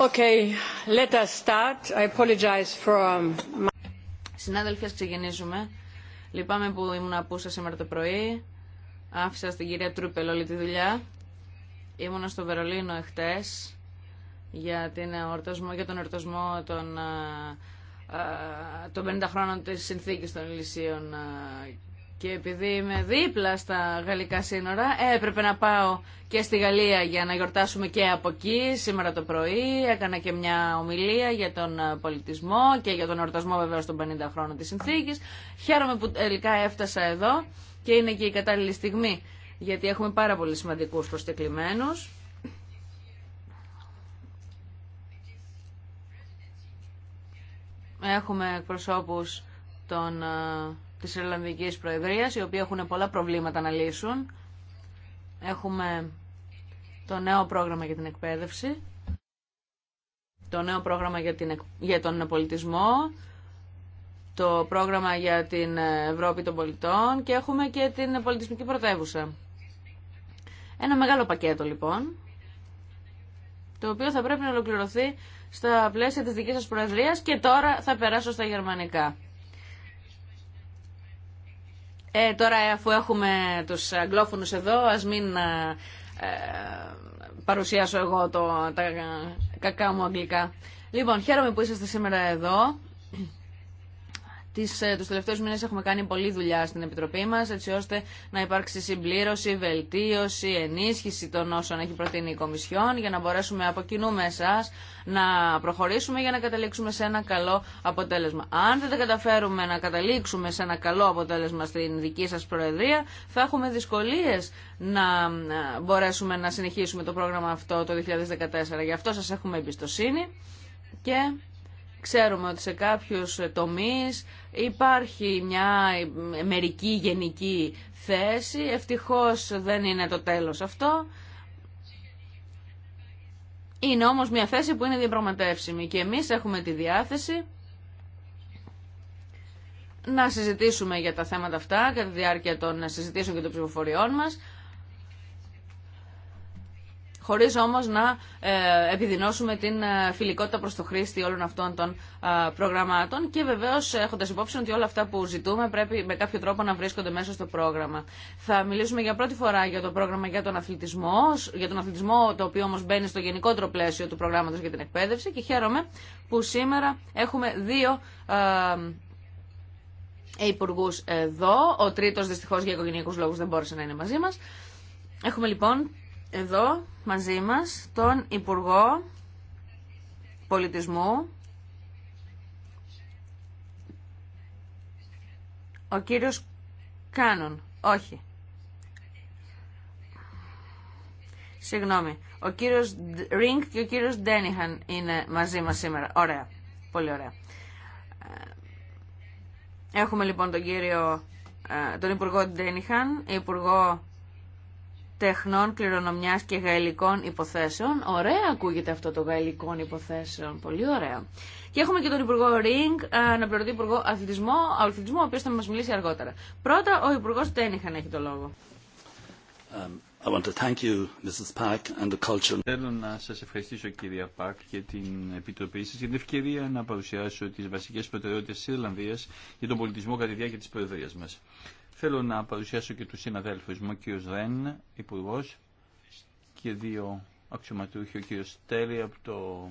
Okay, um, Συνάδελφοι, ξεκινήσουμε. Λυπάμαι που ήμουν απούσα σήμερα το πρωί. Άφησα στην κυρία Τρούπελ όλη τη δουλειά. Ήμουνα στο Βερολίνο εχθές για, την εορτασμό, για τον εορτασμό των, ε, ε, των 50 χρόνων της συνθήκης των Ελυσίων ε, και επειδή είμαι δίπλα στα γαλλικά σύνορα, έπρεπε να πάω και στη Γαλλία για να γιορτάσουμε και από εκεί. Σήμερα το πρωί έκανα και μια ομιλία για τον ε, πολιτισμό και για τον εορτασμό βεβαίως των 50 χρόνων της συνθήκης. Χαίρομαι που τελικά έφτασα εδώ και είναι και η κατάλληλη στιγμή, γιατί έχουμε πάρα πολύ σημαντικούς προστεκλημένους. Έχουμε εκπροσώπους των ε, της Ιρλανδικής Προεδρίας, οι οποίοι έχουν πολλά προβλήματα να λύσουν. Έχουμε το νέο πρόγραμμα για την εκπαίδευση, το νέο πρόγραμμα για, την, για τον πολιτισμό, το πρόγραμμα για την Ευρώπη των πολιτών και έχουμε και την πολιτισμική πρωτεύουσα. Ένα μεγάλο πακέτο λοιπόν, το οποίο θα πρέπει να ολοκληρωθεί στα πλαίσια της δικής σας Προεδρίας και τώρα θα περάσω στα γερμανικά. Ε, τώρα αφού έχουμε τους αγγλόφωνους εδώ, ας μην ε, ε, παρουσιάσω εγώ το, τα κακά μου αγγλικά. Λοιπόν, χαίρομαι που είσαστε σήμερα εδώ τις, ε, τους τελευταίους μήνες έχουμε κάνει πολλή δουλειά στην Επιτροπή μας, έτσι ώστε να υπάρξει συμπλήρωση, βελτίωση, ενίσχυση των όσων έχει προτείνει η Κομισιόν, για να μπορέσουμε από κοινού με να προχωρήσουμε για να καταλήξουμε σε ένα καλό αποτέλεσμα. Αν δεν τα καταφέρουμε να καταλήξουμε σε ένα καλό αποτέλεσμα στην δική σας Προεδρία, θα έχουμε δυσκολίες να ε, μπορέσουμε να συνεχίσουμε το πρόγραμμα αυτό το 2014. Γι' αυτό σας έχουμε εμπιστοσύνη και Ξέρουμε ότι σε κάποιους τομείς υπάρχει μια μερική γενική θέση. Ευτυχώς δεν είναι το τέλος αυτό. Είναι όμως μια θέση που είναι διαπραγματεύσιμη και εμείς έχουμε τη διάθεση να συζητήσουμε για τα θέματα αυτά κατά τη διάρκεια των συζητήσεων και των ψηφοφοριών μας Χωρί όμω να ε, επιδεινώσουμε την ε, φιλικότητα προ το χρήστη όλων αυτών των ε, προγραμμάτων και βεβαίω έχοντα υπόψη ότι όλα αυτά που ζητούμε πρέπει με κάποιο τρόπο να βρίσκονται μέσα στο πρόγραμμα. Θα μιλήσουμε για πρώτη φορά για το πρόγραμμα για τον αθλητισμό, για τον αθλητισμό το οποίο όμω μπαίνει στο γενικότερο πλαίσιο του πρόγραμματο για την εκπαίδευση και χαίρομαι που σήμερα έχουμε δύο υπουργού εδώ. Ο τρίτο, δυστυχώ για οικογενειακού λόγου δεν μπόρεσε να είναι μαζί μα. Έχουμε λοιπόν εδώ μαζί μας τον Υπουργό Πολιτισμού, ο κύριος Κάνον, όχι. Συγγνώμη, ο κύριος Ρίνκ και ο κύριος Ντένιχαν είναι μαζί μας σήμερα. Ωραία, πολύ ωραία. Ε, έχουμε λοιπόν τον κύριο, ε, τον Υπουργό Ντένιχαν, Υπουργό τεχνών κληρονομιάς και γαλλικών υποθέσεων. Ωραία ακούγεται αυτό το γαλλικών υποθέσεων. Πολύ ωραία. Και έχουμε και τον Υπουργό Ρίνγκ ε, να αναπληρωτή Υπουργό Αθλητισμό, ο οποίος θα μας μιλήσει αργότερα. Πρώτα, ο Υπουργό Τένιχαν έχει το λόγο. Θέλω να σας ευχαριστήσω κυρία Πακ για την Επιτροπή σας για την ευκαιρία να παρουσιάσω τις βασικές προτεραιότητες της Ιρλανδίας για τον πολιτισμό κατά τη διάρκεια της Θέλω να παρουσιάσω και τους συναδέλφους μου, ο κύριος Ρεν, υπουργό και δύο αξιωματούχοι, ο κύριος Τέλη από το,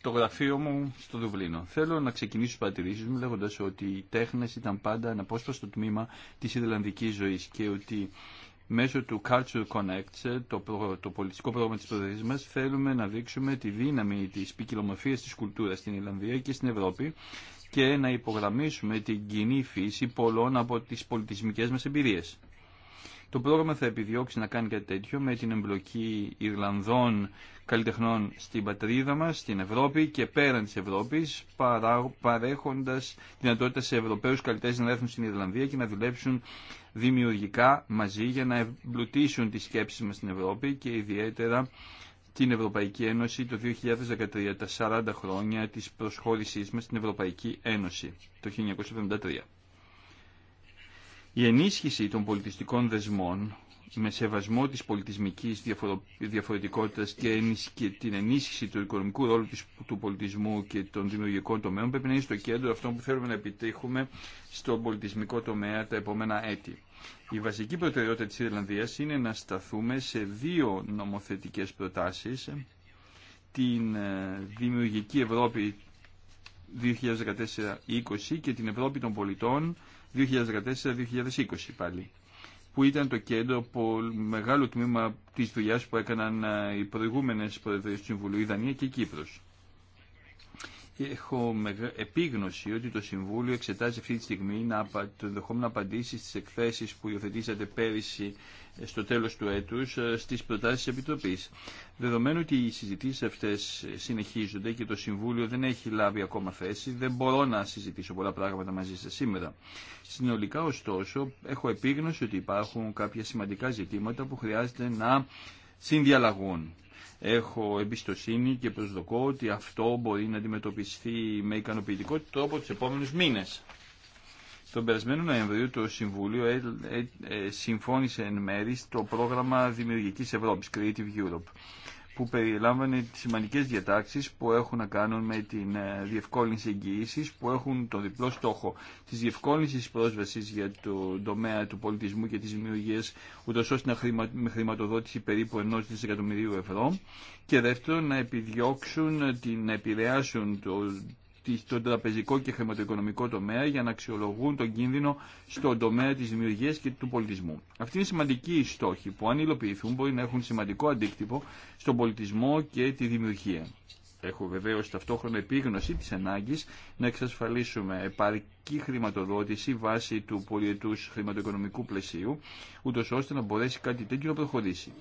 το γραφείο μου στο Δουβλίνο. Θέλω να ξεκινήσω τις παρατηρήσεις μου λέγοντας ότι οι τέχνες ήταν πάντα ένα στο τμήμα της Ιρλανδικής ζωής και ότι μέσω του Culture Connect, το, προ, το πρόγραμμα της προεδρίας μας, θέλουμε να δείξουμε τη δύναμη της ποικιλομορφίας της κουλτούρας στην Ιρλανδία και στην Ευρώπη και να υπογραμμίσουμε την κοινή φύση πολλών από τις πολιτισμικές μας εμπειρίες. Το πρόγραμμα θα επιδιώξει να κάνει κάτι τέτοιο με την εμπλοκή Ιρλανδών καλλιτεχνών στην πατρίδα μας, στην Ευρώπη και πέραν της Ευρώπης, παρέχοντας δυνατότητα σε Ευρωπαίους καλλιτέχνες να έρθουν στην Ιρλανδία και να δουλέψουν δημιουργικά μαζί για να εμπλουτίσουν τις σκέψεις μας στην Ευρώπη και ιδιαίτερα την Ευρωπαϊκή Ένωση το 2013, τα 40 χρόνια της προσχώρησής μας στην Ευρωπαϊκή Ένωση το 1973. Η ενίσχυση των πολιτιστικών δεσμών με σεβασμό της πολιτισμικής διαφορετικότητας και την ενίσχυση του οικονομικού ρόλου του πολιτισμού και των δημιουργικών τομέων πρέπει να είναι στο κέντρο αυτό που θέλουμε να επιτύχουμε στον πολιτισμικό τομέα τα επόμενα έτη. Η βασική προτεραιότητα της Ιρλανδίας είναι να σταθούμε σε δύο νομοθετικές προτάσεις, την ε, Δημιουργική Ευρώπη 2014-2020 και την Ευρώπη των Πολιτών 2014-2020 πάλι που ήταν το κέντρο από μεγάλο τμήμα της δουλειάς που έκαναν ε, οι προηγούμενες προεδρίες του Συμβουλίου, η Δανία και η Κύπρος. Έχω επίγνωση ότι το Συμβούλιο εξετάζει αυτή τη στιγμή να, το ενδεχόμενο να απαντήσει στις εκθέσεις που υιοθετήσατε πέρυσι ε, στο τέλος του έτους ε, στις προτάσεις της Επιτροπής. Δεδομένου ότι οι συζητήσεις αυτές ε, συνεχίζονται και το Συμβούλιο δεν έχει λάβει ακόμα θέση, δεν μπορώ να συζητήσω πολλά πράγματα μαζί σας σήμερα. Συνολικά ωστόσο έχω επίγνωση ότι υπάρχουν κάποια σημαντικά ζητήματα που χρειάζεται να συνδιαλλαγούν. Έχω εμπιστοσύνη και προσδοκώ ότι αυτό μπορεί να αντιμετωπιστεί με ικανοποιητικό τρόπο τους επόμενους μήνες. Τον περασμένο Νοεμβρίου το Συμβούλιο ε, ε, ε, συμφώνησε εν μέρη στο πρόγραμμα Δημιουργικής Ευρώπης, Creative Europe που περιλάμβανε σημαντικές διατάξεις που έχουν να κάνουν με την ε, διευκόλυνση εγγυήση, που έχουν τον διπλό στόχο της διευκόλυνσης πρόσβασης για το τομέα του πολιτισμού και της δημιουργία, ούτως ώστε να χρηματοδότηση περίπου 1 δισεκατομμυρίου ευρώ και δεύτερον να επιδιώξουν την να επηρεάσουν το, στον τραπεζικό και χρηματοοικονομικό τομέα για να αξιολογούν τον κίνδυνο στον τομέα της δημιουργία και του πολιτισμού. Αυτή είναι σημαντική η στόχη που αν υλοποιηθούν μπορεί να έχουν σημαντικό αντίκτυπο στον πολιτισμό και τη δημιουργία. Έχω βεβαίω ταυτόχρονα επίγνωση τη ανάγκη να εξασφαλίσουμε επαρκή χρηματοδότηση βάσει του πολιετού χρηματοοικονομικού πλαισίου, ούτω ώστε να μπορέσει κάτι τέτοιο να προχωρήσει.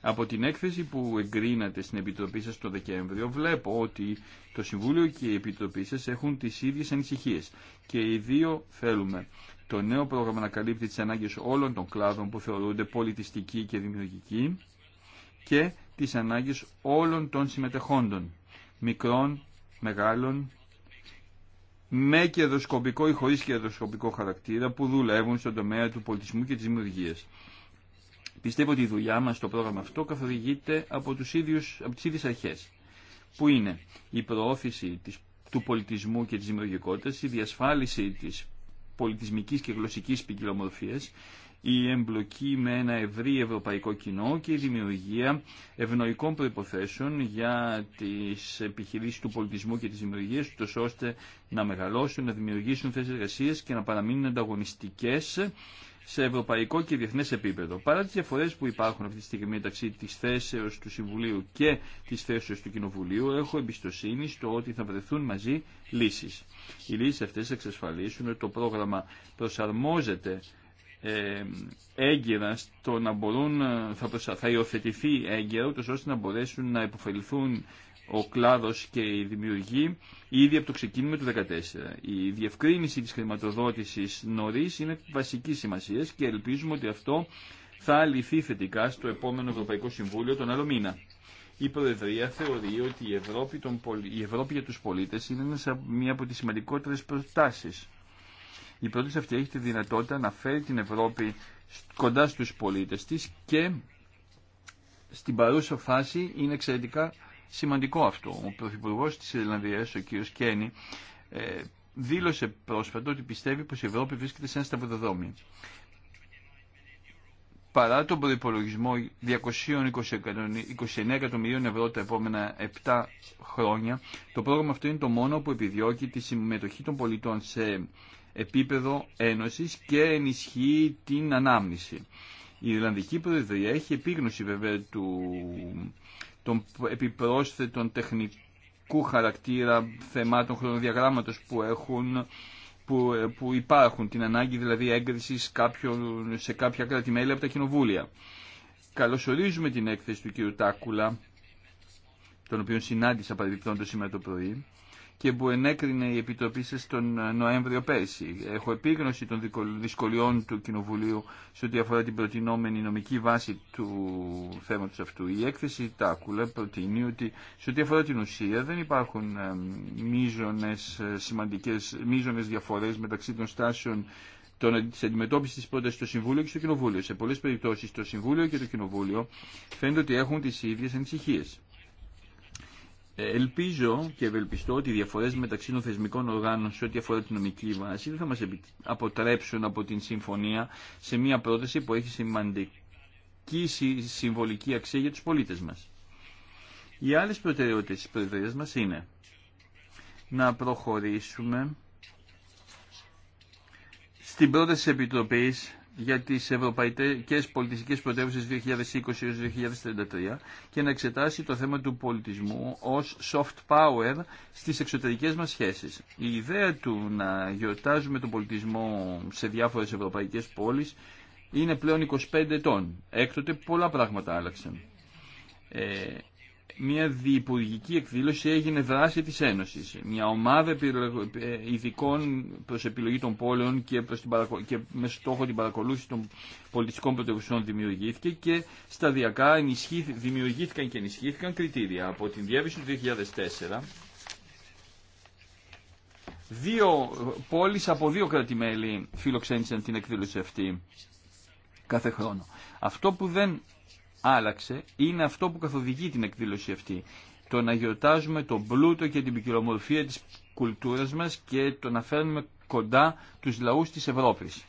Από την έκθεση που εγκρίνατε στην Επιτροπή σα το Δεκέμβριο, βλέπω ότι το Συμβούλιο και η Επιτροπή σα έχουν τι ίδιε ανησυχίε και οι δύο θέλουμε το νέο πρόγραμμα να καλύπτει τι ανάγκε όλων των κλάδων που θεωρούνται πολιτιστικοί και δημιουργικοί και τις ανάγκες όλων των συμμετεχόντων μικρών, μεγάλων, με κερδοσκοπικό ή χωρίς κερδοσκοπικό χαρακτήρα που δουλεύουν στον τομέα του πολιτισμού και της δημιουργία. Πιστεύω ότι η δουλειά μας στο πρόγραμμα αυτό καθοδηγείται από, τους ίδιους, από τις ίδιες αρχές, που είναι η προώθηση του πολιτισμού και της δημιουργικότητας, η διασφάλιση της πολιτισμικής και γλωσσικής ποικιλομορφίας, η εμπλοκή με ένα ευρύ ευρωπαϊκό κοινό και η δημιουργία ευνοϊκών προϋποθέσεων για τις επιχειρήσεις του πολιτισμού και της δημιουργίας, τους, ώστε να μεγαλώσουν, να δημιουργήσουν θέσεις εργασία και να παραμείνουν ανταγωνιστικές σε ευρωπαϊκό και διεθνέ επίπεδο. Παρά τι διαφορέ που υπάρχουν αυτή τη στιγμή μεταξύ τη θέσεω του Συμβουλίου και τη θέσεω του Κοινοβουλίου, έχω εμπιστοσύνη στο ότι θα βρεθούν μαζί λύσει. Οι λύσει αυτέ θα εξασφαλίσουν ότι το πρόγραμμα προσαρμόζεται ε, έγκαιρα στο να μπορούν, ε, θα, θα υιοθετηθεί έγκαιρα, ούτως ώστε να μπορέσουν να υποφεληθούν ο κλάδος και οι δημιουργοί ήδη από το ξεκίνημα του 2014. Η διευκρίνηση της χρηματοδότησης νωρί είναι βασική σημασία και ελπίζουμε ότι αυτό θα λυθεί θετικά στο επόμενο Ευρωπαϊκό Συμβούλιο τον άλλο μήνα. Η Προεδρία θεωρεί ότι η Ευρώπη, η Ευρώπη για τους πολίτες είναι μια από τις σημαντικότερες προτάσεις η πρόταση αυτή έχει τη δυνατότητα να φέρει την Ευρώπη κοντά στους πολίτες της και στην παρούσα φάση είναι εξαιρετικά σημαντικό αυτό. Ο Πρωθυπουργός της Ιρλανδίας, ο κ. Κένι, ε, δήλωσε πρόσφατα ότι πιστεύει πως η Ευρώπη βρίσκεται σε ένα σταυροδρόμι. Παρά τον προπολογισμό 229 εκατομμυρίων ευρώ τα επόμενα 7 χρόνια, το πρόγραμμα αυτό είναι το μόνο που επιδιώκει τη συμμετοχή των πολιτών σε επίπεδο ένωσης και ενισχύει την ανάμνηση. Η Ιρλανδική Προεδρία έχει επίγνωση βέβαια του, των επιπρόσθετων τεχνικού χαρακτήρα θεμάτων χρονοδιαγράμματος που έχουν που, που υπάρχουν, την ανάγκη δηλαδή έγκρισης σε κάποια κράτη-μέλη από τα κοινοβούλια. Καλωσορίζουμε την έκθεση του κ. Τάκουλα, τον οποίο συνάντησα παρεμπιπτόντως σήμερα το πρωί, και που ενέκρινε η Επιτροπή σας τον Νοέμβριο πέρσι. Έχω επίγνωση των δυσκολιών του Κοινοβουλίου σε ό,τι αφορά την προτινόμενη νομική βάση του θέματος αυτού. Η έκθεση Τάκουλα προτείνει ότι σε ό,τι αφορά την ουσία δεν υπάρχουν ε, μείζονες, ε, σημαντικές, μείζονες διαφορές μεταξύ των στάσεων τη αντιμετώπιση τη πρόταση στο Συμβούλιο και στο Κοινοβούλιο. Σε πολλέ περιπτώσει το Συμβούλιο και το Κοινοβούλιο φαίνεται ότι έχουν τι ίδιε ανησυχίε. Ελπίζω και ευελπιστώ ότι οι διαφορέ μεταξύ των θεσμικών οργάνων σε ό,τι αφορά την νομική βάση δεν θα μας αποτρέψουν από την συμφωνία σε μια πρόταση που έχει σημαντική συμβολική αξία για του πολίτες μας. Οι άλλε προτεραιότητε τη Προεδρία μας είναι να προχωρήσουμε στην πρόταση της Επιτροπής για τι ευρωπαικες πολιτιστικε πολιτιστικέ πρωτεύουσες 2020-2033 και να εξετάσει το θέμα του πολιτισμού ως soft power στις εξωτερικέ μα σχέσεις. Η ιδέα του να γιορτάζουμε τον πολιτισμό σε διάφορες ευρωπαϊκές πόλεις είναι πλέον 25 ετών. Έκτοτε πολλά πράγματα άλλαξαν. Ε, μια διυπουργική εκδήλωση έγινε δράση της Ένωσης. Μια ομάδα ε, ειδικών προς επιλογή των πόλεων και, προς την και με στόχο την παρακολούθηση των πολιτιστικών πρωτευουσιών δημιουργήθηκε και σταδιακά ενισχύθη... δημιουργήθηκαν και ενισχύθηκαν κριτήρια. Από την διεύρυνση του 2004 δύο πόλεις από δύο κρατημέλη φιλοξένησαν την εκδήλωση αυτή κάθε χρόνο. Αυτό που δεν άλλαξε είναι αυτό που καθοδηγεί την εκδήλωση αυτή. Το να γιορτάζουμε τον πλούτο και την ποικιλομορφία της κουλτούρας μας και το να φέρνουμε κοντά τους λαούς της Ευρώπης.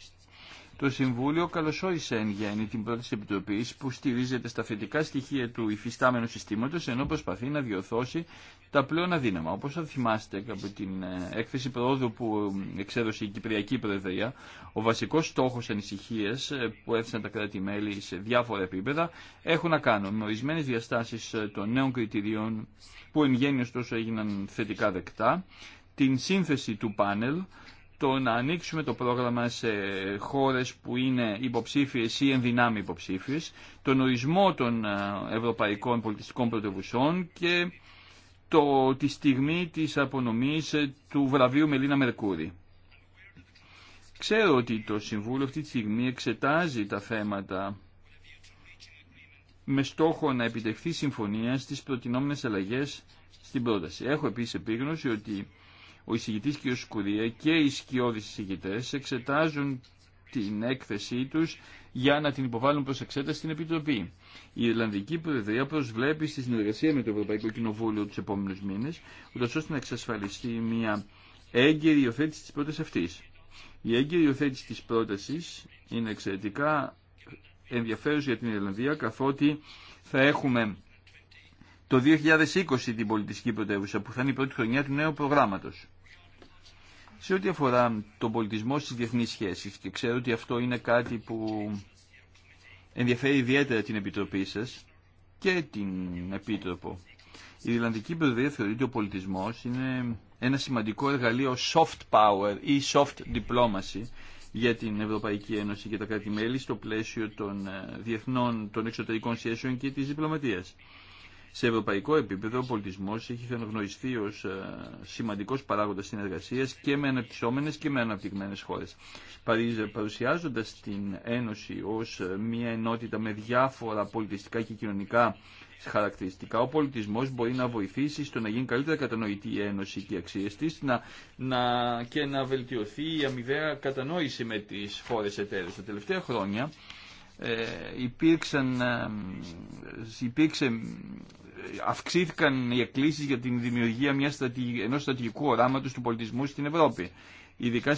Το Συμβούλιο καλωσόρισε εν γέννη την τη επιτροπή που στηρίζεται στα θετικά στοιχεία του υφιστάμενου συστήματο ενώ προσπαθεί να διορθώσει τα πλέον αδύναμα. Όπω θα θυμάστε από την ε, έκθεση προόδου που ε, εξέδωσε η Κυπριακή Προεδρία, ο βασικό στόχο ανησυχία ε, που έθεσαν τα κράτη-μέλη σε διάφορα επίπεδα έχουν να κάνουν με ορισμένε διαστάσει των νέων κριτηρίων που εν γέννη ωστόσο έγιναν θετικά δεκτά, την σύνθεση του πάνελ, το να ανοίξουμε το πρόγραμμα σε χώρες που είναι υποψήφιες ή ενδυνάμει υποψήφιες, τον ορισμό των ε, ευρωπαϊκών πολιτιστικών πρωτευουσών και το, τη στιγμή της απονομής ε, του βραβείου Μελίνα Μερκούρη. Ξέρω ότι το Συμβούλιο αυτή τη στιγμή εξετάζει τα θέματα με στόχο να επιτευχθεί συμφωνία στις προτινόμενες αλλαγές στην πρόταση. Έχω επίσης επίγνωση ότι ο εισηγητής κ. Σκουρία και οι σκιώδεις εισηγητές εξετάζουν την έκθεσή τους για να την υποβάλουν προς εξέταση στην Επιτροπή. Η Ιρλανδική Προεδρία προσβλέπει στη συνεργασία με το Ευρωπαϊκό Κοινοβούλιο τους επόμενους μήνες, ούτως ώστε να εξασφαλιστεί μια έγκαιρη υιοθέτηση της πρότασης αυτής. Η έγκαιρη υιοθέτηση της πρότασης είναι εξαιρετικά ενδιαφέρουσα για την Ιρλανδία, καθότι θα έχουμε το 2020 την πολιτιστική πρωτεύουσα, που θα είναι η πρώτη χρονιά του νέου προγράμματος. Σε ό,τι αφορά τον πολιτισμό στις διεθνείς σχέσεις και ξέρω ότι αυτό είναι κάτι που ενδιαφέρει ιδιαίτερα την Επιτροπή σας και την Επίτροπο. Η Ιρλανδική Προεδρία θεωρεί ότι ο πολιτισμός είναι ένα σημαντικό εργαλείο soft power ή soft diplomacy για την Ευρωπαϊκή Ένωση και τα κράτη-μέλη στο πλαίσιο των ε, διεθνών, των εξωτερικών σχέσεων και της διπλωματίας. Σε ευρωπαϊκό επίπεδο ο πολιτισμός έχει γνωριστεί ως ε, σημαντικός παράγοντας συνεργασία και με αναπτυσσόμενες και με αναπτυγμένε χώρε. Παρουσιάζοντα την Ένωση ω ε, μια ενότητα με διάφορα πολιτιστικά και κοινωνικά χαρακτηριστικά, ο πολιτισμός μπορεί να βοηθήσει στο να γίνει καλύτερα κατανοητή η Ένωση και οι αξίες τη να, να, και να βελτιωθεί η αμοιβαία κατανόηση με τι χώρε εταίρες. Τα τελευταία χρόνια ε, υπήρξαν, ε, υπήρξε, αυξήθηκαν οι εκκλήσει για την δημιουργία μιας ενός στρατηγικού οράματος του πολιτισμού στην Ευρώπη ειδικά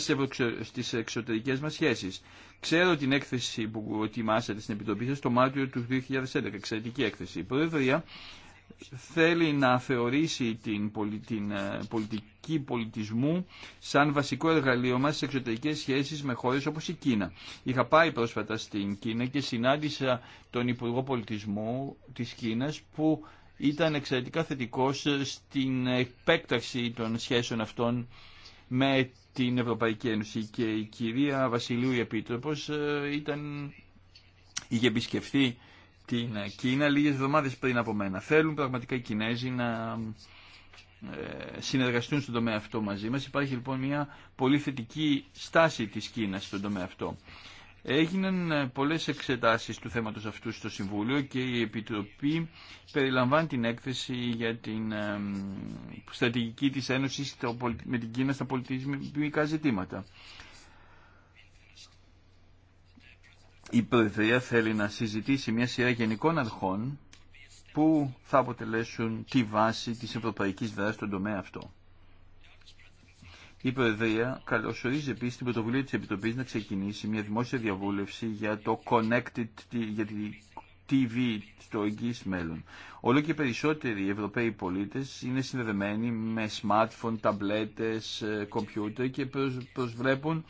στις εξωτερικές μας σχέσεις. Ξέρω την έκθεση που ετοιμάσατε στην Επιτροπή σας το Μάρτιο του 2011, εξαιρετική έκθεση. Η Προεδρία θέλει να θεωρήσει την, ε, πολιτική πολιτισμού σαν βασικό εργαλείο μας στις εξωτερικές σχέσεις με χώρες όπως η Κίνα. Είχα πάει πρόσφατα στην Κίνα και συνάντησα τον Υπουργό Πολιτισμού της Κίνας που ήταν εξαιρετικά θετικός στην επέκταξη των σχέσεων αυτών με την Ευρωπαϊκή Ένωση και η κυρία Βασιλείου η Επίτροπος ε, ήταν, είχε επισκεφθεί την Κίνα λίγες εβδομάδες πριν από μένα. Θέλουν πραγματικά οι Κινέζοι να ε, συνεργαστούν στον τομέα αυτό μαζί μας. Υπάρχει λοιπόν μια πολύ θετική στάση της Κίνας στον τομέα αυτό. Έγιναν ε, πολλές εξετάσεις του θέματος αυτού στο Συμβούλιο και η Επιτροπή περιλαμβάνει την έκθεση για την ε, στρατηγική της Ένωση με την Κίνα στα πολιτισμικά ζητήματα. η Προεδρία θέλει να συζητήσει μια σειρά γενικών αρχών που θα αποτελέσουν τη βάση της ευρωπαϊκής δράσης στον τομέα αυτό. Η Προεδρία καλωσορίζει επίση την πρωτοβουλία τη Επιτροπή να ξεκινήσει μια δημόσια διαβούλευση για το Connected για τη TV στο εγγύη μέλλον. Όλο και περισσότεροι Ευρωπαίοι πολίτε είναι συνδεδεμένοι με smartphone, ταμπλέτε, ε, κομπιούτερ και προσβλέπουν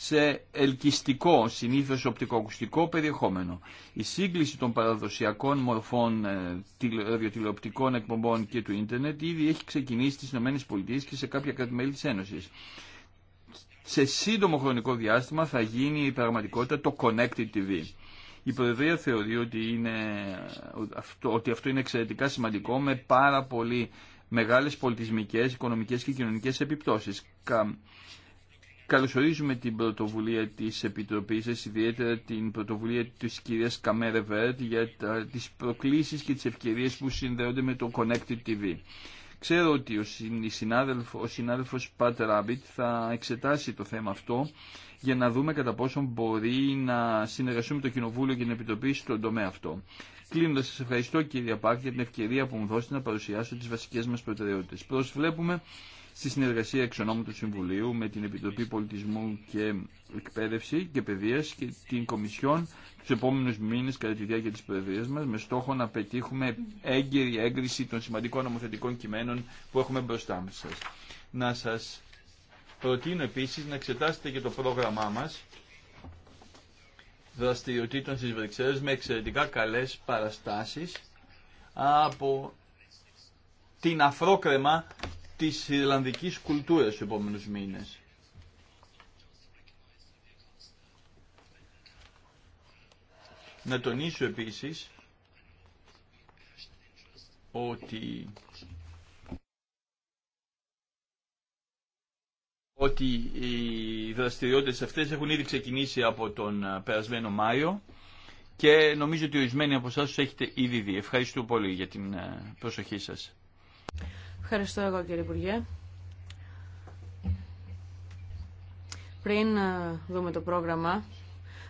σε ελκυστικό, συνήθως οπτικοακουστικό περιεχόμενο. Η σύγκληση των παραδοσιακών μορφών ε, ραδιοτηλεοπτικών εκπομπών και του ίντερνετ ήδη έχει ξεκινήσει στις ΗΠΑ και σε κάποια κράτη-μέλη της Ένωσης. Σε σύντομο χρονικό διάστημα θα γίνει η πραγματικότητα το Connected TV. Η Προεδρία θεωρεί ότι, είναι, αυτό, ότι αυτό είναι εξαιρετικά σημαντικό με πάρα πολύ μεγάλες πολιτισμικές, οικονομικές και κοινωνικές επιπτώσεις. Καλωσορίζουμε την πρωτοβουλία της Επιτροπής σας, ιδιαίτερα την πρωτοβουλία της κυρίας Καμέρε Βέρτ για τι τις προκλήσεις και τις ευκαιρίες που συνδέονται με το Connected TV. Ξέρω ότι ο, συνάδελφο, ο συνάδελφος θα εξετάσει το θέμα αυτό για να δούμε κατά πόσο μπορεί να συνεργαστούμε το Κοινοβούλιο και την Επιτροπή στον τομέα αυτό. Κλείνοντα, σα ευχαριστώ κύριε Πάκ για την ευκαιρία που μου δώσετε να παρουσιάσω τι βασικέ μα προτεραιότητε. Προσβλέπουμε στη συνεργασία εξ του Συμβουλίου με την Επιτροπή Πολιτισμού και Εκπαίδευση και Παιδεία και την Κομισιόν του επόμενου μήνε κατά τη διάρκεια τη Προεδρία μα, με στόχο να πετύχουμε έγκαιρη έγκριση των σημαντικών νομοθετικών κειμένων που έχουμε μπροστά μα. σας. Να σα προτείνω επίσης να εξετάσετε και το πρόγραμμά μας δραστηριοτήτων στις Βρυξέλλες με εξαιρετικά καλές παραστάσεις από την αφρόκρεμα της Ιρλανδικής κουλτούρας στους επόμενους μήνες. Να τονίσω επίσης ότι ότι οι δραστηριότητες αυτές έχουν ήδη ξεκινήσει από τον ε, περασμένο Μάιο και νομίζω ότι ορισμένοι από εσάς τους έχετε ήδη δει. Ευχαριστώ πολύ για την ε, προσοχή σας. Ευχαριστώ εγώ κύριε Υπουργέ. Πριν ε, δούμε το πρόγραμμα,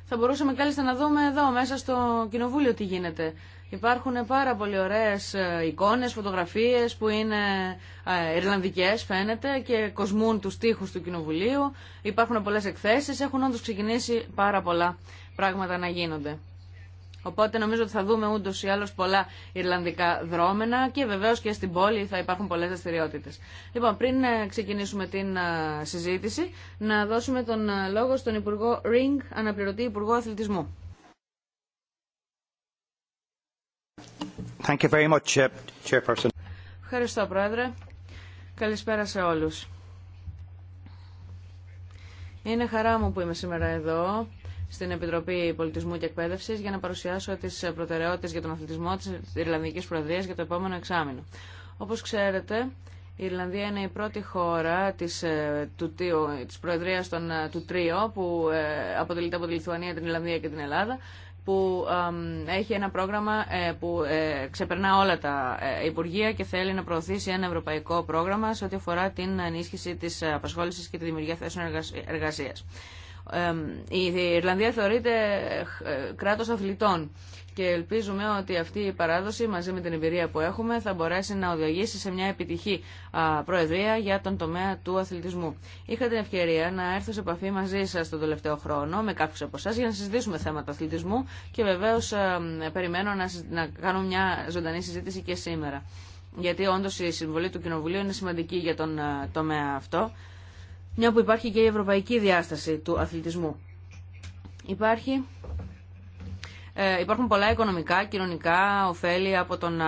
θα μπορούσαμε κάλλιστα να δούμε εδώ μέσα στο κοινοβούλιο τι γίνεται. Υπάρχουν πάρα πολύ ωραίες ε, εικόνες, φωτογραφίες που είναι ε, Ιρλανδικές φαίνεται και κοσμούν τους τοίχους του Κοινοβουλίου. Υπάρχουν πολλές εκθέσεις, έχουν όντως ξεκινήσει πάρα πολλά πράγματα να γίνονται. Οπότε νομίζω ότι θα δούμε ούτω ή άλλω πολλά Ιρλανδικά δρόμενα και βεβαίω και στην πόλη θα υπάρχουν πολλέ δραστηριότητε. Λοιπόν, πριν ε, ξεκινήσουμε την ε, συζήτηση, να δώσουμε τον ε, λόγο στον Υπουργό Ring, αναπληρωτή Υπουργό Αθλητισμού. Thank you very much, Chairperson. Ευχαριστώ, Πρόεδρε. Καλησπέρα σε όλους. Είναι χαρά μου που είμαι σήμερα εδώ στην Επιτροπή Πολιτισμού και Εκπαίδευση για να παρουσιάσω τι προτεραιότητε για τον αθλητισμό τη Ιρλανδική Προεδρία για το επόμενο εξάμεινο. Όπω ξέρετε, η Ιρλανδία είναι η πρώτη χώρα της, ε, του, της Προεδρίας των, ε, του Τρίο που ε, αποτελείται από τη Λιθουανία, την Ιρλανδία και την Ελλάδα που έχει ένα πρόγραμμα που ξεπερνά όλα τα Υπουργεία και θέλει να προωθήσει ένα ευρωπαϊκό πρόγραμμα σε ό,τι αφορά την ενίσχυση της απασχόλησης και τη δημιουργία θέσεων εργασίας η Ιρλανδία θεωρείται ε, κράτος αθλητών και ελπίζουμε ότι αυτή η παράδοση μαζί με την εμπειρία που έχουμε θα μπορέσει να οδηγήσει σε μια επιτυχή προεδρία για τον τομέα του αθλητισμού. Είχα την ευκαιρία να έρθω σε επαφή μαζί σας τον τελευταίο χρόνο με κάποιους από εσά για να συζητήσουμε θέματα αθλητισμού και βεβαίω περιμένω να κάνω μια ζωντανή συζήτηση και σήμερα. Γιατί όντω η συμβολή του Κοινοβουλίου είναι σημαντική για τον τομέα αυτό μια που υπάρχει και η ευρωπαϊκή διάσταση του αθλητισμού. Υπάρχει ε, υπάρχουν πολλά οικονομικά, κοινωνικά ωφέλη από τον,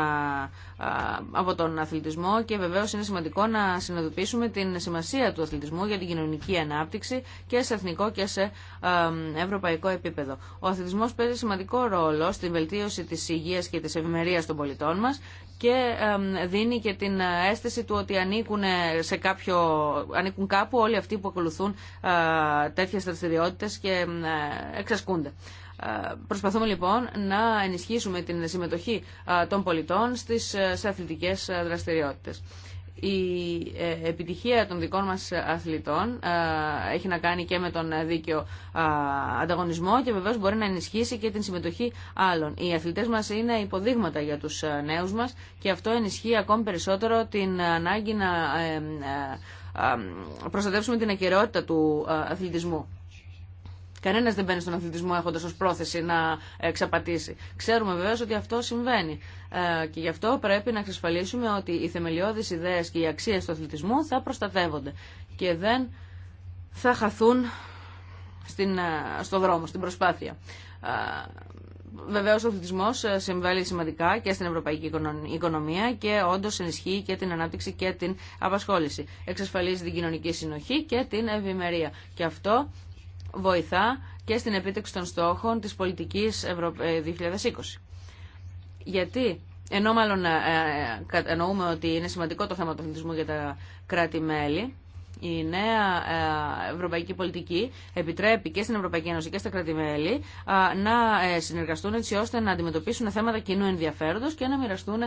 από τον αθλητισμό και βεβαίω είναι σημαντικό να συνοδοποιήσουμε την σημασία του αθλητισμού για την κοινωνική ανάπτυξη και σε εθνικό και σε ευρωπαϊκό επίπεδο. Ο αθλητισμός παίζει σημαντικό ρόλο στην βελτίωση της υγείας και της ευημερία των πολιτών μας και δίνει και την αίσθηση του ότι ανήκουν, ε, σε κάποιο, ανήκουν κάπου όλοι αυτοί που ακολουθούν ε, τέτοιες δραστηριότητε και ε, εξασκούνται. Προσπαθούμε λοιπόν να ενισχύσουμε την συμμετοχή των πολιτών στις, σε αθλητικές δραστηριότητες η ε, επιτυχία των δικών μας αθλητών ε, έχει να κάνει και με τον δίκαιο ε, ανταγωνισμό και βεβαίως μπορεί να ενισχύσει και την συμμετοχή άλλων. Οι αθλητές μας είναι υποδείγματα για τους νέους μας και αυτό ενισχύει ακόμη περισσότερο την ανάγκη να προστατεύσουμε την ακαιρεότητα του αθλητισμού. Κανένα δεν μπαίνει στον αθλητισμό έχοντα ω πρόθεση να εξαπατήσει. Ξέρουμε βεβαίω ότι αυτό συμβαίνει. Ε, και γι' αυτό πρέπει να εξασφαλίσουμε ότι οι θεμελιώδει ιδέε και οι αξίε του αθλητισμού θα προστατεύονται και δεν θα χαθούν στην, ε, στο δρόμο, στην προσπάθεια. Ε, βεβαίω, ο αθλητισμό συμβάλλει σημαντικά και στην ευρωπαϊκή οικονομία και όντω ενισχύει και την ανάπτυξη και την απασχόληση. Εξασφαλίζει την κοινωνική συνοχή και την ευημερία. Και αυτό βοηθά και στην επίτευξη των στόχων της πολιτικής 2020. Ε, Γιατί, ενώ μάλλον ε, ε, εννοούμε ότι είναι σημαντικό το θέμα του αθλητισμού για τα κράτη-μέλη, η νέα ευρωπαϊκή πολιτική επιτρέπει και στην Ευρωπαϊκή Ένωση και στα κράτη-μέλη να συνεργαστούν έτσι ώστε να αντιμετωπίσουν θέματα κοινού ενδιαφέροντο και να μοιραστούν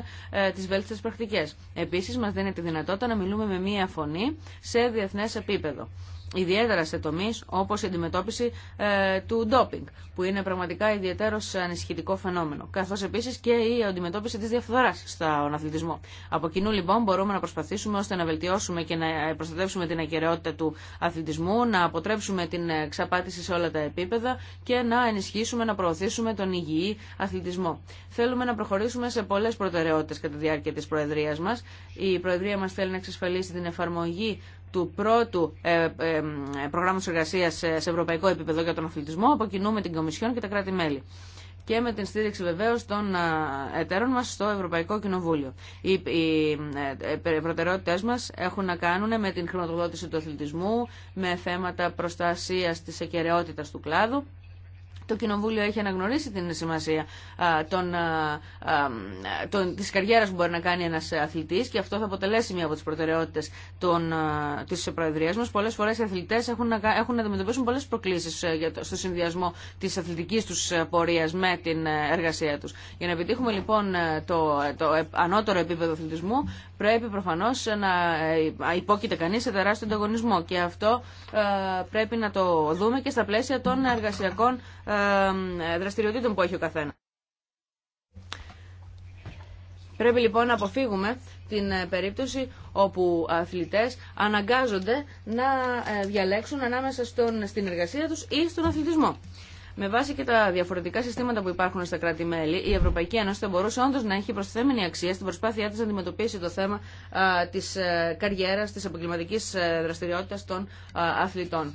τι βέλτιστε πρακτικέ. Επίση, μα δίνει τη δυνατότητα να μιλούμε με μία φωνή σε διεθνέ επίπεδο ιδιαίτερα σε τομεί όπω η αντιμετώπιση ε, του ντόπινγκ, που είναι πραγματικά ιδιαίτερο ανησυχητικό φαινόμενο, καθώ επίση και η αντιμετώπιση τη διαφθοράς στον αθλητισμό. Από κοινού λοιπόν μπορούμε να προσπαθήσουμε ώστε να βελτιώσουμε και να προστατεύσουμε την ακαιρεότητα του αθλητισμού, να αποτρέψουμε την ξαπάτηση σε όλα τα επίπεδα και να ενισχύσουμε, να προωθήσουμε τον υγιή αθλητισμό. Θέλουμε να προχωρήσουμε σε πολλέ προτεραιότητε κατά τη διάρκεια τη προεδρία μα. Η Προεδρία μα θέλει να εξασφαλίσει την εφαρμογή του πρώτου ε, ε, ε σε ευρωπαϊκό επίπεδο για τον αθλητισμό αποκοινούμε την Κομισιόν και τα κράτη-μέλη και με την στήριξη βεβαίω των ε, εταίρων μα στο Ευρωπαϊκό Κοινοβούλιο. Οι, οι ε, προτεραιότητέ μα έχουν να κάνουν με την χρηματοδότηση του αθλητισμού, με θέματα προστασία τη εκαιρεότητα του κλάδου το Κοινοβούλιο έχει αναγνωρίσει την σημασία των, των, της καριέρας που μπορεί να κάνει ένας αθλητής και αυτό θα αποτελέσει μία από τις προτεραιότητες των, της Προεδρίας μας. Πολλές φορές οι αθλητές έχουν να, έχουν να αντιμετωπίσουν πολλές προκλήσεις ε, στο συνδυασμό της αθλητικής τους ε, πορείας με την ε, εργασία τους. Για να επιτύχουμε λοιπόν το, το ανώτερο επίπεδο αθλητισμού πρέπει προφανώς να ε, υπόκειται κανείς σε τεράστιο ανταγωνισμό και αυτό ε, πρέπει να το δούμε και στα πλαίσια των εργασιακών ε, δραστηριοτήτων που έχει ο καθένα. Πρέπει λοιπόν να αποφύγουμε την περίπτωση όπου αθλητές αναγκάζονται να διαλέξουν ανάμεσα στον, στην εργασία τους ή στον αθλητισμό. Με βάση και τα διαφορετικά συστήματα που υπάρχουν στα κράτη-μέλη, η Ευρωπαϊκή Ένωση θα μπορούσε όντω να έχει προσθέμενη αξία στην προσπάθειά τη να αντιμετωπίσει το θέμα τη ε, καριέρα, τη επαγγελματική ε, δραστηριότητα των αθλητών.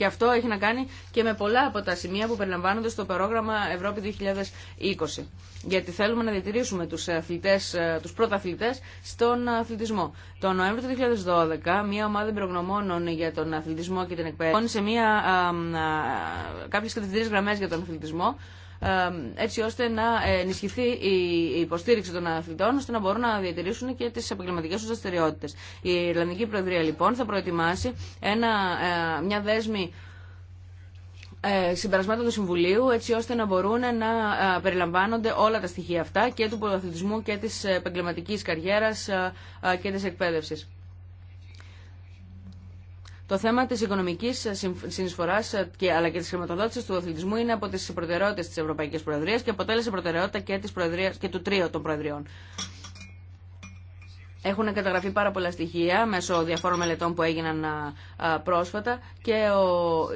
Και αυτό έχει να κάνει και με πολλά από τα σημεία που περιλαμβάνονται στο πρόγραμμα Ευρώπη 2020. Γιατί θέλουμε να διατηρήσουμε τους, ε, αθλητές, ε, τους πρώτα στον αθλητισμό. Το Νοέμβριο του 2012, μια ομάδα εμπειρογνωμόνων για τον αθλητισμό και την εκπαίδευση σε μια, α, α, κάποιες κατευθυντήρες γραμμές για τον αθλητισμό έτσι ώστε να ενισχυθεί η υποστήριξη των αθλητών ώστε να μπορούν να διατηρήσουν και τι επαγγελματικέ του δραστηριότητε. Η Ιρλανδική Προεδρία λοιπόν θα προετοιμάσει ένα, ε, μια δέσμη ε, συμπερασμάτων του Συμβουλίου έτσι ώστε να μπορούν να ε, περιλαμβάνονται όλα τα στοιχεία αυτά και του πολυαθλητισμού και της επαγγελματική καριέρας και της εκπαίδευσης. Το θέμα της οικονομικής συνεισφορά ε, αλλά και τη χρηματοδότηση του αθλητισμού είναι από τις προτεραιότητες της Ευρωπαϊκής Προεδρία και αποτέλεσε προτεραιότητα και, της προεδρίας, και του τρίου των Προεδριών. Έχουν καταγραφεί πάρα πολλά στοιχεία μέσω διαφόρων μελετών που έγιναν πρόσφατα και ο,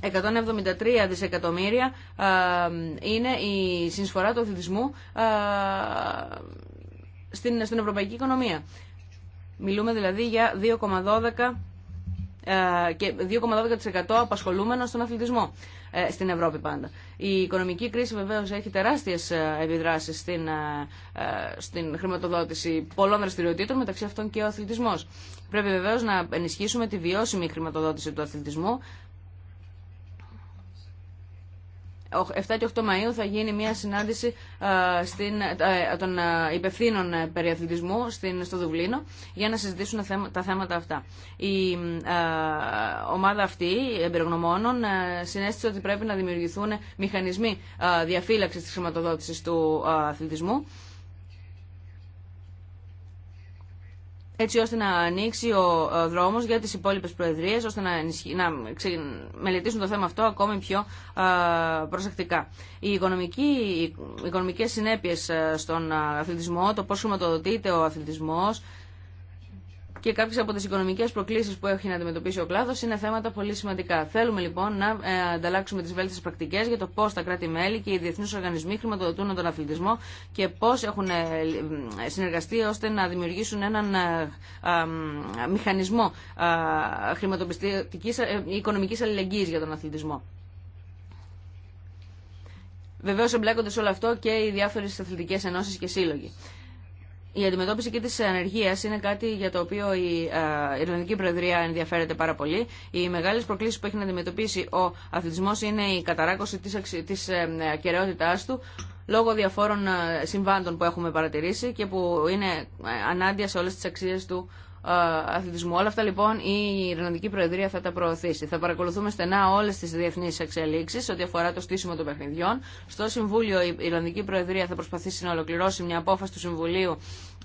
173 ε, δισεκατομμύρια είναι η συνεισφορά του αθλητισμού στην, στην ευρωπαϊκή οικονομία. Μιλούμε δηλαδή για 2,12% ε, και 2,12% απασχολούμενο στον αθλητισμό ε, στην Ευρώπη πάντα. Η οικονομική κρίση βεβαίω έχει τεράστιε επιδράσει στην, ε, στην χρηματοδότηση πολλών δραστηριοτήτων, μεταξύ αυτών και ο αθλητισμό. Πρέπει βεβαίω να ενισχύσουμε τη βιώσιμη χρηματοδότηση του αθλητισμού 7 και 8 Μαΐου θα γίνει μια συνάντηση στην, ε, των υπευθύνων ε, περιαθλητισμού στην, στο Δουβλίνο για να συζητήσουν τα θέματα αυτά. Η ομάδα αυτή εμπειρογνωμόνων ε, συνέστησε ότι πρέπει να δημιουργηθούν μηχανισμοί διαφύλαξης της χρηματοδότησης του αθλητισμού έτσι ώστε να ανοίξει ο δρόμος για τις υπόλοιπες προεδρίες, ώστε να, να μελετήσουν το θέμα αυτό ακόμη πιο προσεκτικά. Οι, οι οικονομικές συνέπειες ε, στον ε, αθλητισμό, το πώς χρηματοδοτείται ο αθλητισμός, και κάποιε από τι οικονομικέ προκλήσει που έχει να αντιμετωπίσει ο κλάδο είναι θέματα πολύ σημαντικά. Θέλουμε λοιπόν να ε, ανταλλάξουμε τι βέλτιστε πρακτικέ για το πώ τα κράτη-μέλη και οι διεθνεί οργανισμοί χρηματοδοτούν τον αθλητισμό και πώ έχουν ε, συνεργαστεί ώστε να δημιουργήσουν έναν ε, μηχανισμό χρηματοπιστωτική οικονομική αλληλεγγύη για τον αθλητισμό. Βεβαίω εμπλέκονται σε όλο αυτό και οι διάφορε αθλητικέ ενώσει και σύλλογοι η αντιμετώπιση και τη ανεργία είναι κάτι για το οποίο η Ιρλανδική Προεδρία ενδιαφέρεται πάρα πολύ. Οι μεγάλες προκλήσει που έχει να αντιμετωπίσει ο αθλητισμός είναι η καταράκωση της, της ε, του λόγω διαφόρων ε, συμβάντων που έχουμε παρατηρήσει και που είναι ε, ανάντια σε όλε τι αξίε του ε, αθλητισμού. Όλα αυτά λοιπόν η Ιρλανδική Προεδρία θα τα προωθήσει. Θα παρακολουθούμε στενά όλε τι διεθνεί εξελίξει ό,τι αφορά το στήσιμο των παιχνιδιών. Στο Συμβούλιο η Ιρλανδική Προεδρία θα προσπαθήσει να ολοκληρώσει μια απόφαση του Συμβουλίου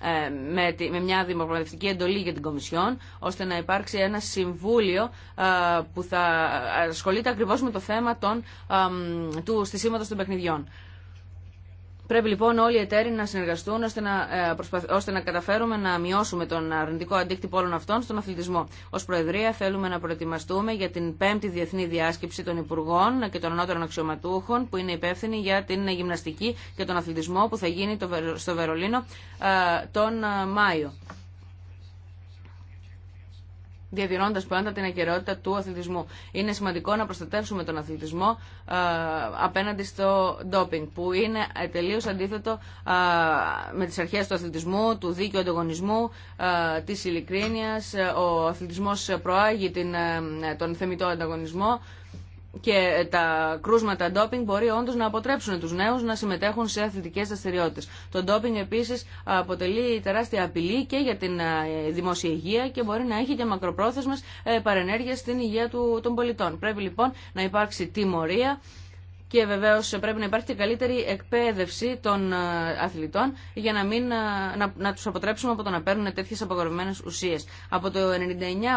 ε, με, μια δημοκρατική εντολή για την Κομισιόν, ώστε να υπάρξει ένα συμβούλιο ε, που θα ασχολείται ακριβώ με το θέμα των, του στησίματο των παιχνιδιών. Πρέπει λοιπόν όλοι οι εταίροι να συνεργαστούν ώστε να, ε, προσπαθ... να καταφέρουμε να μειώσουμε τον αρνητικό αντίκτυπο όλων αυτών στον αθλητισμό. Ω Προεδρία θέλουμε να προετοιμαστούμε για την πέμπτη διεθνή διάσκεψη των Υπουργών και των Ανώτερων Αξιωματούχων που είναι υπεύθυνοι για την γυμναστική και τον αθλητισμό που θα γίνει στο Βερολίνο ε, τον ε, Μάιο διατηρώντα πάντα την ακαιρεότητα του αθλητισμού. Είναι σημαντικό να προστατεύσουμε τον αθλητισμό ε, απέναντι στο ντόπινγκ, που είναι τελείω αντίθετο ε, με τι αρχέ του αθλητισμού, του δίκαιου ανταγωνισμού, ε, τη ειλικρίνεια. Ο αθλητισμό προάγει τον θεμητό ανταγωνισμό και ε, τα κρούσματα ντόπινγκ μπορεί όντω να αποτρέψουν του νέου να συμμετέχουν σε αθλητικέ δραστηριότητε. Το ντόπινγκ επίση αποτελεί τεράστια απειλή και για την ε, δημόσια υγεία και μπορεί να έχει και μακροπρόθεσμε ε, παρενέργειε στην υγεία των πολιτών. Πρέπει λοιπόν να υπάρξει τιμωρία και βεβαίω πρέπει να υπάρχει και καλύτερη εκπαίδευση των αθλητών για να, μην, να, να του αποτρέψουμε από το να παίρνουν τέτοιε απαγορευμένε ουσίε. Από το 1999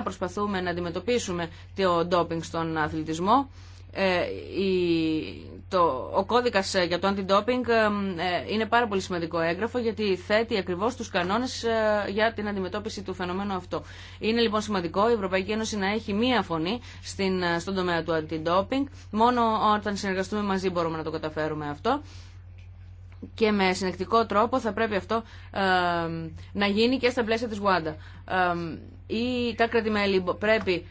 προσπαθούμε να αντιμετωπίσουμε το ντόπινγκ στον αθλητισμό. Ε, το, ο κώδικας ε, για το anti-doping ε, είναι πάρα πολύ σημαντικό έγγραφο γιατί θέτει ακριβώς τους κανόνες για την αντιμετώπιση του φαινομένου αυτό. Είναι λοιπόν σημαντικό η Ευρωπαϊκή Ένωση να έχει μία φωνή στον τομέα του anti-doping. Μόνο όταν συνεργαστούμε μαζί μπορούμε να το καταφέρουμε αυτό και με συνεκτικό τρόπο θα πρέπει αυτό να γίνει και στα πλαίσια της WADA. Ε, ή τα κρατημέλη πρέπει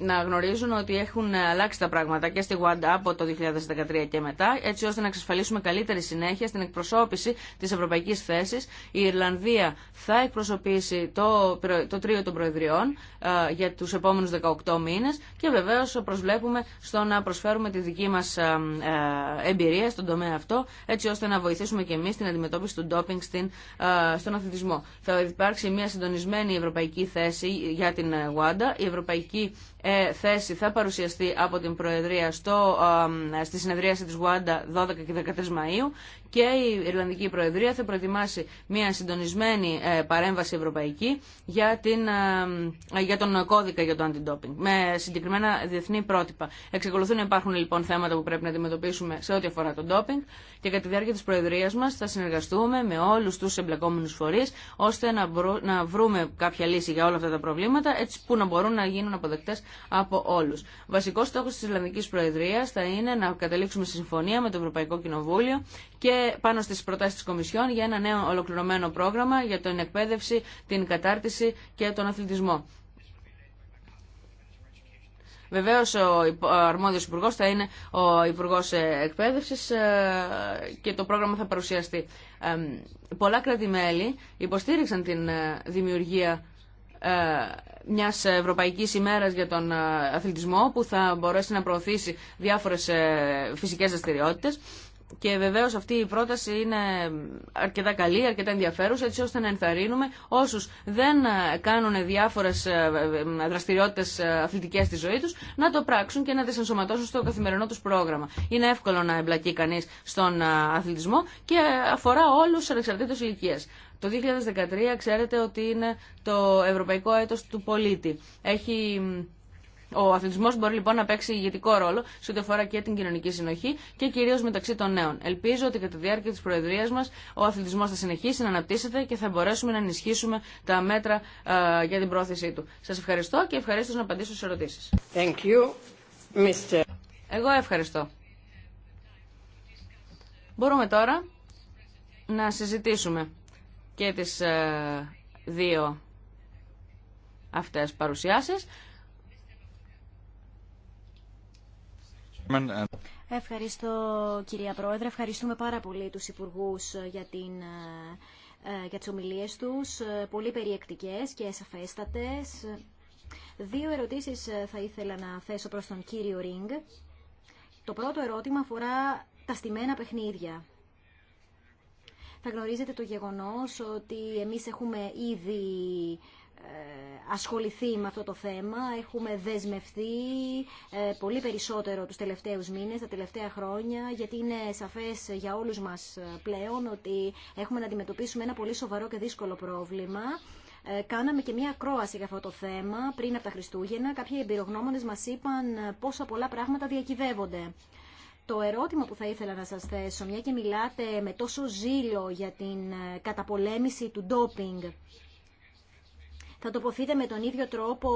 να γνωρίζουν ότι έχουν αλλάξει τα πράγματα και στη Γουάντα από το 2013 και μετά, έτσι ώστε να εξασφαλίσουμε καλύτερη συνέχεια στην εκπροσώπηση τη ευρωπαϊκή θέση. Η Ιρλανδία θα εκπροσωπήσει το, το τρίο των Προεδριών για του επόμενου 18 μήνε και βεβαίω προσβλέπουμε στο να προσφέρουμε τη δική μα εμπειρία στον τομέα αυτό, έτσι ώστε να βοηθήσουμε και εμεί την αντιμετώπιση του ντόπινγκ στην, στον αθλητισμό. Θα υπάρξει μια συντονισμένη ευρωπαϊκή θέση για την Γουάντα. Η ευρωπαϊκή ε, θέση θα παρουσιαστεί από την Προεδρία στο, στη συνεδρίαση της Γουάντα 12 και 13 Μαΐου και η Ιρλανδική Προεδρία θα προετοιμάσει μια συντονισμένη ε, παρέμβαση ευρωπαϊκή για, την, ε, για τον κώδικα για το αντιντόπινγκ με συγκεκριμένα διεθνή πρότυπα. Εξεκολουθούν να υπάρχουν λοιπόν θέματα που πρέπει να αντιμετωπίσουμε σε ό,τι αφορά τον ντόπινγκ και κατά τη διάρκεια της Προεδρίας μας θα συνεργαστούμε με όλους τους εμπλεκόμενους φορείς ώστε να, βρούμε κάποια λύση για όλα αυτά τα προβλήματα έτσι που να μπορούν να γίνουν αποδεκτές από όλου. Βασικό στόχο τη Ισλανδική Προεδρία θα είναι να καταλήξουμε συμφωνία με το Ευρωπαϊκό Κοινοβούλιο και πάνω στι προτάσει τη Κομισιόν για ένα νέο ολοκληρωμένο πρόγραμμα για την εκπαίδευση, την κατάρτιση και τον αθλητισμό. Βεβαίω ο αρμόδιο υπουργό θα είναι ο Υπουργό ε, Εκπαίδευση ε, και το πρόγραμμα θα παρουσιαστεί. Πολλά κράτη-μέλη υποστήριξαν την ε, δημιουργία ε, μιας Ευρωπαϊκής ημέρας για τον ε, αθλητισμό που θα μπορέσει να προωθήσει διάφορες ε, φυσικές δραστηριότητε. Και βεβαίω αυτή η πρόταση είναι αρκετά καλή, αρκετά ενδιαφέρουσα, έτσι ώστε να ενθαρρύνουμε όσου δεν κάνουν διάφορε δραστηριότητε αθλητικέ στη ζωή του να το πράξουν και να τι ενσωματώσουν στο καθημερινό του πρόγραμμα. Είναι εύκολο να εμπλακεί κανεί στον αθλητισμό και αφορά όλου ανεξαρτήτω ηλικία. Το 2013 ξέρετε ότι είναι το ευρωπαϊκό έτος του πολίτη. Έχει... Ο αθλητισμό μπορεί λοιπόν να παίξει ηγετικό ρόλο σε ό,τι αφορά και την κοινωνική συνοχή και κυρίω μεταξύ των νέων. Ελπίζω ότι κατά τη διάρκεια τη Προεδρία μα ο αθλητισμό θα συνεχίσει να αναπτύσσεται και θα μπορέσουμε να ενισχύσουμε τα μέτρα για την πρόθεσή του. Σα ευχαριστώ και ευχαρίστω να απαντήσω στι ερωτήσει. Εγώ ευχαριστώ. Μπορούμε τώρα να συζητήσουμε και τις ε, δύο αυτές παρουσιάσεις. Ευχαριστώ κυρία Πρόεδρε. Ευχαριστούμε πάρα πολύ τους Υπουργούς ε, για, την, ε, για τις ομιλίες τους. Πολύ περιεκτικές και σαφέστατες. Δύο ερωτήσεις θα ήθελα να θέσω προς τον κύριο Ρίνγκ. Το πρώτο ερώτημα αφορά τα στημένα παιχνίδια θα γνωρίζετε το γεγονός ότι εμείς έχουμε ήδη ε, ασχοληθεί με αυτό το θέμα. Έχουμε δεσμευτεί ε, πολύ περισσότερο τους τελευταίους μήνες, τα τελευταία χρόνια, γιατί είναι σαφές για όλους μας ε, πλέον ότι έχουμε να αντιμετωπίσουμε ένα πολύ σοβαρό και δύσκολο πρόβλημα. Κάναμε και μία ακρόαση για αυτό το θέμα πριν από τα Χριστούγεννα. Κάποιοι εμπειρογνώμονες μας είπαν πόσα πολλά πράγματα διακυβεύονται. Το ερώτημα που θα ήθελα να σας θέσω, μια και μιλάτε με τόσο ζήλο για την ε, καταπολέμηση του ντόπινγκ, θα τοποθείτε με τον ίδιο τρόπο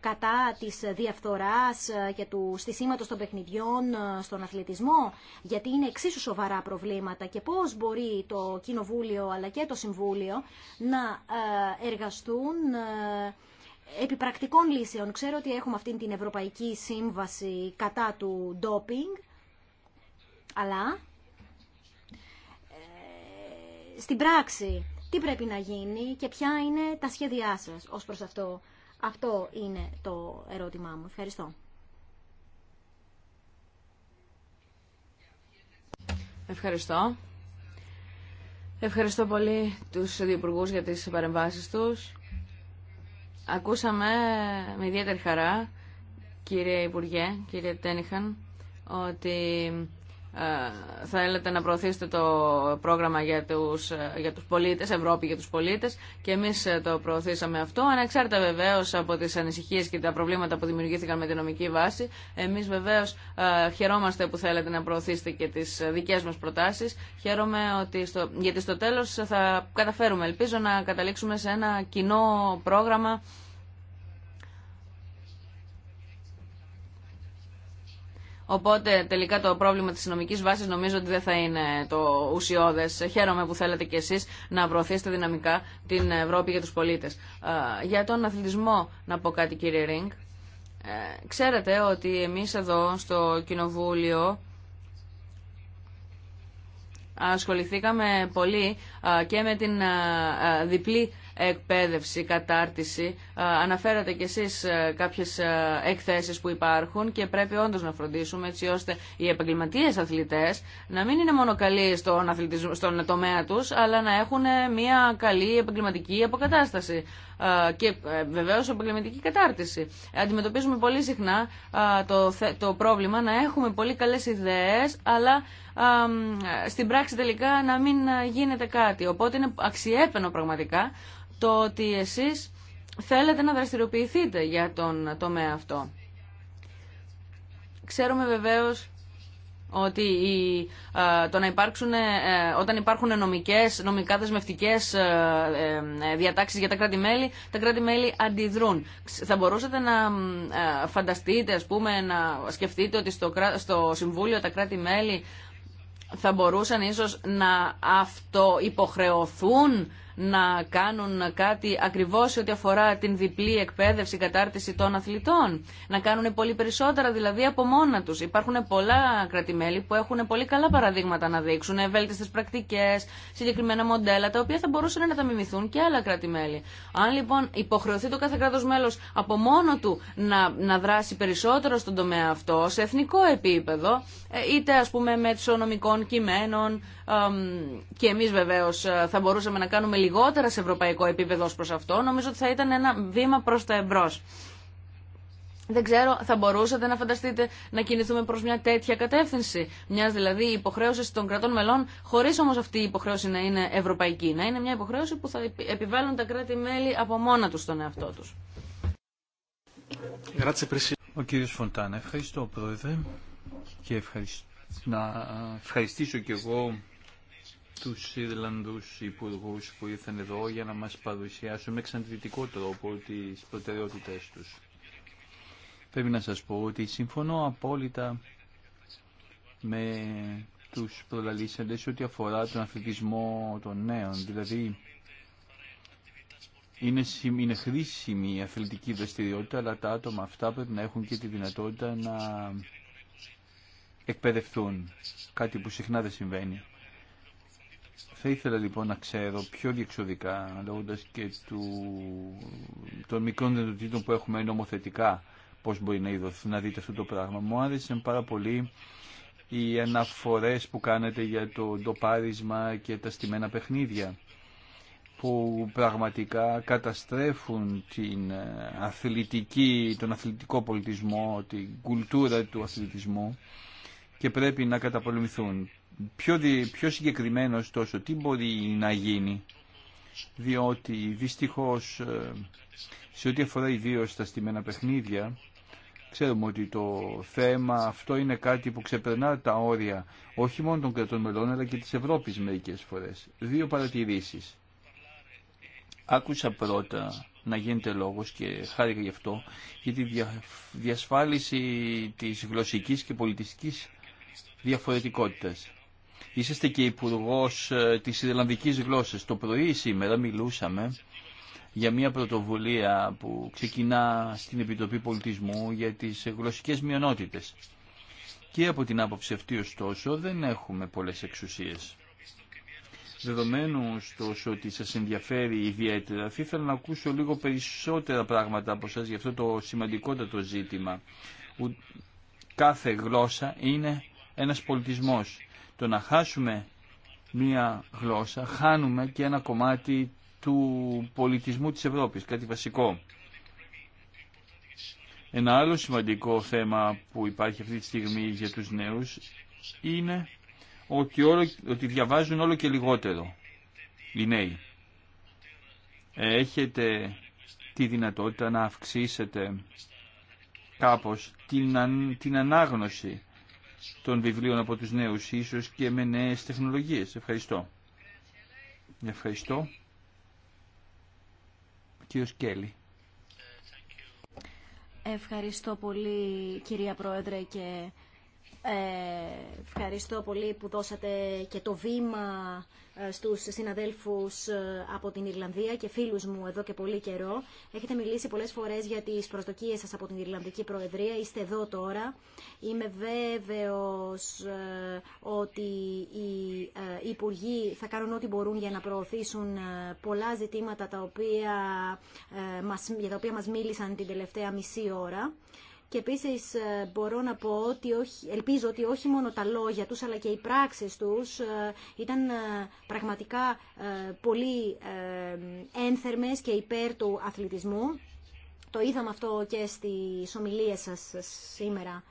κατά της διαφθοράς ε, και του στισίματος των παιχνιδιών ε, στον αθλητισμό, γιατί είναι εξίσου σοβαρά προβλήματα και πώς μπορεί το Κοινοβούλιο αλλά και το Συμβούλιο να εργαστούν επιπρακτικών λύσεων. Ξέρω ότι έχουμε αυτή την Ευρωπαϊκή Σύμβαση κατά του ντόπινγκ, αλλά ε, στην πράξη τι πρέπει να γίνει και ποια είναι τα σχέδιά σας ως προς αυτό. Αυτό είναι το ερώτημά μου. Ευχαριστώ. Ευχαριστώ. Ευχαριστώ πολύ τους υπουργού για τις παρεμβάσεις τους. Ακούσαμε με ιδιαίτερη χαρά, κύριε Υπουργέ, κύριε Τένιχαν, ότι ε, θέλετε να προωθήσετε το πρόγραμμα για τους, για τους πολίτες, Ευρώπη για τους πολίτες και εμείς ε, το προωθήσαμε αυτό, ανεξάρτητα βεβαίως από τις ανησυχίες και τα προβλήματα που δημιουργήθηκαν με την νομική βάση. Εμείς βεβαίως ε, χαιρόμαστε που θέλετε να προωθήσετε και τις δικές μας προτάσεις. Χαίρομαι ότι στο, γιατί στο τέλος θα καταφέρουμε, ελπίζω, να καταλήξουμε σε ένα κοινό πρόγραμμα Οπότε τελικά το πρόβλημα της νομικής βάσης νομίζω ότι δεν θα είναι το ουσιώδες. Χαίρομαι που θέλετε κι εσείς να προωθήσετε δυναμικά την Ευρώπη για τους πολίτες. Ε, για τον αθλητισμό να πω κάτι κύριε Ρίνγκ. Ε, ξέρετε ότι εμείς εδώ στο Κοινοβούλιο ασχοληθήκαμε πολύ ε, και με την διπλή εκπαίδευση, κατάρτιση Αναφέρατε κι εσείς ε, κάποιες ε, εκθέσεις που υπάρχουν και πρέπει όντως να φροντίσουμε έτσι ώστε οι επαγγελματίες αθλητές να μην είναι μόνο καλοί στον, στον τομέα τους αλλά να έχουν ε, μια καλή επαγγελματική αποκατάσταση και βεβαίως επαγγελματική κατάρτιση. Αντιμετωπίζουμε πολύ συχνά το, το πρόβλημα να έχουμε πολύ καλές ιδέες αλλά στην πράξη τελικά να μην γίνεται κάτι. Οπότε είναι αξιέπαινο πραγματικά το ότι εσείς θέλετε να δραστηριοποιηθείτε για τον τομέα αυτό. Ξέρουμε βεβαίως ότι η, ε, το να υπάρξουν, ε, όταν υπάρχουν νομικές, νομικά δεσμευτικές ε, διατάξεις για τα κράτη-μέλη, τα κράτη-μέλη αντιδρούν. Θα μπορούσατε να φανταστείτε, ας πούμε, να σκεφτείτε ότι στο, στο Συμβούλιο τα κράτη-μέλη θα μπορούσαν ίσως να αυτοϋποχρεωθούν να κάνουν κάτι ακριβώς ό,τι αφορά την διπλή εκπαίδευση, κατάρτιση των αθλητών. Να κάνουν πολύ περισσότερα δηλαδή από μόνα του. Υπάρχουν πολλά κρατημέλη που έχουν πολύ καλά παραδείγματα να δείξουν, ευέλτιστε πρακτικέ, συγκεκριμένα μοντέλα, τα οποία θα μπορούσαν να τα μιμηθούν και άλλα κρατημέλη. Αν λοιπόν υποχρεωθεί το κάθε κράτο μέλο από μόνο του να, να δράσει περισσότερο στον τομέα αυτό, σε εθνικό επίπεδο, ε, είτε α πούμε με των κειμένων, και εμεί βεβαίω ε, θα μπορούσαμε να κάνουμε λιγότερα σε ευρωπαϊκό επίπεδο ως προς αυτό, νομίζω ότι θα ήταν ένα βήμα προς τα εμπρός. Δεν ξέρω, θα μπορούσατε να φανταστείτε να κινηθούμε προς μια τέτοια κατεύθυνση, μια δηλαδή υποχρέωση των κρατών μελών, χωρίς όμως αυτή η υποχρέωση να είναι ευρωπαϊκή, να είναι μια υποχρέωση που θα επιβάλλουν τα κράτη-μέλη από μόνα τους στον εαυτό τους. Ο κύριος ευχαριστώ πρόεδρε και να ευχαριστήσω εγώ τους Ιρλανδούς υπουργού που ήρθαν εδώ για να μας παρουσιάσουν με εξαντλητικό τρόπο τις προτεραιότητες τους. Πρέπει να σας πω ότι συμφωνώ απόλυτα με τους προλαλήσαντες ό,τι αφορά τον αθλητισμό των νέων. Δηλαδή, είναι, είναι χρήσιμη η αθλητική δραστηριότητα, αλλά τα άτομα αυτά πρέπει να έχουν και τη δυνατότητα να εκπαιδευτούν. Κάτι που συχνά δεν συμβαίνει. Θα ήθελα λοιπόν να ξέρω πιο διεξοδικά, λόγοντα και του, των μικρών δυνατοτήτων που έχουμε νομοθετικά, πώς μπορεί να, να δείτε αυτό το πράγμα. Μου άρεσαν πάρα πολύ οι αναφορέ που κάνετε για το ντοπάρισμα και τα στημένα παιχνίδια που πραγματικά καταστρέφουν την ε, αθλητική, τον αθλητικό πολιτισμό, την κουλτούρα του αθλητισμού και πρέπει να καταπολεμηθούν πιο, πιο συγκεκριμένος τόσο τι μπορεί να γίνει διότι δυστυχώς ε, σε ό,τι αφορά ιδίω τα στημένα παιχνίδια ξέρουμε ότι το θέμα αυτό είναι κάτι που ξεπερνά τα όρια όχι μόνο των κρατών μελών αλλά και της Ευρώπης μερικές φορές. Δύο παρατηρήσεις. Άκουσα πρώτα να γίνεται λόγος και χάρηκα γι' αυτό για τη διασφάλιση της γλωσσικής και πολιτιστικής διαφορετικότητας. Είσαστε και υπουργό ε, τη Ιρλανδικής γλώσσα. Το πρωί σήμερα μιλούσαμε για μια πρωτοβουλία που ξεκινά στην Επιτροπή Πολιτισμού για τις γλωσσικέ μειονότητες. Και από την άποψη αυτή ωστόσο δεν έχουμε πολλές εξουσίες. Δεδομένου ωστόσο ότι σα ενδιαφέρει ιδιαίτερα, θα ήθελα να ακούσω λίγο περισσότερα πράγματα από εσά για αυτό το σημαντικότατο ζήτημα. Κάθε γλώσσα είναι ένας πολιτισμός το να χάσουμε μία γλώσσα, χάνουμε και ένα κομμάτι του πολιτισμού της Ευρώπης, κάτι βασικό. Ένα άλλο σημαντικό θέμα που υπάρχει αυτή τη στιγμή για τους νέους είναι ότι, όλο, ότι διαβάζουν όλο και λιγότερο οι νέοι. Έχετε τη δυνατότητα να αυξήσετε κάπως την, την ανάγνωση των βιβλίων από τους νέους, ίσως και με νέες τεχνολογίες. Ευχαριστώ. Ευχαριστώ. Κύριος Κέλλη. Ευχαριστώ πολύ κυρία Πρόεδρε και ε, ευχαριστώ πολύ που δώσατε και το βήμα ε, στους συναδέλφους ε, από την Ιρλανδία και φίλους μου εδώ και πολύ καιρό. Έχετε μιλήσει πολλές φορές για τις προσδοκίες σας από την Ιρλανδική Προεδρία. Είστε εδώ τώρα. Είμαι βέβαιος ότι οι Υπουργοί θα κάνουν ό,τι μπορούν για να προωθήσουν πολλά ζητήματα τα οποία, για τα οποία μας μίλησαν την τελευταία μισή ώρα. Και επίση ε, μπορώ να πω ότι όχι, ελπίζω ότι όχι μόνο τα λόγια τους αλλά και οι πράξεις τους ε, ήταν ε, πραγματικά πολύ ένθερμες και υπέρ του αθλητισμού. Το είδαμε αυτό και στις ομιλίες σας σήμερα.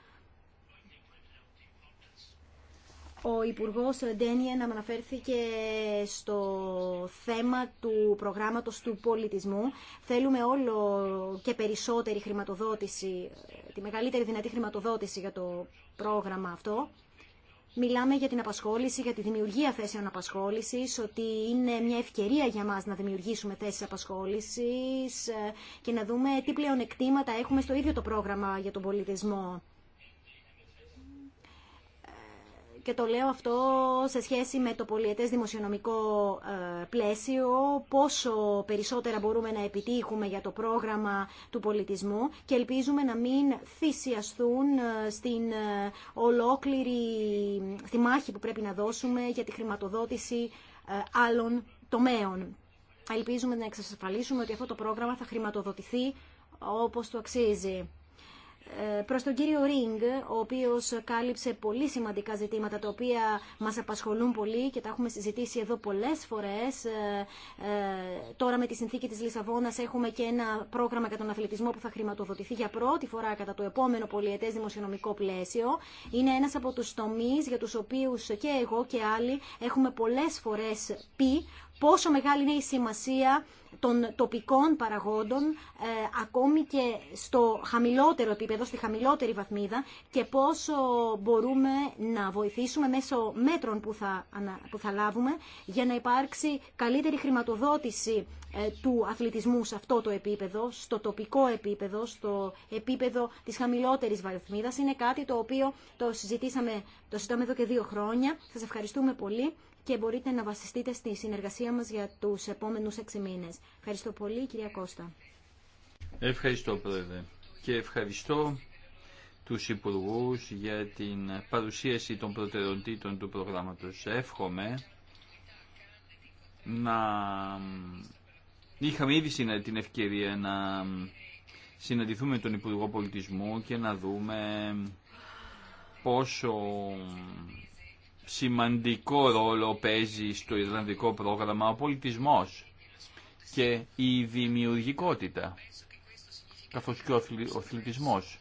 Ο Υπουργός Ντένιεν αναφέρθηκε στο θέμα του προγράμματος του πολιτισμού. Θέλουμε όλο και περισσότερη χρηματοδότηση τη μεγαλύτερη δυνατή χρηματοδότηση για το πρόγραμμα αυτό. Μιλάμε για την απασχόληση, για τη δημιουργία θέσεων απασχόλησης, ότι είναι μια ευκαιρία για μας να δημιουργήσουμε θέσει απασχόλησης ε, και να δούμε τι πλεονεκτήματα έχουμε στο ίδιο το πρόγραμμα για τον πολιτισμό. και το λέω αυτό σε σχέση με το πολιετές δημοσιονομικό ε, πλαίσιο, πόσο περισσότερα μπορούμε να επιτύχουμε για το πρόγραμμα του πολιτισμού και ελπίζουμε να μην θυσιαστούν ε, στην ε, ολόκληρη, στη μάχη που πρέπει να δώσουμε για τη χρηματοδότηση άλλων τομέων. Ελπίζουμε να εξασφαλίσουμε ότι αυτό το πρόγραμμα θα χρηματοδοτηθεί όπως το αξίζει. Ε, προς τον κύριο Ρίγκ, ο οποίος κάλυψε πολύ σημαντικά ζητήματα τα οποία μας απασχολούν πολύ και τα έχουμε συζητήσει εδώ πολλές φορές. Ε, ε, τώρα με τη συνθήκη της Λισαβόνας έχουμε και ένα πρόγραμμα για τον αθλητισμό που θα χρηματοδοτηθεί για πρώτη φορά κατά το επόμενο πολιετές δημοσιονομικό πλαίσιο. Είναι ένας από τους τομείς για τους οποίους και εγώ και άλλοι έχουμε πολλές φορές πει πόσο μεγάλη είναι η σημασία των τοπικών παραγόντων ε, ακόμη και στο χαμηλότερο επίπεδο, στη χαμηλότερη βαθμίδα και πόσο μπορούμε να βοηθήσουμε μέσω μέτρων που θα, που θα λάβουμε για να υπάρξει καλύτερη χρηματοδότηση ε, του αθλητισμού σε αυτό το επίπεδο, στο τοπικό επίπεδο, στο επίπεδο της χαμηλότερης βαθμίδας. Είναι κάτι το οποίο το συζητήσαμε, το συζητάμε εδώ και δύο χρόνια. Σας ευχαριστούμε πολύ και μπορείτε να βασιστείτε στη συνεργασία μας για τους επόμενους έξι μήνες. Ευχαριστώ πολύ, κυρία Κώστα. Ευχαριστώ, Πρόεδρε. Και ευχαριστώ τους Υπουργούς για την παρουσίαση των προτεραιοτήτων του προγράμματος. Εύχομαι να είχαμε ήδη την ευκαιρία να συναντηθούμε τον Υπουργό Πολιτισμού και να δούμε πόσο σημαντικό ρόλο παίζει στο Ιρλανδικό πρόγραμμα ο πολιτισμός και η δημιουργικότητα, καθώς και ο αθλητισμός.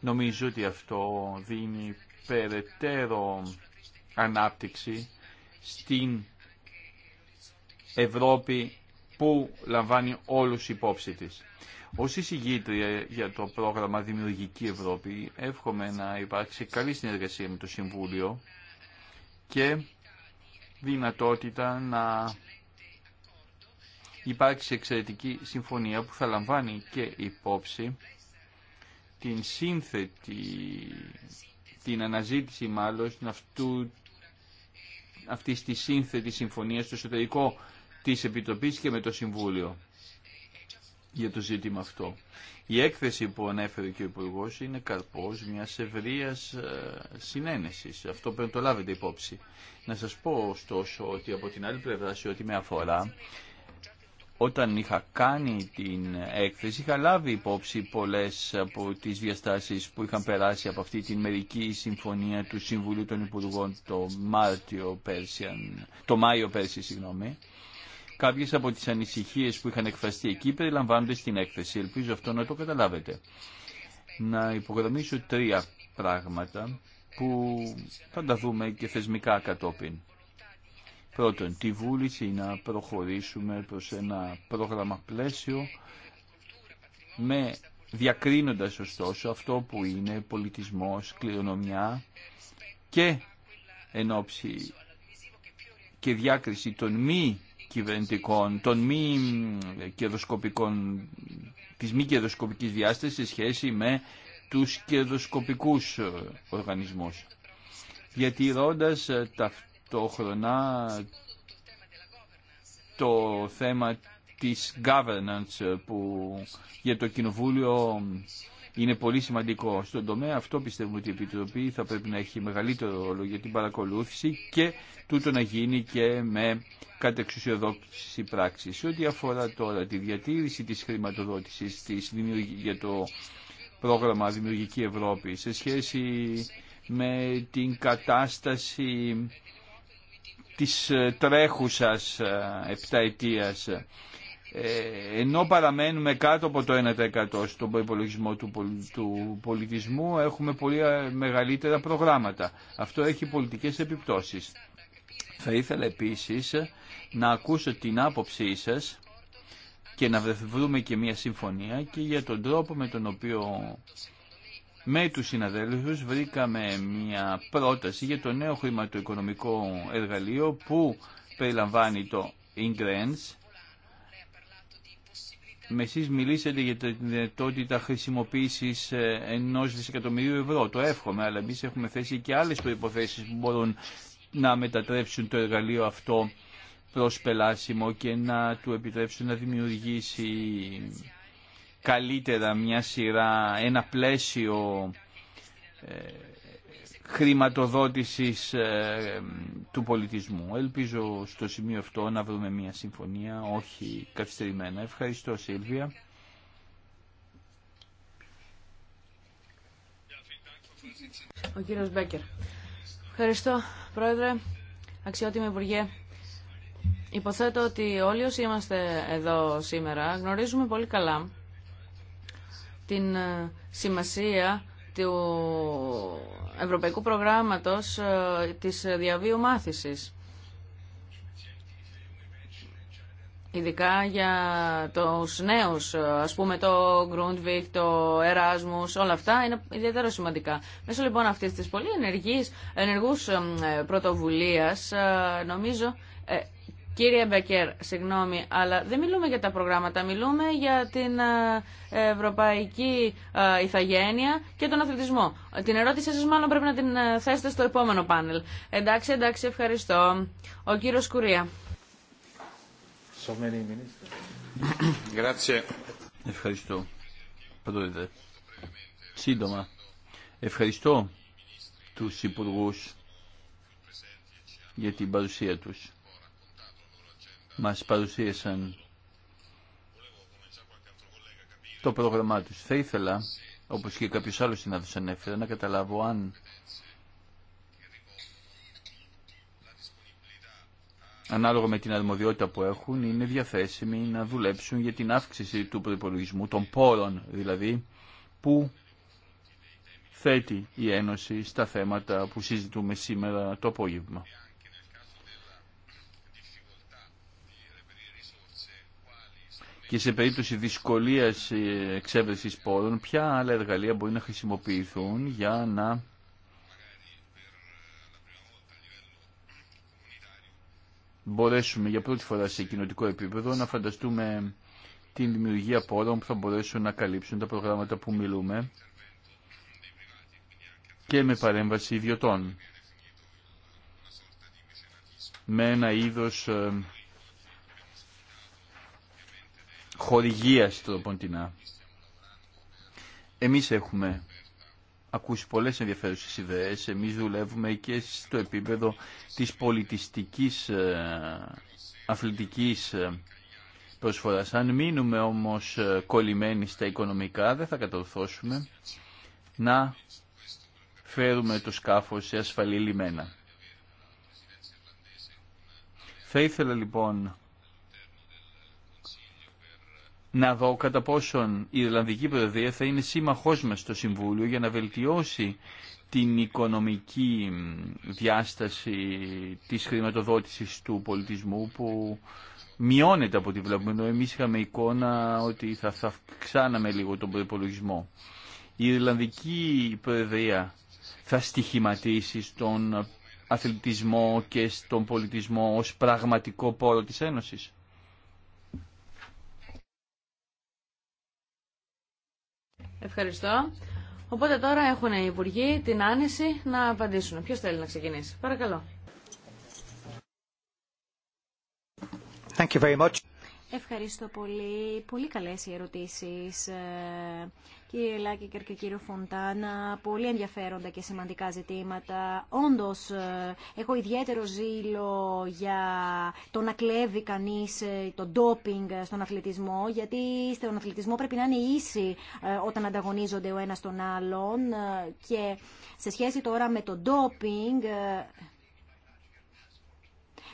Νομίζω ότι αυτό δίνει περαιτέρω ανάπτυξη στην Ευρώπη που λαμβάνει όλους υπόψη της. Ως εισηγήτρια για το πρόγραμμα Δημιουργική Ευρώπη εύχομαι να υπάρξει καλή συνεργασία με το Συμβούλιο και δυνατότητα να υπάρξει εξαιρετική συμφωνία που θα λαμβάνει και υπόψη την σύνθετη, την αναζήτηση μάλλον αυτού, αυτής της σύνθετης συμφωνίας στο εσωτερικό της Επιτροπής και με το Συμβούλιο για το ζήτημα αυτό. Η έκθεση που ανέφερε και ο Υπουργό είναι καρπός μια ευρεία ε, συνένεσης. Αυτό πρέπει να το λάβετε υπόψη. Να σας πω ωστόσο ότι από την άλλη πλευρά σε ό,τι με αφορά όταν είχα κάνει την έκθεση είχα λάβει υπόψη πολλέ από τις διαστάσεις που είχαν περάσει από αυτή την μερική συμφωνία του Συμβουλίου των Υπουργών το, Μάρτιο το Μάιο Πέρσι, συγγνώμη, Κάποιε από τις ανησυχίε που είχαν εκφραστεί εκεί περιλαμβάνονται στην έκθεση. Ελπίζω αυτό να το καταλάβετε. Να υπογραμμίσω τρία πράγματα που θα τα δούμε και θεσμικά κατόπιν. Πρώτον, τη βούληση να προχωρήσουμε προς ένα πρόγραμμα πλαίσιο με διακρίνοντας ωστόσο αυτό που είναι πολιτισμός, κληρονομιά και ενόψη και διάκριση των μη κυβερνητικών, των μη κερδοσκοπικών, της μη κερδοσκοπικής διάστασης σε σχέση με τους κερδοσκοπικούς οργανισμούς. Διατηρώντας ε, ταυτόχρονα το θέμα της governance ε, που για το Κοινοβούλιο είναι πολύ σημαντικό. Στον τομέα αυτό πιστεύουμε ότι η Επιτροπή θα πρέπει να έχει μεγαλύτερο ρόλο για την παρακολούθηση και τούτο να γίνει και με κατεξουσιοδότηση πράξη. Σε ό,τι αφορά τώρα τη διατήρηση της χρηματοδότησης της, για το πρόγραμμα Δημιουργική Ευρώπη σε σχέση με την κατάσταση της τρέχουσας ε, επταετίας ε, ενώ παραμένουμε κάτω από το 1% στον προπολογισμό του, του πολιτισμού έχουμε πολύ ε, μεγαλύτερα προγράμματα. Αυτό έχει πολιτικές επιπτώσεις. Θα ήθελα επίσης να ακούσω την άποψή σας και να βρούμε και μια συμφωνία και για τον τρόπο με τον οποίο με τους συναδέλφους βρήκαμε μια πρόταση για το νέο χρηματοοικονομικό εργαλείο που περιλαμβάνει το Ingrance με μιλήσατε για την δυνατότητα χρησιμοποίησης ε, ενός δισεκατομμυρίου ευρώ. Το εύχομαι, αλλά εμεί έχουμε θέσει και άλλες προϋποθέσεις που μπορούν να μετατρέψουν το εργαλείο αυτό προς πελάσιμο και να του επιτρέψουν να δημιουργήσει καλύτερα μια σειρά, ένα πλαίσιο ε, χρηματοδότησης ε, του πολιτισμού. Ελπίζω στο σημείο αυτό να βρούμε μια συμφωνία, όχι καθυστερημένα. Ευχαριστώ Σίλβια. Ο κύριος Μπέκερ. Ευχαριστώ Πρόεδρε, αξιότιμη Υπουργέ. Υποθέτω ότι όλοι όσοι είμαστε εδώ σήμερα γνωρίζουμε πολύ καλά την ε, σημασία του Ευρωπαϊκού Προγράμματος ε, της Διαβίου Μάθησης. Ειδικά για τους νέους, ε, ας πούμε το Grundvik, το Erasmus, όλα αυτά είναι ιδιαίτερα σημαντικά. Μέσω λοιπόν αυτής της πολύ ενεργής, ενεργούς ε, πρωτοβουλίας, νομίζω Κύριε Μπεκέρ, συγγνώμη, αλλά δεν μιλούμε για τα προγράμματα, μιλούμε για την ε, ευρωπαϊκή ε, ηθαγένεια και τον αθλητισμό. Την ερώτησή σας μάλλον πρέπει να την ε, θέσετε στο επόμενο πάνελ. Εντάξει, εντάξει, ευχαριστώ. Ο κύριος Κουρία. Ευχαριστώ. Πατώτε. Σύντομα. Ευχαριστώ τους υπουργούς για την παρουσία τους μας παρουσίασαν το πρόγραμμά τους. Θα ήθελα, όπως και κάποιος άλλος συνάδελφος ανέφερε, να καταλάβω αν ανάλογα με την αρμοδιότητα που έχουν, είναι διαθέσιμοι να δουλέψουν για την αύξηση του προϋπολογισμού... των πόρων δηλαδή, που θέτει η Ένωση στα θέματα που συζητούμε σήμερα το απόγευμα. και σε περίπτωση δυσκολία ε, εξέβρεση πόρων, ποια άλλα εργαλεία μπορεί να χρησιμοποιηθούν για να μπορέσουμε για πρώτη φορά σε κοινοτικό επίπεδο να φανταστούμε την δημιουργία πόρων που θα μπορέσουν να καλύψουν τα προγράμματα που μιλούμε και με παρέμβαση ιδιωτών. Με ένα είδος ε, χορηγίας ποντινά. Εμείς έχουμε ακούσει πολλές ενδιαφέρουσες ιδέες. Εμείς δουλεύουμε και στο επίπεδο της πολιτιστικής ε, αθλητικής ε, προσφοράς. Αν μείνουμε όμως ε, κολλημένοι στα οικονομικά δεν θα κατορθώσουμε να φέρουμε το σκάφος σε ασφαλή λιμένα. Θα ήθελα λοιπόν να δω κατά πόσον η Ιρλανδική Προεδρία θα είναι σύμμαχός μας στο Συμβούλιο για να βελτιώσει την οικονομική διάσταση της χρηματοδότησης του πολιτισμού που μειώνεται από τη βλέπουμε. Ενώ εμείς είχαμε εικόνα ότι θα, θα αυξάναμε λίγο τον προπολογισμό. Η Ιρλανδική Προεδρία θα στοιχηματίσει στον αθλητισμό και στον πολιτισμό ως πραγματικό πόρο της Ένωσης. Ευχαριστώ. Οπότε τώρα έχουν οι υπουργοί την άνεση να απαντήσουν. Ποιο θέλει να ξεκινήσει. Παρακαλώ. Thank you very much. Ευχαριστώ πολύ. Πολύ καλές οι ερωτήσεις, ε, κύριε Λάκη και κύριο Φοντάνα. Πολύ ενδιαφέροντα και σημαντικά ζητήματα. Όντως, ε, έχω ιδιαίτερο ζήλο για το να κλέβει κανείς ε, το ντόπινγκ στον αθλητισμό, γιατί στον αθλητισμό πρέπει να είναι ίσοι όταν ανταγωνίζονται ο ένας τον άλλον. Και σε σχέση τώρα με το ντόπινγκ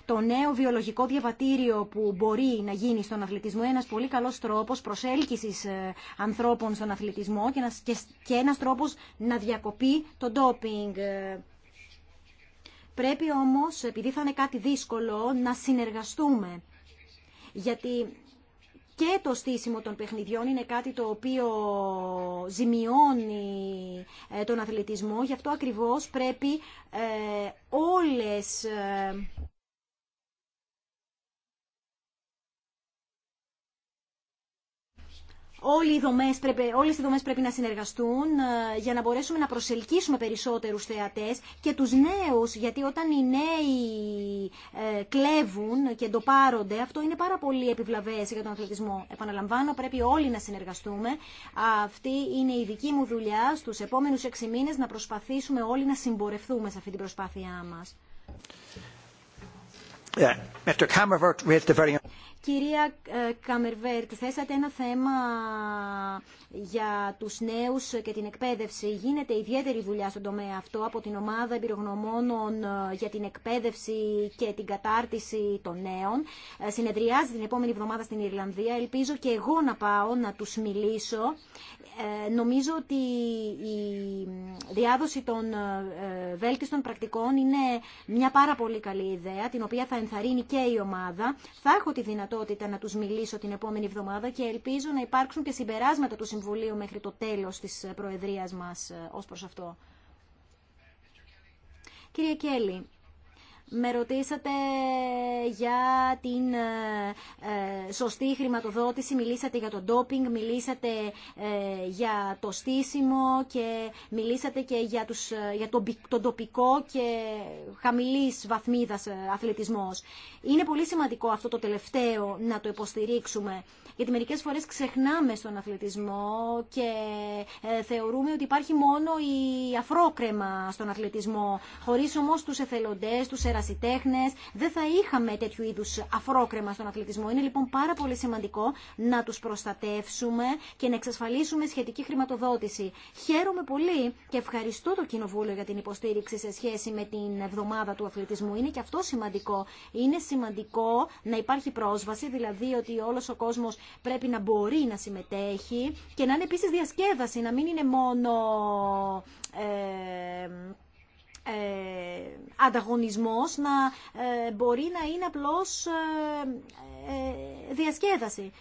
το νέο βιολογικό διαβατήριο που μπορεί να γίνει στον αθλητισμό είναι ένας πολύ καλός τρόπος προσέλκυσης ε, ανθρώπων στον αθλητισμό και ένας, και τρόπος να διακοπεί το ντόπινγκ. Πρέπει όμως, επειδή θα είναι κάτι δύσκολο, να συνεργαστούμε. Γιατί και το στήσιμο των παιχνιδιών είναι κάτι το οποίο ζημιώνει ε, τον αθλητισμό. Γι' αυτό ακριβώς πρέπει ε, όλες όλοι οι δομές πρέπει, όλες οι δομές πρέπει να συνεργαστούν ε, για να μπορέσουμε να προσελκύσουμε περισσότερους θεατές και τους νέους, γιατί όταν οι νέοι ε, κλέβουν και ντοπάρονται, αυτό είναι πάρα πολύ επιβλαβές για τον αθλητισμό. Επαναλαμβάνω, πρέπει όλοι να συνεργαστούμε. Αυτή είναι η δική μου δουλειά στους επόμενους έξι μήνες να προσπαθήσουμε όλοι να συμπορευτούμε σε αυτή την προσπάθειά μας. Κυρία ε, Καμερβέρτ, θέσατε ένα θέμα για τους νέους και την εκπαίδευση. Γίνεται ιδιαίτερη δουλειά στον τομέα αυτό από την ομάδα εμπειρογνωμόνων ε, για την εκπαίδευση και την κατάρτιση των νέων. Ε, συνεδριάζει την επόμενη εβδομάδα στην Ιρλανδία. Ελπίζω και εγώ να πάω να τους μιλήσω. Νομίζω ότι η διάδοση των βέλτιστων πρακτικών είναι μια πάρα πολύ καλή ιδέα, την οποία θα ενθαρρύνει και η ομάδα. Θα έχω τη δυνατότητα δυνατότητα να τους μιλήσω την επόμενη εβδομάδα και ελπίζω να υπάρξουν και συμπεράσματα του Συμβουλίου μέχρι το τέλος της Προεδρίας μας ε, ως προς αυτό. Κύριε Κέλλη, με ρωτήσατε για την ε, ε, σωστή χρηματοδότηση, μιλήσατε για το ντόπινγκ, μιλήσατε ε, για το στήσιμο και μιλήσατε και για, τους, για τον, τοπικό και χαμηλής βαθμίδας αθλητισμός. Είναι πολύ σημαντικό αυτό το τελευταίο να το υποστηρίξουμε, γιατί μερικές φορές ξεχνάμε στον αθλητισμό και θεωρούμε ότι υπάρχει μόνο η αφρόκρεμα στον αθλητισμό, χωρίς όμως τους εθελοντές, τους δεν θα είχαμε τέτοιου είδους αφρόκρεμα στον αθλητισμό. Είναι λοιπόν πάρα πολύ σημαντικό να τους προστατεύσουμε και να εξασφαλίσουμε σχετική χρηματοδότηση. Χαίρομαι πολύ και ευχαριστώ το Κοινοβούλιο για την υποστήριξη σε σχέση με την εβδομάδα του αθλητισμού. Είναι και αυτό σημαντικό. Είναι σημαντικό να υπάρχει πρόσβαση, δηλαδή ότι όλο ο κόσμο πρέπει να μπορεί να συμμετέχει και να είναι επίση διασκέδαση, να μην είναι μόνο... Ε, ε, ανταγωνισμός να ε, μπορεί να είναι απλώς ε, διασκέδαση.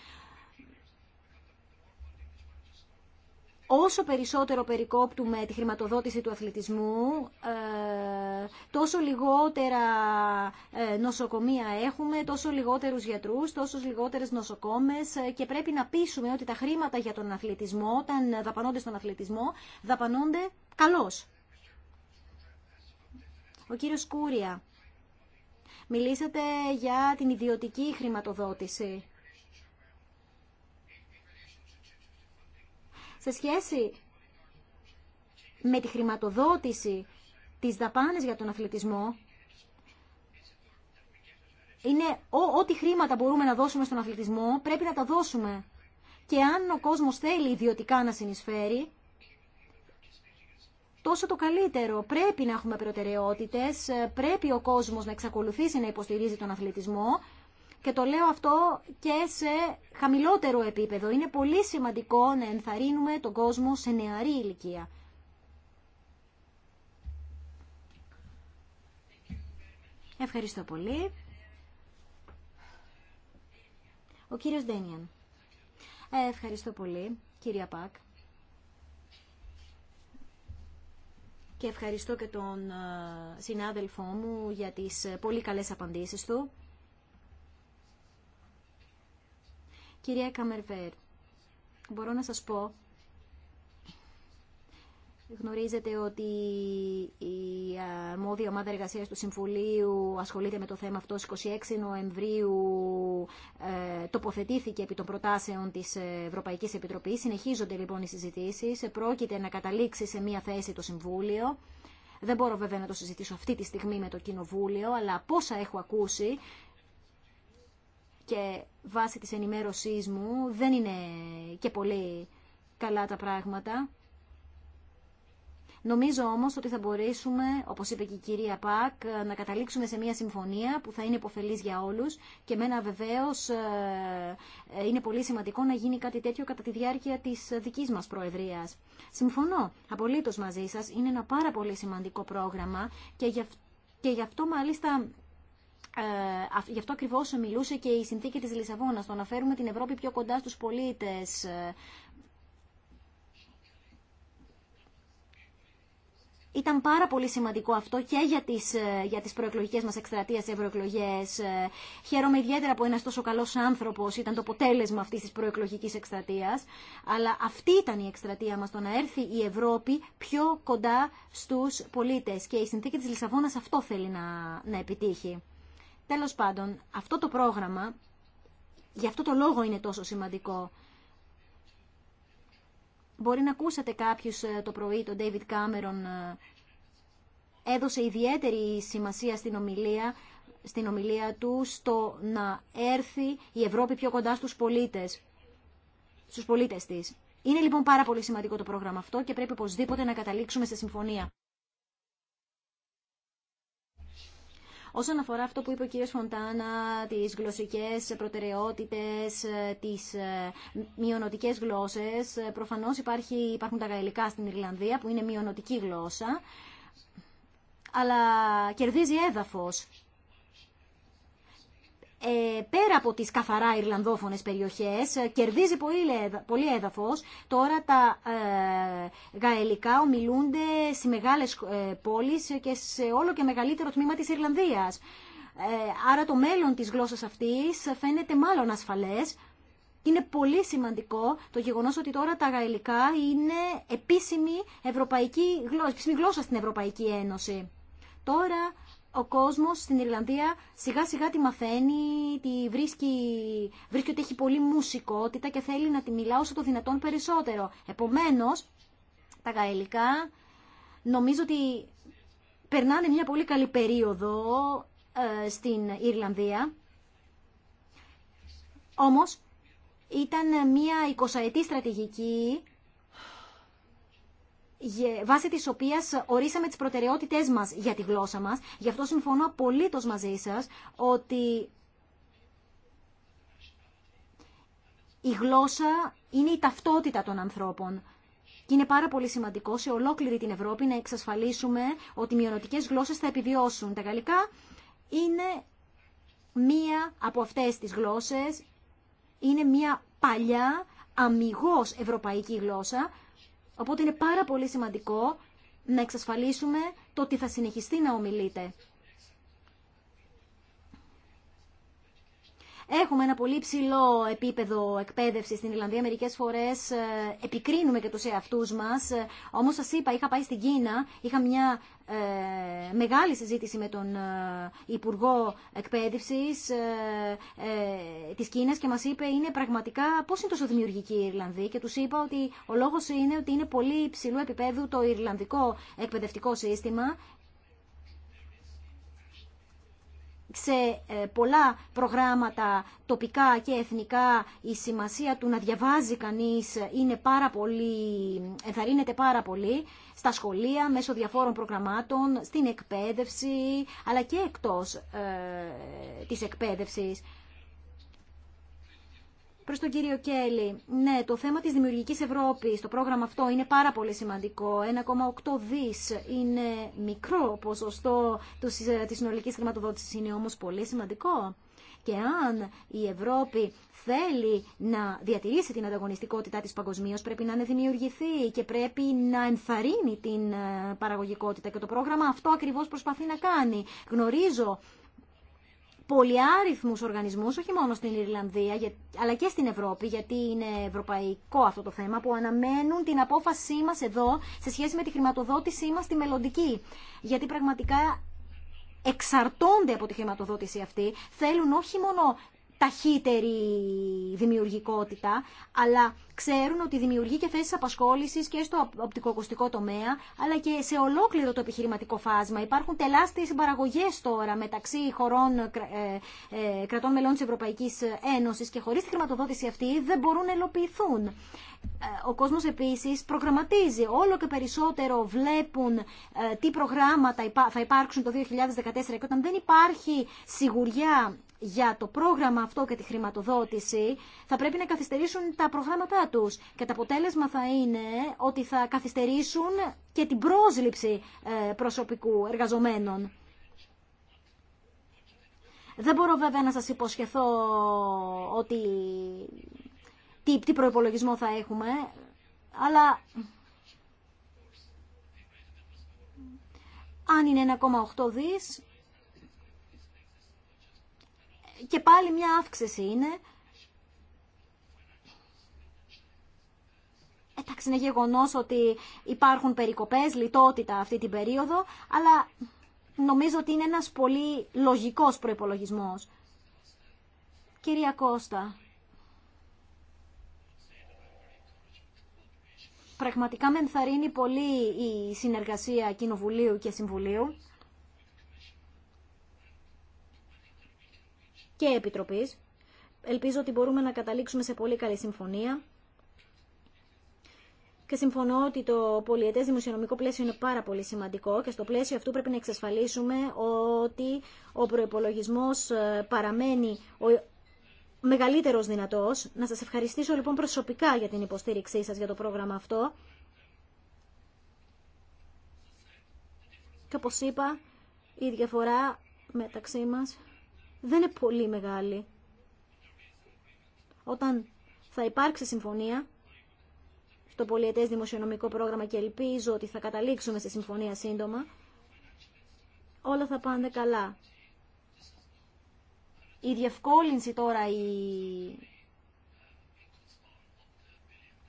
Όσο περισσότερο περικόπτουμε τη χρηματοδότηση του αθλητισμού, τόσο λιγότερα νοσοκομεία έχουμε, τόσο λιγότερους γιατρούς, τόσο λιγότερες νοσοκόμες και πρέπει να πείσουμε ότι τα χρήματα για τον αθλητισμό, όταν δαπανώνται στον αθλητισμό, δαπανώνται καλώς. Ο κύριος Κούρια, μιλήσατε για την ιδιωτική χρηματοδότηση. Σε σχέση με τη χρηματοδότηση της δαπάνης για τον αθλητισμό, είναι ό,τι χρήματα μπορούμε να δώσουμε στον αθλητισμό, πρέπει να τα δώσουμε. Και αν ο κόσμος θέλει ιδιωτικά να συνεισφέρει, τόσο το καλύτερο. Πρέπει να έχουμε προτεραιότητε. Ε, πρέπει ο κόσμος να εξακολουθήσει να υποστηρίζει τον αθλητισμό και το λέω αυτό και σε χαμηλότερο επίπεδο. Είναι πολύ σημαντικό να ενθαρρύνουμε τον κόσμο σε νεαρή ηλικία. Ευχαριστώ πολύ. Ο κύριος Ντένιαν. Ε, ευχαριστώ πολύ, κυρία Πακ. ευχαριστώ και τον ε, συνάδελφό μου για τις ε, πολύ καλές απαντήσεις του. Κυρία Καμερβέρ, μπορώ να σας πω Γνωρίζετε ότι η αρμόδια ομάδα εργασίας του Συμβουλίου ασχολείται με το θέμα αυτό. 26 Νοεμβρίου ε, τοποθετήθηκε επί των προτάσεων της Ευρωπαϊκής Επιτροπής. Συνεχίζονται λοιπόν οι συζητήσεις. Πρόκειται να καταλήξει σε μία θέση το Συμβούλιο. Δεν μπορώ βέβαια να το συζητήσω αυτή τη στιγμή με το Κοινοβούλιο, αλλά από έχω ακούσει και βάσει της ενημέρωσής μου δεν είναι και πολύ καλά τα πράγματα. Νομίζω όμως ότι θα μπορέσουμε, όπως είπε και η κυρία Πακ, να καταλήξουμε σε μια συμφωνία που θα είναι υποφελής για όλους και μενα βεβαίως ε, ε, είναι πολύ σημαντικό να γίνει κάτι τέτοιο κατά τη διάρκεια της δικής μας Προεδρίας. Συμφωνώ απολύτως μαζί σας, είναι ένα πάρα πολύ σημαντικό πρόγραμμα και γι' αυτό, και γι αυτό μάλιστα ε, γι' αυτό ακριβώ μιλούσε και η συνθήκη της Λισαβόνα, το να φέρουμε την Ευρώπη πιο κοντά στους πολίτες. Ήταν πάρα πολύ σημαντικό αυτό και για τις, ε, για τις προεκλογικές μας εκστρατείες ευρωεκλογές. Ε, χαίρομαι ιδιαίτερα που ένα τόσο καλός άνθρωπος ήταν το αποτέλεσμα αυτής της προεκλογικής εκστρατεία. Αλλά αυτή ήταν η εκστρατεία μας, το να έρθει η Ευρώπη πιο κοντά στους πολίτες. Και η συνθήκη τη Λισαβόνα αυτό θέλει να, να επιτύχει. Τέλο πάντων, αυτό το πρόγραμμα, γι' αυτό το λόγο είναι τόσο σημαντικό. Μπορεί να ακούσατε κάποιους ε, το πρωί, τον David Cameron ε, έδωσε ιδιαίτερη σημασία στην ομιλία, στην ομιλία του στο να έρθει η Ευρώπη πιο κοντά στους πολίτες, στους πολίτες της. Είναι λοιπόν πάρα πολύ σημαντικό το πρόγραμμα αυτό και πρέπει οπωσδήποτε να καταλήξουμε σε συμφωνία. Όσον αφορά αυτό που είπε ο κ. Φοντάνα, τις γλωσσικές προτεραιότητες, τις ε, μειονοτικές γλώσσες, προφανώς υπάρχει, υπάρχουν τα γαλλικά στην Ιρλανδία που είναι μειονοτική γλώσσα, αλλά κερδίζει έδαφος ε, πέρα από τις καθαρά Ιρλανδόφωνες περιοχές, ε, κερδίζει πολύ έδαφος. Τώρα τα ε, γαελικά ομιλούνται σε μεγάλες πόλεις και σε όλο και μεγαλύτερο τμήμα της Ιρλανδίας. Άρα το μέλλον της γλώσσας αυτής φαίνεται μάλλον ασφαλές. Είναι πολύ σημαντικό το γεγονός ότι τώρα τα γαελικά είναι επίσημη, ευρωπαϊκή γλώσσα, επίσημη γλώσσα στην Ευρωπαϊκή Ένωση. Τώρα ο κόσμο στην Ιρλανδία σιγά σιγά τη μαθαίνει, τη βρίσκει, βρίσκει ότι έχει πολύ μουσικότητα και θέλει να τη μιλά όσο το δυνατόν περισσότερο. Επομένω, τα γαελικά νομίζω ότι περνάνε μια πολύ καλή περίοδο ε, στην Ιρλανδία. Όμως, ήταν μια 20 στρατηγική βάσει της οποίας ορίσαμε τις προτεραιότητές μας για τη γλώσσα μας. Γι' αυτό συμφωνώ απολύτω μαζί σας ότι η γλώσσα είναι η ταυτότητα των ανθρώπων. Και είναι πάρα πολύ σημαντικό σε ολόκληρη την Ευρώπη να εξασφαλίσουμε ότι οι μειονοτικέ γλώσσε θα επιβιώσουν. Τα γαλλικά είναι μία από αυτέ τι γλώσσε. Είναι μία παλιά, αμυγό ευρωπαϊκή γλώσσα Οπότε είναι πάρα πολύ σημαντικό να εξασφαλίσουμε το ότι θα συνεχιστεί να ομιλείτε. Έχουμε ένα πολύ ψηλό επίπεδο εκπαίδευση στην Ιρλανδία. Μερικέ φορέ ε, επικρίνουμε και του εαυτού μα. Ε, Όμω σα είπα, είχα πάει στην Κίνα, είχα μια ε, μεγάλη συζήτηση με τον Υπουργό Εκπαίδευση ε, τη Κίνα και μα είπε είναι πραγματικά πώ είναι τόσο δημιουργική η Ιρλανδία. Και του είπα ότι ο λόγο είναι ότι είναι πολύ ψηλού επίπεδου το Ιρλανδικό εκπαιδευτικό σύστημα σε ε, πολλά προγράμματα τοπικά και εθνικά η σημασία του να διαβάζει κανείς είναι πάρα πολύ, ενθαρρύνεται πάρα πολύ στα σχολεία μέσω διαφόρων προγραμμάτων, στην εκπαίδευση αλλά και εκτός ε, της εκπαίδευσης. Προς τον κύριο Κέλλη, ναι, το θέμα της δημιουργικής Ευρώπης, το πρόγραμμα αυτό είναι πάρα πολύ σημαντικό. 1,8 δις είναι μικρό ποσοστό ε, της συνολικής χρηματοδότησης, είναι όμως πολύ σημαντικό. Και αν η Ευρώπη θέλει να διατηρήσει την ανταγωνιστικότητά της παγκοσμίως, πρέπει να είναι δημιουργηθεί και πρέπει να ενθαρρύνει την ε, παραγωγικότητα. Και το πρόγραμμα αυτό ακριβώς προσπαθεί να κάνει. Γνωρίζω πολυάριθμους οργανισμούς, όχι μόνο στην Ιρλανδία, αλλά και στην Ευρώπη, γιατί είναι ευρωπαϊκό αυτό το θέμα, που αναμένουν την απόφασή μας εδώ σε σχέση με τη χρηματοδότησή μας τη μελλοντική. Γιατί πραγματικά εξαρτώνται από τη χρηματοδότηση αυτή, θέλουν όχι μόνο ταχύτερη δημιουργικότητα, αλλά ξέρουν ότι δημιουργεί και θέσει απασχόληση και στο οπτικοακουστικό τομέα, αλλά και σε ολόκληρο το επιχειρηματικό φάσμα. Υπάρχουν τεράστιε συμπαραγωγέ τώρα μεταξύ χωρών ε, ε, κρατών μελών τη Ευρωπαϊκή Ένωση και χωρί τη χρηματοδότηση αυτή δεν μπορούν να ελοποιηθούν. Ε, ο κόσμος επίσης προγραμματίζει. Όλο και περισσότερο βλέπουν τι προγράμματα θα υπάρξουν το 2014 και όταν δεν υπάρχει σιγουριά για το πρόγραμμα αυτό και τη χρηματοδότηση θα πρέπει να καθυστερήσουν τα προγράμματά τους και το αποτέλεσμα θα είναι ότι θα καθυστερήσουν και την πρόσληψη ε, προσωπικού εργαζομένων. Δεν μπορώ βέβαια να σας υποσχεθώ ότι τι, τι προϋπολογισμό θα έχουμε, αλλά αν είναι 1,8 δις, και πάλι μια αύξηση είναι. Εντάξει, είναι γεγονό ότι υπάρχουν περικοπές, λιτότητα αυτή την περίοδο, αλλά νομίζω ότι είναι ένας πολύ λογικός προϋπολογισμός. Κυρία Κώστα, πραγματικά με ενθαρρύνει πολύ η συνεργασία Κοινοβουλίου και Συμβουλίου. και Επιτροπής. Ελπίζω ότι μπορούμε να καταλήξουμε σε πολύ καλή συμφωνία. Και συμφωνώ ότι το πολιετέ δημοσιονομικό πλαίσιο είναι πάρα πολύ σημαντικό και στο πλαίσιο αυτού πρέπει να εξασφαλίσουμε ότι ο προπολογισμό ε, παραμένει ο μεγαλύτερο δυνατό. Να σα ευχαριστήσω λοιπόν προσωπικά για την υποστήριξή σα για το πρόγραμμα αυτό. Και όπω είπα, η διαφορά μεταξύ μας δεν είναι πολύ μεγάλη. Όταν θα υπάρξει συμφωνία στο πολιετές δημοσιονομικό πρόγραμμα και ελπίζω ότι θα καταλήξουμε σε συμφωνία σύντομα, όλα θα πάνε καλά. Η διευκόλυνση τώρα η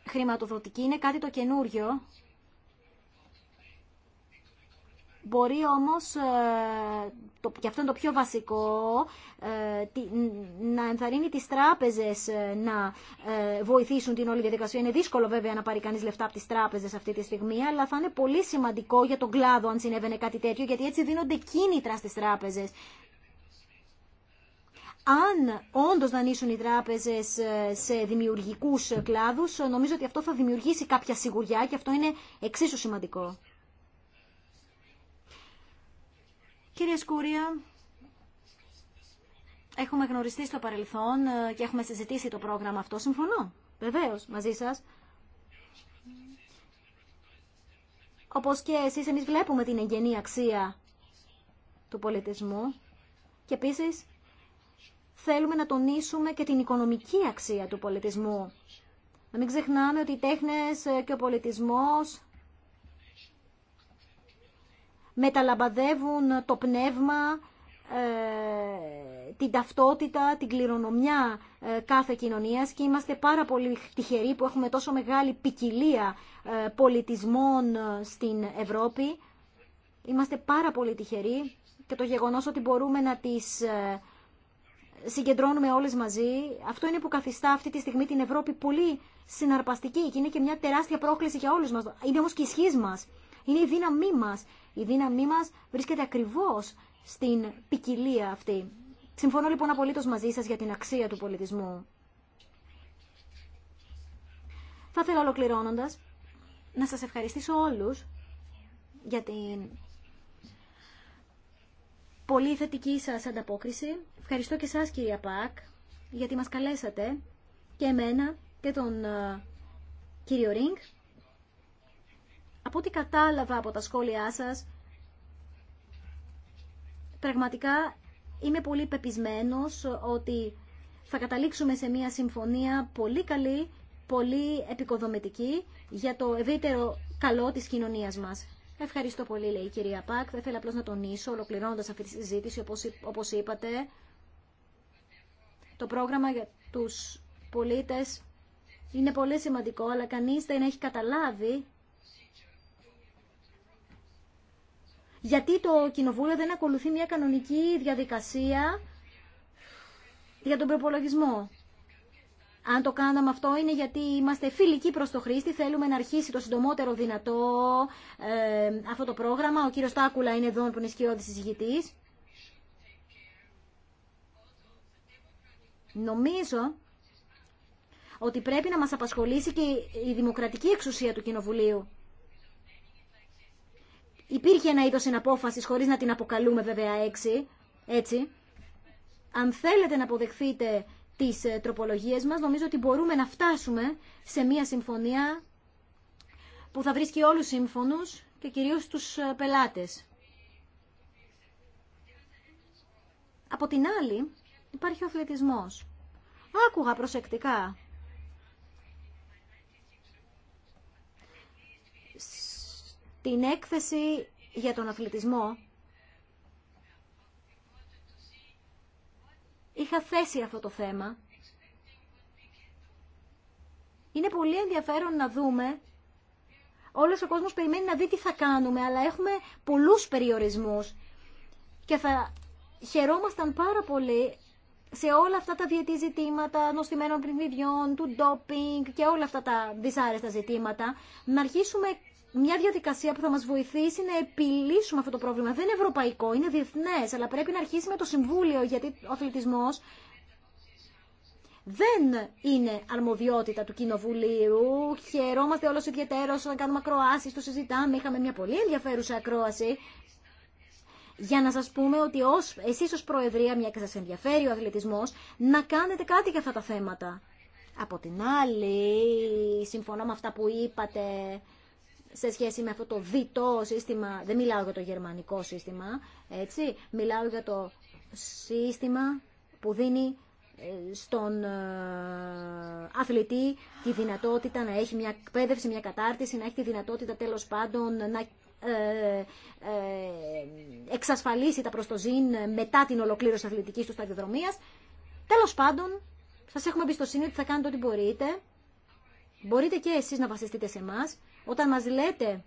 χρηματοδοτική είναι κάτι το καινούριο Μπορεί όμως, ε, και αυτό είναι το πιο βασικό, ε, να ενθαρρύνει τις τράπεζες ε, να βοηθήσουν την όλη διαδικασία. Είναι δύσκολο βέβαια να πάρει κανείς λεφτά από τις τράπεζες αυτή τη στιγμή, αλλά θα είναι πολύ σημαντικό για τον κλάδο αν συνέβαινε κάτι τέτοιο, γιατί έτσι δίνονται κίνητρα στις τράπεζες αν όντως δανείσουν οι τράπεζες σε δημιουργικούς κλάδους, νομίζω ότι αυτό θα δημιουργήσει κάποια σιγουριά και αυτό είναι εξίσου σημαντικό. Κύριε Σκούρια, έχουμε γνωριστεί στο παρελθόν ε, και έχουμε συζητήσει το πρόγραμμα αυτό. Συμφωνώ, βεβαίως, μαζί σας. Όπως και εσείς, εμείς βλέπουμε την εγγενή αξία του πολιτισμού και επίσης θέλουμε να τονίσουμε και την οικονομική αξία του πολιτισμού. Να μην ξεχνάμε ότι οι τέχνες ε, και ο πολιτισμός μεταλαμπαδεύουν το πνεύμα, ε, την ταυτότητα, την κληρονομιά ε, κάθε κοινωνίας και είμαστε πάρα πολύ τυχεροί που έχουμε τόσο μεγάλη ποικιλία ε, πολιτισμών στην Ευρώπη. Είμαστε πάρα πολύ τυχεροί και το γεγονός ότι μπορούμε να τις συγκεντρώνουμε όλες μαζί, αυτό είναι που καθιστά αυτή τη στιγμή την Ευρώπη πολύ συναρπαστική και είναι και μια τεράστια πρόκληση για όλους μας. Είναι όμως και η ισχύ μας, είναι η δύναμή μας η δύναμή μας βρίσκεται ακριβώς στην ποικιλία αυτή. Συμφωνώ λοιπόν απολύτω μαζί σα για την αξία του πολιτισμού. Θα ήθελα ολοκληρώνοντα να σας ευχαριστήσω όλους για την πολύ θετική σα ανταπόκριση. Ευχαριστώ και σας κυρία Πακ γιατί μας καλέσατε και εμένα και τον ε, κύριο Ρίνγκ ό,τι κατάλαβα από τα σχόλιά σας, πραγματικά είμαι πολύ πεπισμένος ότι θα καταλήξουμε σε μια συμφωνία πολύ καλή, πολύ επικοδομητική για το ευρύτερο καλό της κοινωνίας μας. Ευχαριστώ πολύ, λέει η κυρία Πακ. Θα ήθελα απλώς να τονίσω, ολοκληρώνοντας αυτή τη συζήτηση, όπως είπατε, το πρόγραμμα για τους πολίτες είναι πολύ σημαντικό, αλλά κανείς δεν έχει καταλάβει γιατί το Κοινοβούλιο δεν ακολουθεί μια κανονική διαδικασία για τον προπολογισμό. Αν το κάναμε αυτό είναι γιατί είμαστε φιλικοί προς το χρήστη, θέλουμε να αρχίσει το συντομότερο δυνατό ε, αυτό το πρόγραμμα. Ο κύριος Τάκουλα είναι εδώ που είναι σκιώδης συζητητής. Νομίζω ότι πρέπει να μας απασχολήσει και η δημοκρατική εξουσία του Κοινοβουλίου υπήρχε ένα είδο συναπόφασης, χωρίς να την αποκαλούμε βέβαια έξι, έτσι. Αν θέλετε να αποδεχθείτε τις ε, τροπολογίες μας, νομίζω ότι μπορούμε να φτάσουμε σε μια συμφωνία που θα βρίσκει όλους σύμφωνους και κυρίως τους ε, πελάτες. Από την άλλη, υπάρχει ο αθλητισμός. Άκουγα προσεκτικά την έκθεση για τον αθλητισμό είχα θέσει αυτό το θέμα. Είναι πολύ ενδιαφέρον να δούμε όλος ο κόσμος περιμένει να δει τι θα κάνουμε, αλλά έχουμε πολλούς περιορισμούς. Και θα χαιρόμασταν πάρα πολύ σε όλα αυτά τα διετή ζητήματα, νοστιμένων πριν του ντόπινγκ και όλα αυτά τα δυσάρεστα ζητήματα, να αρχίσουμε μια διαδικασία που θα μα βοηθήσει να επιλύσουμε αυτό το πρόβλημα. Δεν είναι ευρωπαϊκό, είναι διεθνές, αλλά πρέπει να αρχίσει με το Συμβούλιο, γιατί ο αθλητισμό δεν είναι αρμοδιότητα του Κοινοβουλίου. Χαιρόμαστε όλο ιδιαίτερω να κάνουμε ακροασει το συζητάμε. Είχαμε μια πολύ ενδιαφέρουσα ακρόαση για να σα πούμε ότι ως, ω Προεδρία, μια και σα ενδιαφέρει ο αθλητισμό, να κάνετε κάτι για αυτά τα θέματα. Από την άλλη, συμφωνώ με αυτά που είπατε σε σχέση με αυτό το διτό σύστημα, δεν μιλάω για το γερμανικό σύστημα, έτσι, μιλάω για το σύστημα που δίνει ε, στον ε, αθλητή τη δυνατότητα να έχει μια εκπαίδευση, μια κατάρτιση, να έχει τη δυνατότητα τέλος πάντων να ε, εξασφαλίσει τα προστοζήν μετά την ολοκλήρωση αθλητικής του σταδιοδρομίας. Τέλος πάντων, σας έχουμε εμπιστοσύνη ότι θα κάνετε ό,τι μπορείτε. Μπορείτε και εσείς να βασιστείτε σε εμάς όταν μας λέτε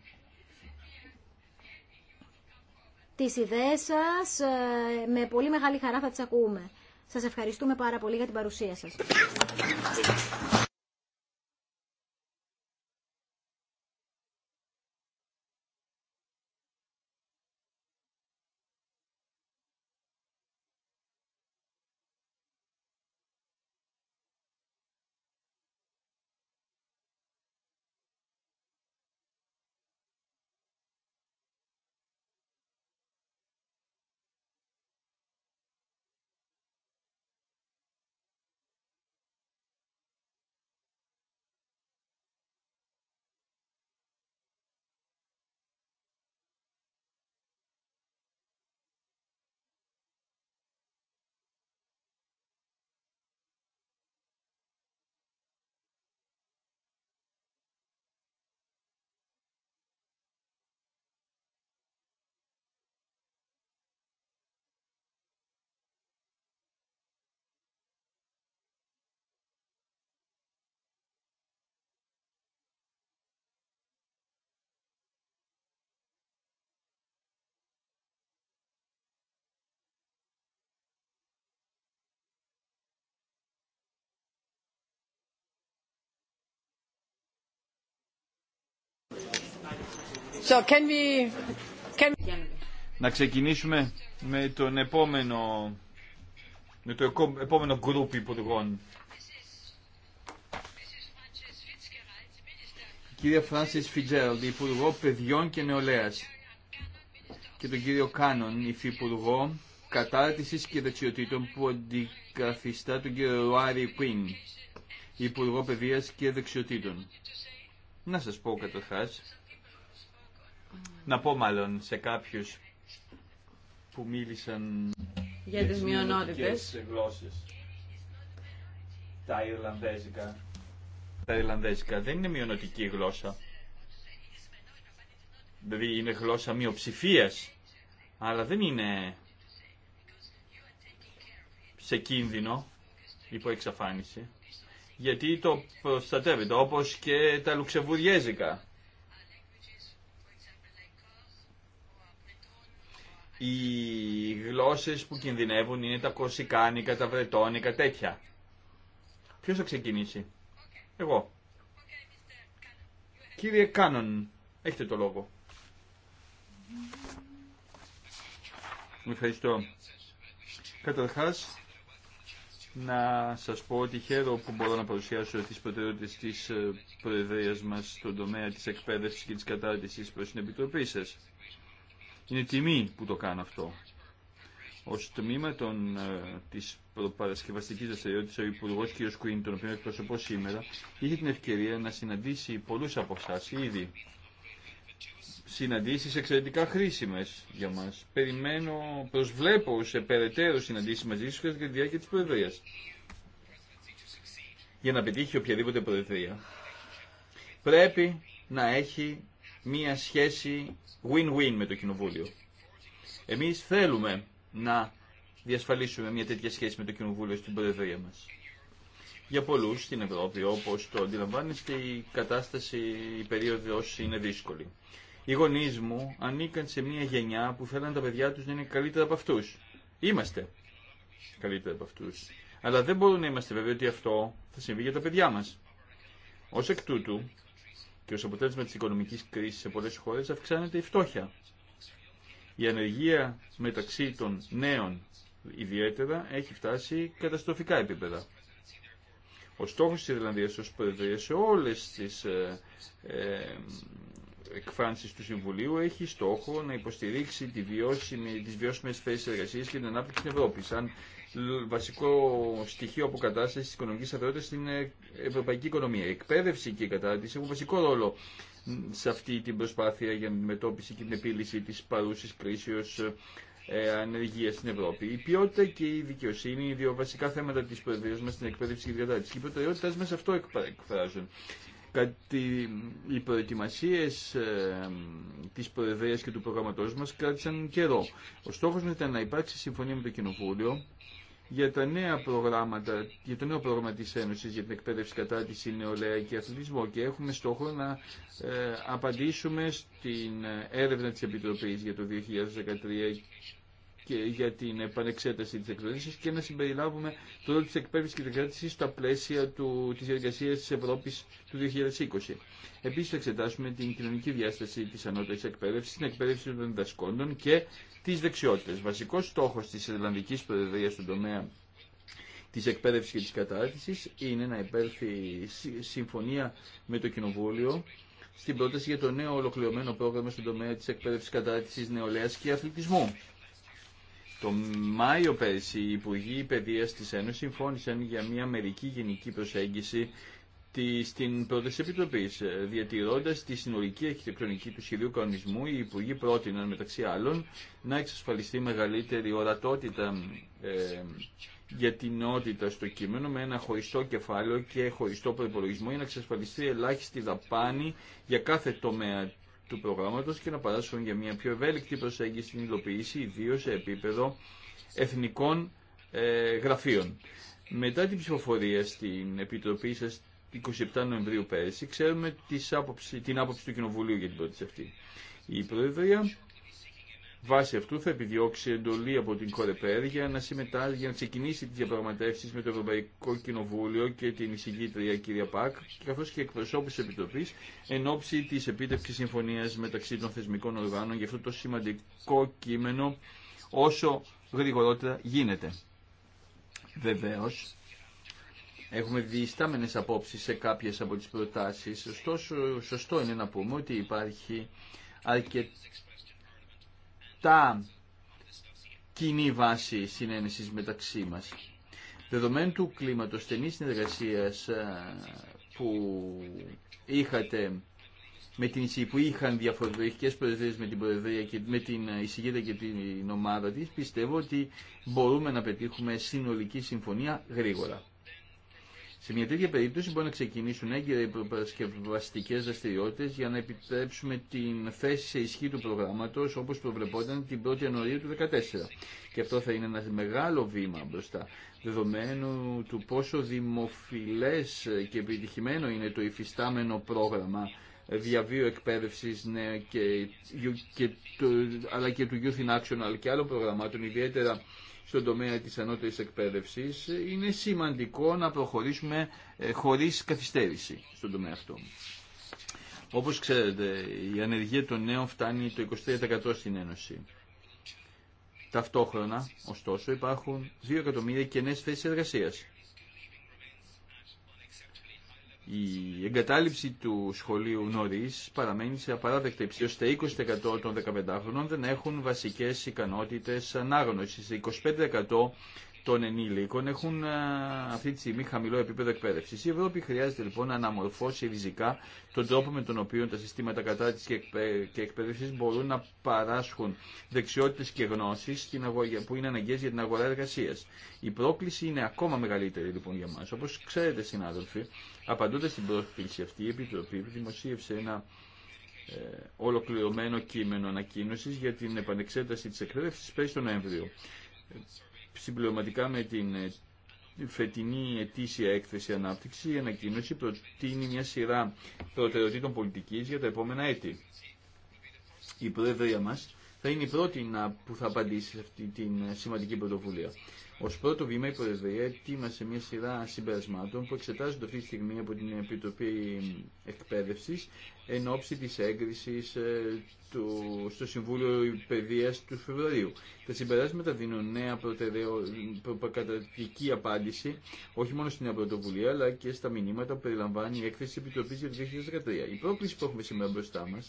τις ιδέες σας, ε, με πολύ μεγάλη χαρά θα τις ακούμε. Σας ευχαριστούμε πάρα πολύ για την παρουσία σας. Να ξεκινήσουμε με τον επόμενο με το επόμενο γκρουπ υπουργών. Κύριε Φράνσις Φιτζέραλντ, Υπουργό Παιδιών και Νεολαίας και τον κύριο Κάνον, Υφυπουργό Κατάρτισης και Δεξιοτήτων που αντικαθιστά τον κύριο Ρουάρι Πιν Υπουργό Παιδείας και Δεξιοτήτων. Να σας πω καταρχάς να πω μάλλον σε κάποιους που μίλησαν για, τις μειονότητες γλώσσες. Τα Ιρλανδέζικα. Τα Ιρλανδέζικα δεν είναι μειονοτική γλώσσα. Δηλαδή είναι γλώσσα μειοψηφία, αλλά δεν είναι σε κίνδυνο υπό εξαφάνιση. Γιατί το προστατεύεται, όπως και τα Λουξεβουριέζικα Οι γλώσσες που κινδυνεύουν είναι τα κορσικάνικα, τα βρετόνικα, τέτοια. Ποιος θα ξεκινήσει? Εγώ. Κύριε Κάνον, έχετε το λόγο. Ευχαριστώ. Καταρχάς, να σας πω ότι χαίρο που μπορώ να παρουσιάσω τις προτεραιότητες της ε, Προεδρίας μας στον τομέα της εκπαίδευσης και της κατάρτισης προς την Επιτροπή σας. Είναι τιμή που το κάνω αυτό. Ω τμήμα των, ε, της προπαρασκευαστικής δραστηριότητα, ο Υπουργό κ. Κουίν, τον οποίο εκπροσωπώ σήμερα, είχε την ευκαιρία να συναντήσει πολλούς από εσά ήδη. Συναντήσεις εξαιρετικά χρήσιμες για μας. Περιμένω, προσβλέπω σε περαιτέρω συναντήσεις μαζί σου κατά τη διάρκεια της Προεδρίας. Για να πετύχει οποιαδήποτε Προεδρία, πρέπει να έχει μία σχέση win-win με το Κοινοβούλιο. Εμείς θέλουμε να διασφαλίσουμε μια τέτοια σχέση με το Κοινοβούλιο στην Προεδρία μας. Για πολλούς στην Ευρώπη, όπως το αντιλαμβάνεστε, η κατάσταση, η περίοδος είναι δύσκολη. Οι γονεί μου ανήκαν σε μια γενιά που θέλαν τα παιδιά τους να είναι καλύτερα από αυτού. Είμαστε καλύτερα από αυτού, Αλλά δεν μπορούμε να είμαστε βέβαιοι ότι αυτό θα συμβεί για τα παιδιά μα. Ω εκ τούτου, και ως αποτέλεσμα της οικονομικής κρίσης σε πολλές χώρες αυξάνεται η φτώχεια. Η ανεργία μεταξύ των νέων ιδιαίτερα έχει φτάσει καταστροφικά επίπεδα. Ο στόχος της Ιρλανδίας ως Προεδρία σε όλες τις ε, ε, εκφάνσεις του Συμβουλίου έχει στόχο να υποστηρίξει τη βιώσιμη, τις βιώσιμες θέσεις εργασίας και την ανάπτυξη της Ευρώπης βασικό στοιχείο αποκατάσταση τη οικονομική σταθερότητα στην ε, ευρωπαϊκή οικονομία. Η εκπαίδευση και η κατάρτιση έχουν βασικό ρόλο σε αυτή την προσπάθεια για την αντιμετώπιση και την επίλυση τη παρούση κρίσεω ε, ε, ανεργία στην Ευρώπη. Η ποιότητα και η δικαιοσύνη είναι οι δύο βασικά θέματα τη προεδρία μα στην εκπαίδευση και την κατάρτιση. Και οι προτεραιότητέ μα αυτό εκφράζουν. Κάτι, οι προετοιμασίε ε, τη Προεδρία και του προγραμματό μα κράτησαν καιρό. Ο στόχο ήταν να υπάρξει συμφωνία με το Κοινοβούλιο για τα νέα προγράμματα, για το νέο πρόγραμμα της Ένωσης για την εκπαίδευση κατά τη νεολαία και αθλητισμό και έχουμε στόχο να ε, απαντήσουμε στην ε, έρευνα της Επιτροπής για το 2013 και για την επανεξέταση της εκπαίδευση και να συμπεριλάβουμε το ρόλο της εκπαίδευσης και της κράτηση στα πλαίσια του, της τη της Ευρώπης του 2020. Επίσης θα εξετάσουμε την κοινωνική διάσταση της ανώτερης εκπαίδευσης, την εκπαίδευση των διδασκόντων και τις δεξιότητες. Βασικός στόχος της Ιρλανδική Προεδρία στον τομέα της εκπαίδευση και τη κατάρτιση είναι να υπέρθει συμφωνία με το Κοινοβούλιο στην πρόταση για το νέο ολοκληρωμένο πρόγραμμα στον τομέα της εκπαίδευσης κατάρτιση νεολαία και αθλητισμού. Το Μάιο πέρσι οι Υπουργοί Παιδεία τη Ένωση συμφώνησαν για μια μερική γενική προσέγγιση στην πρόταση επιτροπή. Ε, Διατηρώντα τη συνολική αρχιτεκτονική του σχεδίου κανονισμού, οι Υπουργοί πρότειναν μεταξύ άλλων να εξασφαλιστεί μεγαλύτερη ορατότητα ε, για την νότητα στο κείμενο με ένα χωριστό κεφάλαιο και χωριστό προπολογισμό για να εξασφαλιστεί ελάχιστη δαπάνη για κάθε τομέα του προγράμματο και να παράσχουν για μια πιο ευέλικτη προσέγγιση στην υλοποίηση, ιδίω σε επίπεδο εθνικών ε, γραφείων. Μετά την ψηφοφορία στην Επιτροπή σας 27 Νοεμβρίου πέρυσι, ξέρουμε άποψη, την άποψη του Κοινοβουλίου για την πρόταση αυτή. Η Προεδρία βάσει αυτού θα επιδιώξει εντολή από την Κορεπέρ για να, συμμετάσχει, για να ξεκινήσει τις διαπραγματεύσεις με το Ευρωπαϊκό Κοινοβούλιο και την εισηγήτρια κυρία Πακ, καθώς και εκπροσώπους της Επιτροπής, εν ώψη της επίτευξης συμφωνίας μεταξύ των θεσμικών οργάνων για αυτό το σημαντικό κείμενο όσο γρηγορότερα γίνεται. Βεβαίω. Έχουμε διστάμενες απόψεις σε κάποιες από τις προτάσεις, ωστόσο σωστό είναι να πούμε ότι υπάρχει αρκετά κοινή βάση συνένεσης μεταξύ μας. Δεδομένου του κλίματος στενής συνεργασίας ε, που είχατε με την που είχαν διαφορετικές προεδρίες με την Προεδρία και με την και την ομάδα της, πιστεύω ότι μπορούμε να πετύχουμε συνολική συμφωνία γρήγορα. Σε μια τέτοια περίπτωση μπορούν να ξεκινήσουν έγκυρα οι προπαρασκευαστικέ δραστηριότητε για να επιτρέψουμε την θέση σε ισχύ του προγράμματο όπω προβλεπόταν την 1η Ιανουαρίου του 2014. Και αυτό θα είναι ένα μεγάλο βήμα μπροστά, δεδομένου του πόσο δημοφιλέ και επιτυχημένο είναι το υφιστάμενο πρόγραμμα διαβίου εκπαίδευση ναι, και, και, αλλά και του Youth in Action αλλά και άλλων προγραμμάτων, ιδιαίτερα στον τομέα της ανώτερης εκπαίδευσης, είναι σημαντικό να προχωρήσουμε ε, χωρίς καθυστέρηση στον τομέα αυτό. Όπως ξέρετε, η ανεργία των νέων φτάνει το 23% στην Ένωση. Ταυτόχρονα, ωστόσο, υπάρχουν 2 εκατομμύρια κενές θέσεις εργασίας. Η εγκατάλειψη του σχολείου νωρί παραμένει σε απαράδεκτη υψηλή, ώστε 20% των 15χρονων δεν έχουν βασικέ ικανότητε ανάγνωση. 25% των ενήλικων έχουν ε, αυτή τη στιγμή χαμηλό επίπεδο εκπαίδευση. Η Ευρώπη χρειάζεται λοιπόν να αναμορφώσει ριζικά τον τρόπο με τον οποίο τα συστήματα κατάρτιση και εκπαίδευση μπορούν να παράσχουν δεξιότητε και γνώσει που είναι αναγκαίε για την αγορά εργασία. Η πρόκληση είναι ακόμα μεγαλύτερη λοιπόν για μα. Όπω ξέρετε, συνάδελφοι, απαντώντα στην πρόσκληση αυτή, η Επιτροπή δημοσίευσε ένα ε, ολοκληρωμένο κείμενο ανακοίνωση για την επανεξέταση τη εκπαίδευση πέρυσι τον Νοέμβριο Συμπληρωματικά με την ε, φετινή ετήσια έκθεση ανάπτυξη, η ανακοίνωση προτείνει μια σειρά προτεραιοτήτων πολιτικής για τα επόμενα έτη. Η Προεδρία μα θα είναι η πρώτη που θα απαντήσει σε αυτή τη ε, σημαντική πρωτοβουλία. Ω πρώτο βήμα η Προεδρία ετοίμασε μια σειρά συμπερασμάτων που εξετάζονται αυτή τη στιγμή από την Επιτροπή εκπαίδευση εν ώψη της έγκρισης ε, στο Συμβούλιο Παιδεία του Φεβρουαρίου. Τα συμπεράσματα δίνουν νέα προκατατική απάντηση όχι μόνο στην Απροτοβουλία αλλά και στα μηνύματα που περιλαμβάνει η έκθεση τη Επιτροπή για το 2013. Η πρόκληση που έχουμε σήμερα μπροστά μα.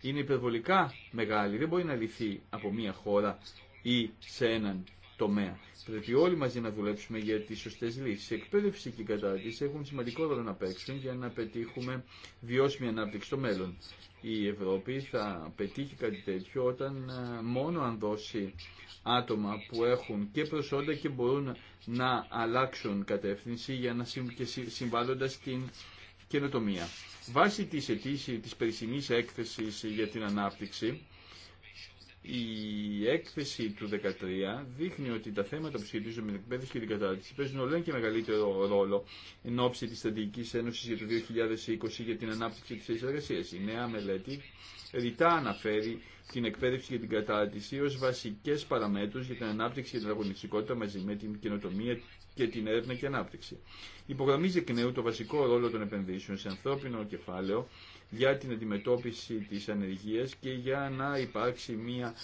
είναι υπερβολικά μεγάλη. Δεν μπορεί να λυθεί από μία χώρα ή σε έναν τομέα. Πρέπει όλοι μαζί να δουλέψουμε για τι σωστέ λύσει. Η εκπαίδευση και η κατάρτιση έχουν σημαντικό ρόλο να παίξουν για να πετύχουμε βιώσιμη ανάπτυξη στο μέλλον. Η Ευρώπη θα πετύχει κάτι τέτοιο όταν ε, μόνο αν δώσει άτομα που έχουν και προσόντα και μπορούν να αλλάξουν κατεύθυνση για να συμ... και την καινοτομία. Βάσει της αιτήσης της περσινής έκθεσης για την ανάπτυξη, η έκθεση του 2013 δείχνει ότι τα θέματα που σχετίζονται με την εκπαίδευση και την κατάρτιση παίζουν όλο και μεγαλύτερο ρόλο εν ώψη τη Στρατηγική Ένωση για το 2020 για την ανάπτυξη τη εργασία. Η νέα μελέτη ρητά αναφέρει την εκπαίδευση και την κατάρτιση ω βασικέ παραμέτρου για την ανάπτυξη και την αγωνιστικότητα μαζί με την καινοτομία και την έρευνα και ανάπτυξη. Υπογραμμίζει εκ νέου το βασικό ρόλο των επενδύσεων σε ανθρώπινο κεφάλαιο για την αντιμετώπιση της ανεργίας και για να υπάρξει μια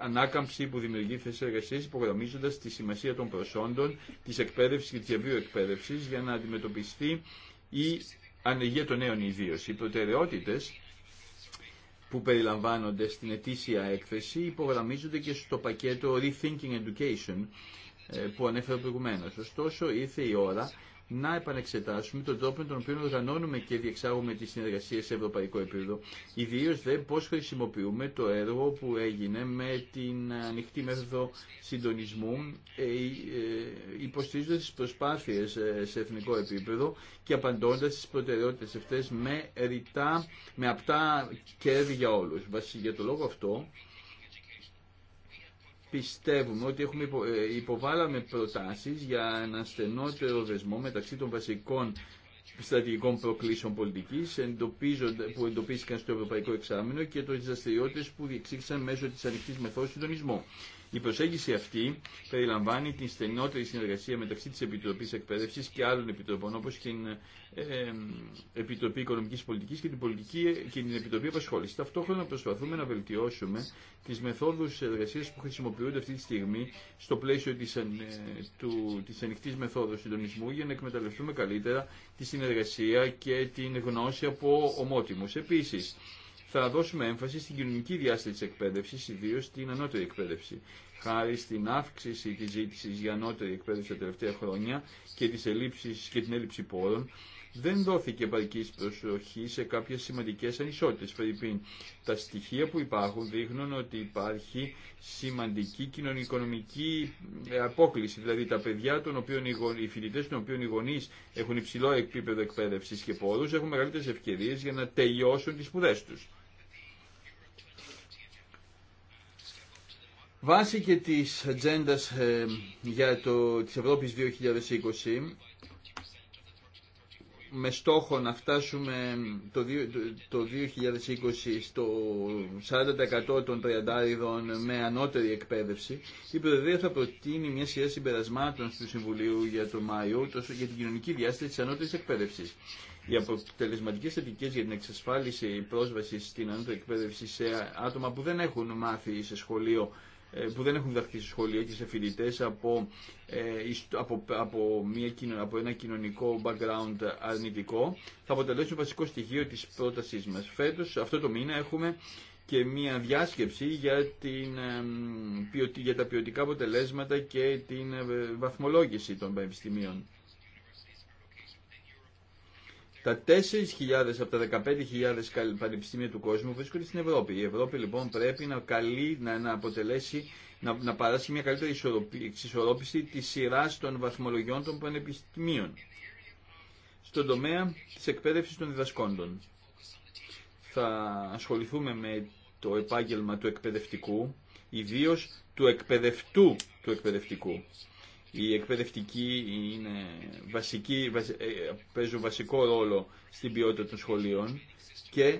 ανάκαμψη που δημιουργεί θέσεις εργασίας υπογραμμίζοντας τη σημασία των προσόντων, της εκπαίδευσης και της διαβίου εκπαίδευσης για να αντιμετωπιστεί η ανεργία των νέων ιδίως. Οι προτεραιότητες που περιλαμβάνονται στην ετήσια έκθεση υπογραμμίζονται και στο πακέτο Rethinking Education ε, που ανέφερα προηγουμένως. Ωστόσο ήρθε η ώρα να επανεξετάσουμε τον τρόπο με τον οποίο οργανώνουμε και διεξάγουμε τη συνεργασία σε ευρωπαϊκό επίπεδο. Ιδίω δε πώ χρησιμοποιούμε το έργο που έγινε με την ανοιχτή μέθοδο συντονισμού, ε, ε, υποστηρίζοντα τι προσπάθειε ε, σε εθνικό επίπεδο και απαντώντα τι προτεραιότητε αυτέ με ρητά, με απτά κέρδη για όλου. Για το λόγο αυτό, πιστεύουμε ότι έχουμε υπο, ε, υποβάλαμε προτάσεις για ένα στενότερο δεσμό μεταξύ των βασικών στρατηγικών προκλήσεων πολιτική που εντοπίστηκαν στο Ευρωπαϊκό Εξάμεινο και των δραστηριότητε που διεξήγησαν μέσω της ανοιχτή μεθόδου συντονισμού. Η προσέγγιση αυτή περιλαμβάνει την στενότερη συνεργασία μεταξύ της Επιτροπής Εκπαίδευσης και άλλων επιτροπών όπως την ε, ε, Επιτροπή Οικονομικής Πολιτικής και την, πολιτική, ε, και την Επιτροπή Απασχόληση. Ταυτόχρονα προσπαθούμε να βελτιώσουμε τις μεθόδους εργασίας που χρησιμοποιούνται αυτή τη στιγμή στο πλαίσιο της, ε, ανοιχτής μεθόδου συντονισμού για να εκμεταλλευτούμε καλύτερα τη συνεργασία και την γνώση από ομότιμους. Επίση θα δώσουμε έμφαση στην κοινωνική διάσταση τη εκπαίδευση, ιδίω στην ανώτερη εκπαίδευση. Χάρη στην αύξηση τη ζήτηση για ανώτερη εκπαίδευση τα τελευταία χρόνια και, τις και την έλλειψη πόρων, δεν δόθηκε επαρκή προσοχή σε κάποιε σημαντικέ ανισότητε, Φερρυπίν, τα στοιχεία που υπάρχουν δείχνουν ότι υπάρχει σημαντική κοινωνικονομική ε, απόκληση. Δηλαδή τα παιδιά, των οποίων οι, φοιτητέ των οποίων οι γονείς έχουν υψηλό επίπεδο εκπαίδευση και πόρου, έχουν μεγαλύτερε ευκαιρίε για να τελειώσουν τι σπουδέ του. Βάσει και της ατζέντα ε, για το, της Ευρώπης 2020, με στόχο να φτάσουμε το, 2020 στο 40% των 30 με ανώτερη εκπαίδευση, η Προεδρία θα προτείνει μια σειρά συμπερασμάτων του Συμβουλίου για το Μάιο για την κοινωνική διάσταση της ανώτερης εκπαίδευσης. Οι αποτελεσματικέ θετικέ για την εξασφάλιση πρόσβαση στην ανώτερη εκπαίδευση σε άτομα που δεν έχουν μάθει σε σχολείο ε, που δεν έχουν διδαχθεί στο σχολείο και σε φοιτητέ ε, από, από, από, από ένα κοινωνικό background αρνητικό θα αποτελέσουν βασικό στοιχείο της πρότασής μας. Φέτος, αυτό το μήνα, έχουμε και μια διάσκεψη για, την, ε, για τα ποιοτικά αποτελέσματα και την βαθμολόγηση των πανεπιστημίων. Τα 4.000 από τα 15.000 πανεπιστήμια του κόσμου βρίσκονται στην Ευρώπη. Η Ευρώπη λοιπόν πρέπει να, καλεί, να, να αποτελέσει, να, παράσχει μια καλύτερη εξισορρόπηση τη σειρά των βαθμολογιών των πανεπιστημίων στον τομέα τη εκπαίδευση των διδασκόντων. Θα ασχοληθούμε με το επάγγελμα του εκπαιδευτικού, ιδίω του εκπαιδευτού του εκπαιδευτικού. Οι εκπαιδευτικοί είναι βασικοί, ε, παίζουν βασικό ρόλο στην ποιότητα των σχολείων και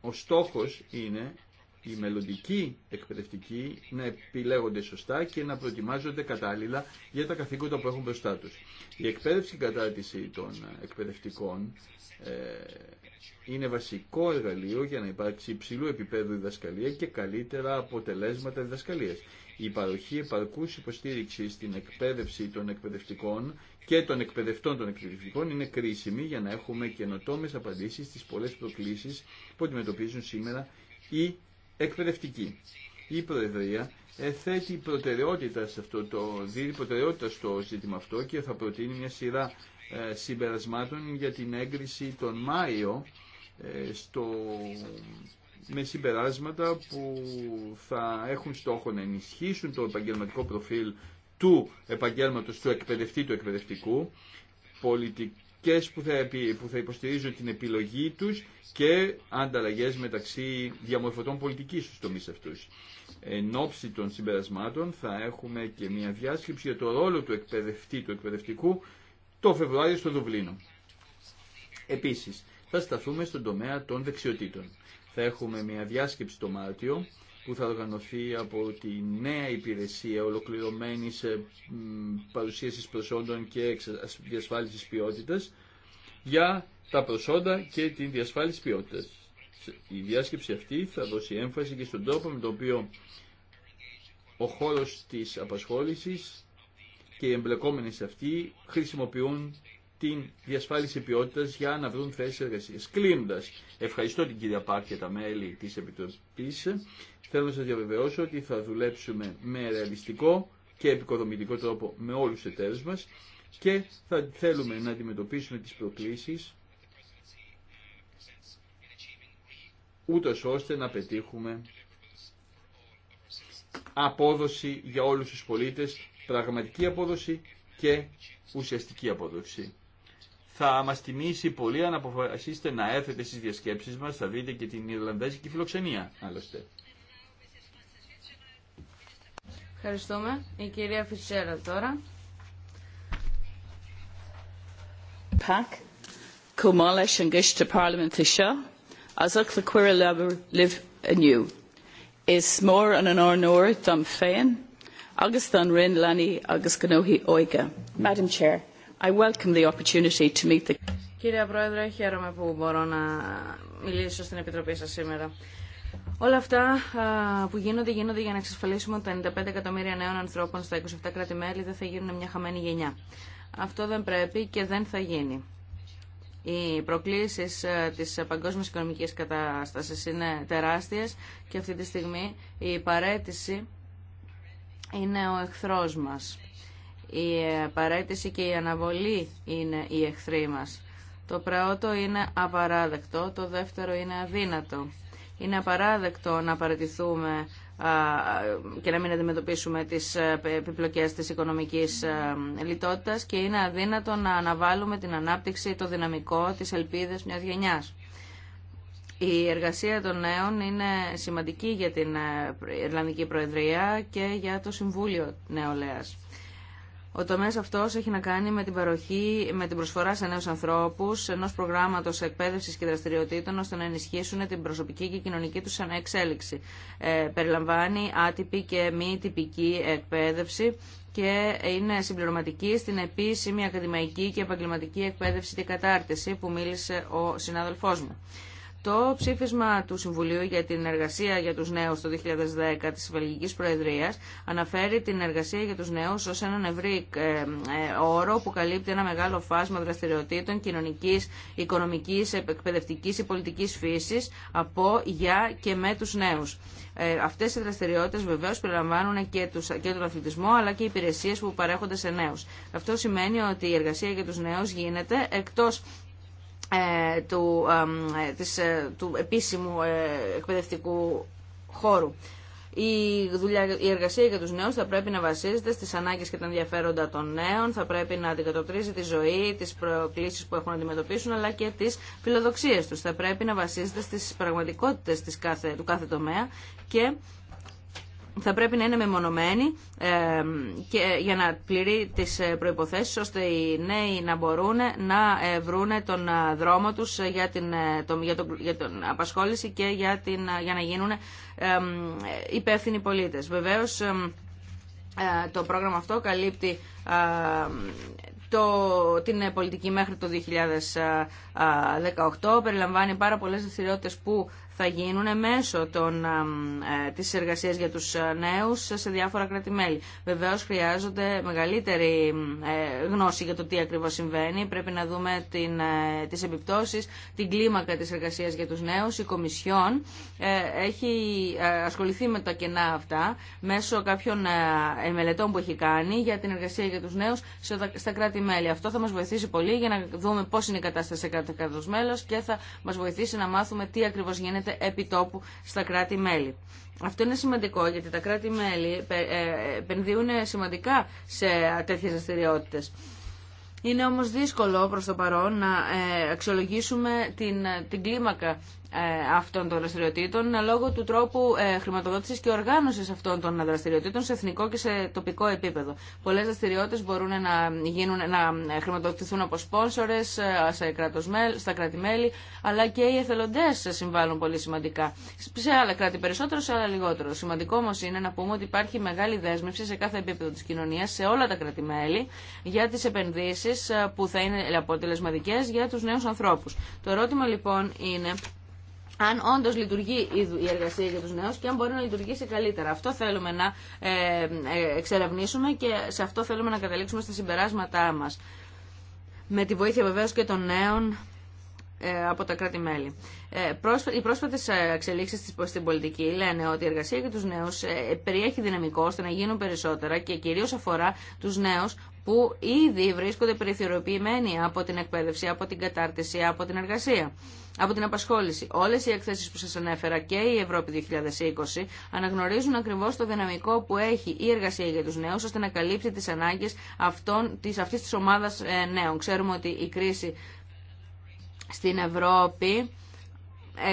ο στόχος είναι οι μελλοντικοί εκπαιδευτικοί να επιλέγονται σωστά και να προετοιμάζονται κατάλληλα για τα καθήκοντα που έχουν μπροστά τους. Η εκπαίδευση και κατάρτιση των εκπαιδευτικών ε, είναι βασικό εργαλείο για να υπάρξει υψηλού επίπεδου διδασκαλία και καλύτερα αποτελέσματα διδασκαλίας η παροχή επαρκούς υποστήριξη στην εκπαίδευση των εκπαιδευτικών και των εκπαιδευτών των εκπαιδευτικών είναι κρίσιμη για να έχουμε καινοτόμε απαντήσεις στις πολλές προκλήσεις που αντιμετωπίζουν σήμερα οι εκπαιδευτικοί. Η Προεδρία θέτει προτεραιότητα, σε αυτό το, δίνει προτεραιότητα στο ζήτημα αυτό και θα προτείνει μια σειρά ε, συμπερασμάτων για την έγκριση τον Μάιο ε, στο με συμπεράσματα που θα έχουν στόχο να ενισχύσουν το επαγγελματικό προφίλ του επαγγέλματος του εκπαιδευτή του εκπαιδευτικού, πολιτικές που θα, θα υποστηρίζουν την επιλογή τους και ανταλλαγές μεταξύ διαμορφωτών πολιτικής στους τομείς αυτούς. Εν ώψη των συμπερασμάτων θα έχουμε και μια διάσκεψη για το ρόλο του εκπαιδευτή του εκπαιδευτικού το Φεβρουάριο στο Δουβλίνο. Επίσης, θα σταθούμε στον τομέα των δεξιοτήτων θα έχουμε μια διάσκεψη το Μάρτιο που θα οργανωθεί από τη νέα υπηρεσία σε παρουσίαση προσόντων και διασφάλιση ποιότητα για τα προσόντα και την διασφάλιση ποιότητα. Η διάσκεψη αυτή θα δώσει έμφαση και στον τρόπο με τον οποίο ο χώρος της απασχόλησης και οι εμπλεκόμενοι σε αυτή χρησιμοποιούν την διασφάλιση ποιότητα για να βρουν θέσει εργασία. Κλείνοντα ευχαριστώ την κυρία Πάρκ και τα μέλη της επιτροπή, Θέλω να σα διαβεβαιώσω ότι θα δουλέψουμε με ρεαλιστικό και επικοδομητικό τρόπο με όλους τους εταίρου μας και θα θέλουμε να αντιμετωπίσουμε τις προκλήσει. ούτω ώστε να πετύχουμε απόδοση για όλους τους πολίτες, πραγματική απόδοση και ουσιαστική απόδοση θα μα τιμήσει πολύ αν αποφασίσετε να έρθετε στι διασκέψει μα. θα δείτε και την Ιρλανδέζικη φιλοξενία, άλλωστε. Ευχαριστούμε. Η κυρία Φιτσέρα τώρα. Πακ. Cumá leis an giste parlamenta seo, as ach le live anew. Is more an honor nor than féin, agus don rin lani, agus gnóhí oige. Madam Chair. I welcome the opportunity to meet the... Κύριε Πρόεδρε, χαίρομαι που μπορώ να μιλήσω στην Επιτροπή σας σήμερα. Όλα αυτά που γίνονται, γίνονται για να εξασφαλίσουμε ότι τα 95 εκατομμύρια νέων ανθρώπων στα 27 κράτη-μέλη δεν θα γίνουν μια χαμένη γενιά. Αυτό δεν πρέπει και δεν θα γίνει. Οι προκλήσει τη παγκόσμια οικονομική κατάσταση είναι τεράστιε και αυτή τη στιγμή η παρέτηση είναι ο εχθρό μας. Η παρέτηση και η αναβολή είναι οι εχθροί μας. Το πρώτο είναι απαράδεκτο, το δεύτερο είναι αδύνατο. Είναι απαράδεκτο να παρατηθούμε και να μην αντιμετωπίσουμε τις ε, επιπλοκές της οικονομικής ε, λιτότητας και είναι αδύνατο να αναβάλουμε την ανάπτυξη, το δυναμικό, τις ελπίδες μιας γενιάς. Η εργασία των νέων είναι σημαντική για την ε, Ιρλανδική Προεδρία και για το Συμβούλιο Νεολαίας. Ο τομέα αυτός έχει να κάνει με την παροχή, με την προσφορά σε νέους ανθρώπους, ενό προγράμματος εκπαίδευση και δραστηριοτήτων, ώστε να ενισχύσουν την προσωπική και κοινωνική τους εξέλιξη. Ε, περιλαμβάνει άτυπη και μη τυπική εκπαίδευση και είναι συμπληρωματική στην επίσημη ακαδημαϊκή και επαγγελματική εκπαίδευση και κατάρτιση που μίλησε ο συναδελφό μου. Το ψήφισμα του Συμβουλίου για την εργασία για τους νέους το 2010 της Βελγικής Προεδρίας αναφέρει την εργασία για τους νέους ως έναν ευρύ ε, ε, όρο που καλύπτει ένα μεγάλο φάσμα δραστηριοτήτων κοινωνικής, οικονομικής, εκπαιδευτικής ή πολιτικής φύσης από, για και με τους νέους. Ε, αυτές οι δραστηριότητες βεβαίως περιλαμβάνουν και, τον αθλητισμό αλλά και οι υπηρεσίες που παρέχονται σε νέους. Αυτό σημαίνει ότι η εργασία για τους νέους γίνεται εκτός ε, του, ε, της, ε, του επίσημου εκπαιδευτικού χώρου. Η, δουλειά, η εργασία για τους νέους θα πρέπει να βασίζεται στις ανάγκες και τα ενδιαφέροντα των νέων, θα πρέπει να αντικατοπτρίζει τη ζωή, τις προκλήσεις που έχουν να αντιμετωπίσουν, αλλά και τις φιλοδοξίες τους. Θα πρέπει να βασίζεται στις πραγματικότητες της κάθε, του κάθε τομέα και θα πρέπει να είναι μεμονωμένοι ε, και, για να πληρεί τις ε, προϋποθέσεις ώστε οι νέοι να μπορούν να ε, βρουν τον δρόμο τους για την, για τον, για απασχόληση και για, την, για να γίνουν υπεύθυνοι πολίτες. Βεβαίως το πρόγραμμα αυτό καλύπτει το, την πολιτική μέχρι το 2018. Περιλαμβάνει πάρα πολλές δραστηριότητε που θα γίνουν μέσω των, ε, της εργασίας για τους ε, νέους σε διάφορα κράτη-μέλη. Βεβαίως χρειάζονται μεγαλύτερη ε, γνώση για το τι ακριβώς συμβαίνει. Πρέπει να δούμε την, ε, τις επιπτώσεις, την κλίμακα της εργασίας για τους νέους. Η Κομισιόν ε, έχει ε, ασχοληθεί με τα κενά αυτά μέσω κάποιων μελετών που έχει κάνει για την εργασία για τους νέους στα κράτη-μέλη. Αυτό θα μας βοηθήσει πολύ για να δούμε πώς είναι η κατάσταση σε κάθε κράτος μέλος και θα μας βοηθήσει να μάθουμε τι ακριβώς γίνεται επιτόπου στα κράτη-μέλη. Αυτό είναι σημαντικό γιατί τα κράτη-μέλη ε, ε, επενδύουν σημαντικά σε τέτοιες δραστηριότητε. Είναι όμως δύσκολο προς το παρόν να ε, αξιολογήσουμε την, την κλίμακα ε, αυτών των δραστηριοτήτων ε, λόγω του τρόπου ε, χρηματοδότησης και οργάνωσης αυτών των δραστηριοτήτων σε εθνικό και σε τοπικό επίπεδο. Πολλές δραστηριότητες μπορούν να, γίνουν, να χρηματοδοτηθούν από σπόνσορες στα κράτη-μέλη, αλλά και οι εθελοντές συμβάλλουν πολύ σημαντικά. Σε άλλα κράτη περισσότερο, σε άλλα λιγότερο. Σημαντικό όμως είναι να πούμε ότι υπάρχει μεγάλη δέσμευση σε κάθε επίπεδο της κοινωνίας, σε όλα τα κράτη-μέλη, για τις επενδύσεις που θα είναι αποτελεσματικές για τους νέους ανθρώπους. Το ερώτημα λοιπόν είναι αν όντω λειτουργεί η εργασία για του νέου και αν μπορεί να λειτουργήσει καλύτερα. Αυτό θέλουμε να ε, ε, εξερευνήσουμε και σε αυτό θέλουμε να καταλήξουμε στα συμπεράσματά μα. Με τη βοήθεια βεβαίω και των νέων ε, από τα κράτη-μέλη. Ε, οι πρόσφατε εξελίξει στην πολιτική λένε ότι η εργασία για του νέου ε, περιέχει δυναμικό ώστε να γίνουν περισσότερα και κυρίω αφορά του νέου που ήδη βρίσκονται περιθωριοποιημένοι από την εκπαίδευση, από την κατάρτιση, από την εργασία, από την απασχόληση. Όλε οι εκθέσει που σα ανέφερα και η Ευρώπη 2020 αναγνωρίζουν ακριβώ το δυναμικό που έχει η εργασία για του νέου ώστε να καλύψει τι ανάγκε αυτή τη ομάδα νέων. Ξέρουμε ότι η κρίση στην Ευρώπη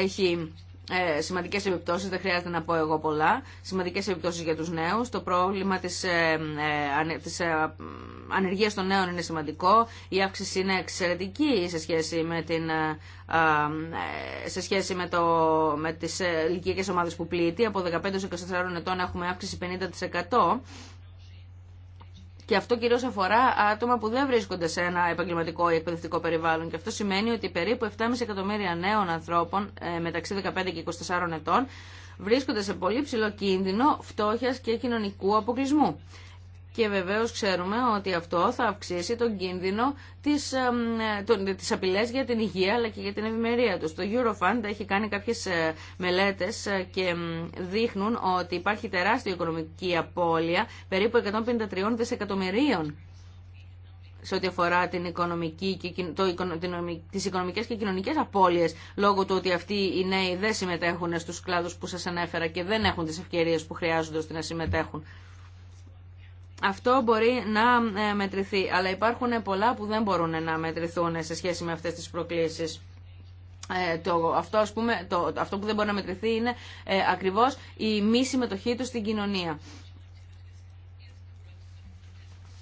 έχει ε, σημαντικέ επιπτώσει, δεν χρειάζεται να πω εγώ πολλά. σημαντικές επιπτώσεις για τους νέους. Το πρόβλημα τη της, ε, ε, ε ανεργία των νέων είναι σημαντικό. Η αύξηση είναι εξαιρετική σε σχέση με, την, ε, ε σε σχέση με, το, με τις ηλικιακές ομάδες που πλήττει. Από 15 24 ετών έχουμε αύξηση 50%. Και αυτό κυρίω αφορά άτομα που δεν βρίσκονται σε ένα επαγγελματικό ή εκπαιδευτικό περιβάλλον. Και αυτό σημαίνει ότι περίπου 7,5 εκατομμύρια νέων ανθρώπων ε, μεταξύ 15 και 24 ετών βρίσκονται σε πολύ ψηλό κίνδυνο φτώχεια και κοινωνικού αποκλεισμού και βεβαίως ξέρουμε ότι αυτό θα αυξήσει τον κίνδυνο της, απειλέ τις απειλές για την υγεία αλλά και για την ευημερία τους. Το Eurofund έχει κάνει κάποιες ε, μελέτες ε, και δείχνουν ότι υπάρχει τεράστια οικονομική απώλεια περίπου 153 δισεκατομμυρίων σε ό,τι αφορά την οικονομική και, το, τις οικονομικές και κοινωνικές απώλειες λόγω του ότι αυτοί οι νέοι δεν συμμετέχουν στους κλάδους που σας ανέφερα και δεν έχουν τις ευκαιρίες που χρειάζονται ώστε να συμμετέχουν αυτό μπορεί να ε, μετρηθεί. Αλλά υπάρχουν πολλά που δεν μπορούν να μετρηθούν σε σχέση με αυτές τις προκλήσεις. Ε, το, αυτό, ας πούμε, το, αυτό που δεν μπορεί να μετρηθεί είναι ε, ακριβώς η μη συμμετοχή του στην κοινωνία.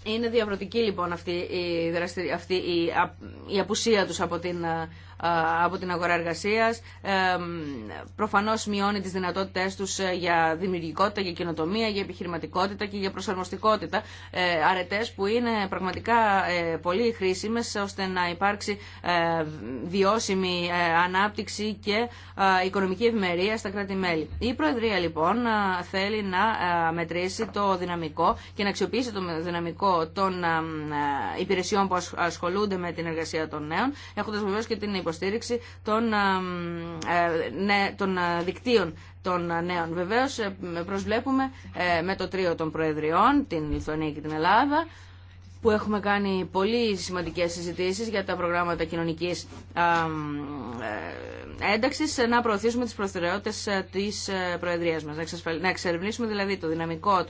Είναι διαβροτική λοιπόν αυτή η, αυτή η, απουσία τους από την ε, από την αγορά εργασία, ε, προφανώ μειώνει τι δυνατότητε του ε, για δημιουργικότητα, για καινοτομία, για επιχειρηματικότητα και για προσαρμοστικότητα, ε, Αρετέ που είναι πραγματικά πολύ χρήσιμε ώστε να υπάρξει βιώσιμη ανάπτυξη και οικονομική ευημερία στα κράτη-μέλη. Η Προεδρία λοιπόν θέλει να μετρήσει το δυναμικό και να αξιοποιήσει το δυναμικό των υπηρεσιών που ασχολούνται με την εργασία των νέων, έχοντα βεβαίω και την υποστήριξη των, ε, ε, των ε, δικτύων των νέων. Βεβαίως προσβλέπουμε με το τρίο των Προεδριών, την Λιθουανία και την Ελλάδα, που έχουμε κάνει πολύ σημαντικές συζητήσεις για τα προγράμματα κοινωνικής ε, ένταξης να προωθήσουμε τις προτεραιότητες ε, της ε, Προεδρίας μας. Να εξερευνήσουμε δηλαδή το δυναμικό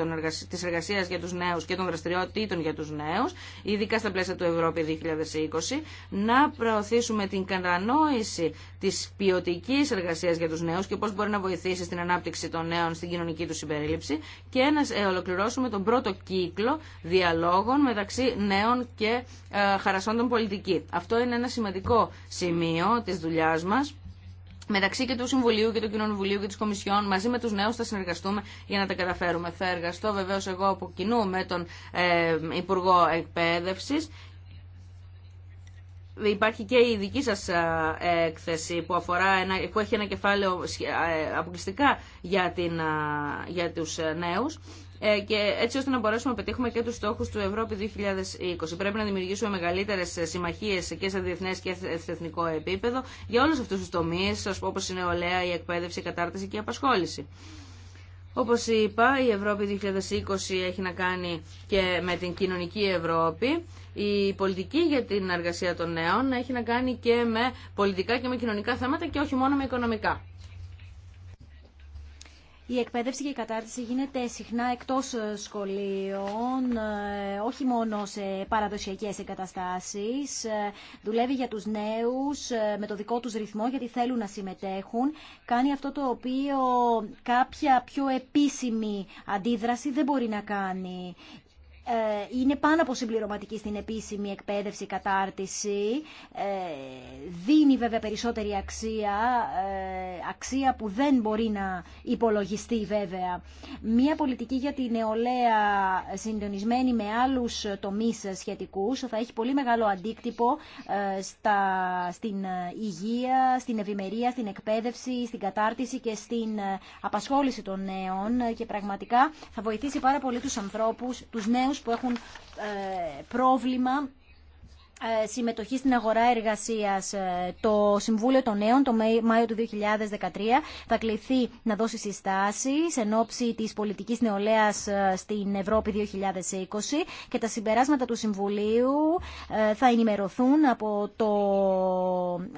της εργασίας για τους νέους και των δραστηριοτήτων για τους νέους, ειδικά στα πλαίσια του Ευρώπη 2020, να προωθήσουμε την κατανόηση της ποιοτική εργασίας για τους νέους και πώς μπορεί να βοηθήσει στην ανάπτυξη των νέων στην κοινωνική του συμπερίληψη και να ολοκληρώσουμε τον πρώτο κύκλο διαλόγων μεταξύ νέων και ε, χαρασόντων πολιτική. Αυτό είναι ένα σημαντικό σημείο της δουλειάς μας. Μεταξύ και του Συμβουλίου και του Κοινωνιβουλίου και τη Κομισιόν, μαζί με του νέου θα συνεργαστούμε για να τα καταφέρουμε. Θα εργαστώ βεβαίω εγώ από κοινού με τον ε, Υπουργό Εκπαίδευση υπάρχει και η δική σας ε, έκθεση που, αφορά ένα, που έχει ένα κεφάλαιο αποκλειστικά για, την, για τους νέους. Ε, και έτσι ώστε να μπορέσουμε να πετύχουμε και του στόχου του Ευρώπη 2020. Πρέπει να δημιουργήσουμε μεγαλύτερες συμμαχίε και σε διεθνές και σε εθνικό επίπεδο για όλους αυτούς τους τομείς, όπω η νεολαία, η εκπαίδευση, η κατάρτιση και η απασχόληση. Όπως είπα, η Ευρώπη 2020 έχει να κάνει και με την κοινωνική Ευρώπη. Η πολιτική για την εργασία των νέων έχει να κάνει και με πολιτικά και με κοινωνικά θέματα και όχι μόνο με οικονομικά. Η εκπαίδευση και η κατάρτιση γίνεται συχνά εκτός ε, σχολείων, ε, όχι μόνο σε παραδοσιακές εγκαταστάσεις. Ε, δουλεύει για τους νέους με το δικό τους ρυθμό γιατί θέλουν να συμμετέχουν. Κάνει αυτό το οποίο κάποια πιο επίσημη αντίδραση δεν μπορεί να κάνει. Ε, είναι πάνω από συμπληρωματική στην επίσημη εκπαίδευση, κατάρτιση. Ε, δίνει βέβαια περισσότερη αξία, ε, αξία που δεν μπορεί να υπολογιστεί βέβαια. Μία πολιτική για τη νεολαία συντονισμένη με άλλους τομείς σχετικούς θα έχει πολύ μεγάλο αντίκτυπο στα, στην υγεία, στην ευημερία, στην εκπαίδευση, στην κατάρτιση και στην απασχόληση των νέων και πραγματικά θα βοηθήσει πάρα πολύ ανθρώπους, τους νέους που έχουν ε, πρόβλημα ε, συμμετοχή στην αγορά εργασίας. Ε, το Συμβούλιο των Νέων το Μάιο του 2013 θα κληθεί να δώσει συστάσεις εν ώψη της πολιτικής νεολαίας ε, στην Ευρώπη 2020 και τα συμπεράσματα του Συμβουλίου θα ενημερωθούν από, το,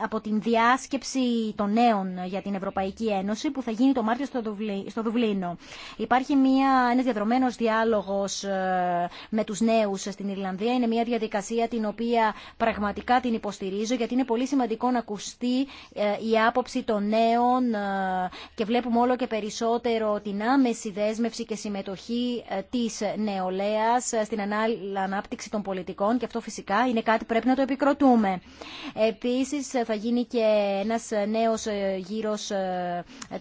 από την διάσκεψη των νέων για την Ευρωπαϊκή Ένωση που θα γίνει το Μάρτιο στο, Δουβλίνο. Υπάρχει μια, ένας διαδρομένος διάλογος με τους νέους στην Ιρλανδία. Είναι μια διαδικασία την οποία πραγματικά την υποστηρίζω γιατί είναι πολύ σημαντικό να ακουστεί ε, η άποψη των νέων ε, και βλέπουμε όλο και περισσότερο την άμεση δέσμευση και συμμετοχή ε, της νεολαίας στην ανάπτυξη των πολιτικών και αυτό φυσικά είναι κάτι πρέπει να το επικροτούμε. Επίσης θα γίνει και ένας νέος γύρος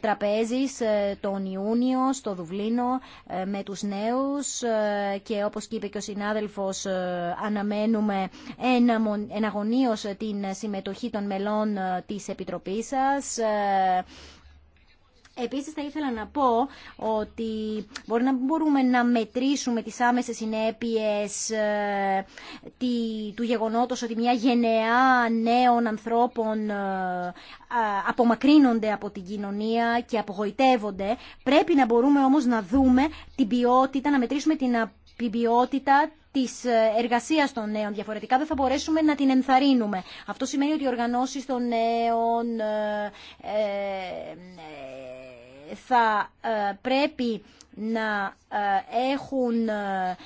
τραπέζης τον Ιούνιο στο Δουβλίνο με τους νέους και όπως είπε και ο συνάδελφος αναμένουμε εναγωνίως την συμμετοχή των μελών ε, της Επιτροπής σας. Ε, επίσης θα ήθελα να πω ότι μπορεί να μπορούμε να μετρήσουμε τις άμεσες συνέπειες ε, του γεγονότος ότι μια γενεά νέων ανθρώπων απομακρύνονται από την κοινωνία και απογοητεύονται. Πρέπει να μπορούμε όμως να δούμε την ποιότητα, να μετρήσουμε την ποιότητα Τη ε, εργασία των νέων. Διαφορετικά δεν θα μπορέσουμε να την ενθαρρύνουμε. Αυτό σημαίνει ότι οι οργανώσει των νέων ε, ε, θα πρέπει να ε, έχουν ε,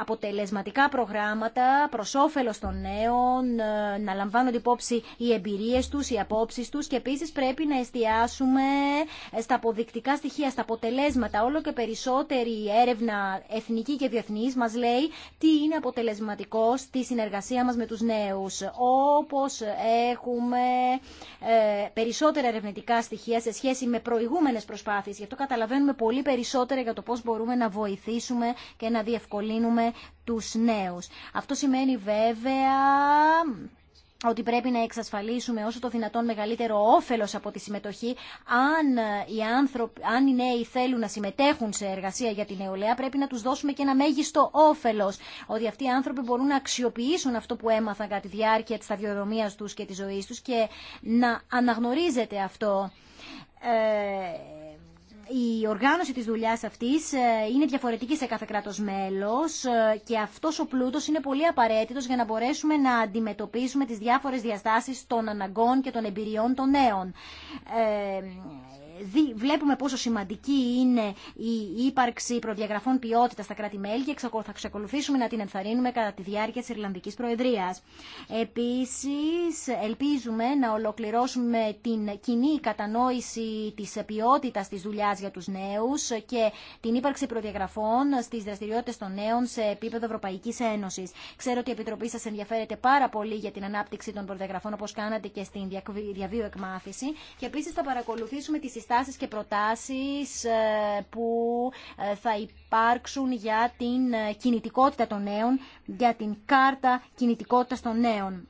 αποτελεσματικά προγράμματα προς όφελος των νέων, ε, να λαμβάνονται υπόψη οι εμπειρίες τους, οι απόψεις τους και επίσης πρέπει να εστιάσουμε στα αποδεικτικά στοιχεία, στα αποτελέσματα. Όλο και περισσότερη έρευνα εθνική και διεθνής μας λέει τι είναι αποτελεσματικό στη συνεργασία μας με τους νέους. Όπως έχουμε περισσότερα ερευνητικά στοιχεία σε σχέση με προηγούμενες προσπάθειες. Γι' αυτό καταλαβαίνουμε πολύ περισσότερο περισσότερα για το πώς μπορούμε να βοηθήσουμε και να διευκολύνουμε τους νέους. Αυτό σημαίνει βέβαια ότι πρέπει να εξασφαλίσουμε όσο το δυνατόν μεγαλύτερο όφελος από τη συμμετοχή. Αν οι, άνθρωποι, αν οι νέοι θέλουν να συμμετέχουν σε εργασία για την νεολαία, πρέπει να τους δώσουμε και ένα μέγιστο όφελος. Ότι αυτοί οι άνθρωποι μπορούν να αξιοποιήσουν αυτό που έμαθαν κατά τη διάρκεια της σταδιοδρομίας τους και της ζωής τους και να αναγνωρίζεται αυτό. Ε, η οργάνωση της δουλειάς αυτής ε, είναι διαφορετική σε κάθε κράτος μέλος ε, και αυτός ο πλούτος είναι πολύ απαραίτητος για να μπορέσουμε να αντιμετωπίσουμε τις διάφορες διαστάσεις των αναγκών και των εμπειριών των νέων. Ε, δι, βλέπουμε πόσο σημαντική είναι η ύπαρξη προδιαγραφών ποιότητα στα κράτη-μέλη και θα ξεκολουθήσουμε να την ενθαρρύνουμε κατά τη διάρκεια τη Ιρλανδική Προεδρία. Επίση, ελπίζουμε να ολοκληρώσουμε την κοινή κατανόηση τη ποιότητα τη δουλειά για του νέου και την ύπαρξη προδιαγραφών στι δραστηριότητε των νέων σε επίπεδο Ευρωπαϊκή Ένωση. Ξέρω ότι η Επιτροπή σα ενδιαφέρεται πάρα πολύ για την ανάπτυξη των προδιαγραφών όπω κάνατε και στην διαβίου εκμάθηση και επίση θα παρακολουθήσουμε συστηματική συστάσεις και προτάσεις ε, που ε, θα υπάρξουν για την ε, κινητικότητα των νέων, για την κάρτα κινητικότητας των νέων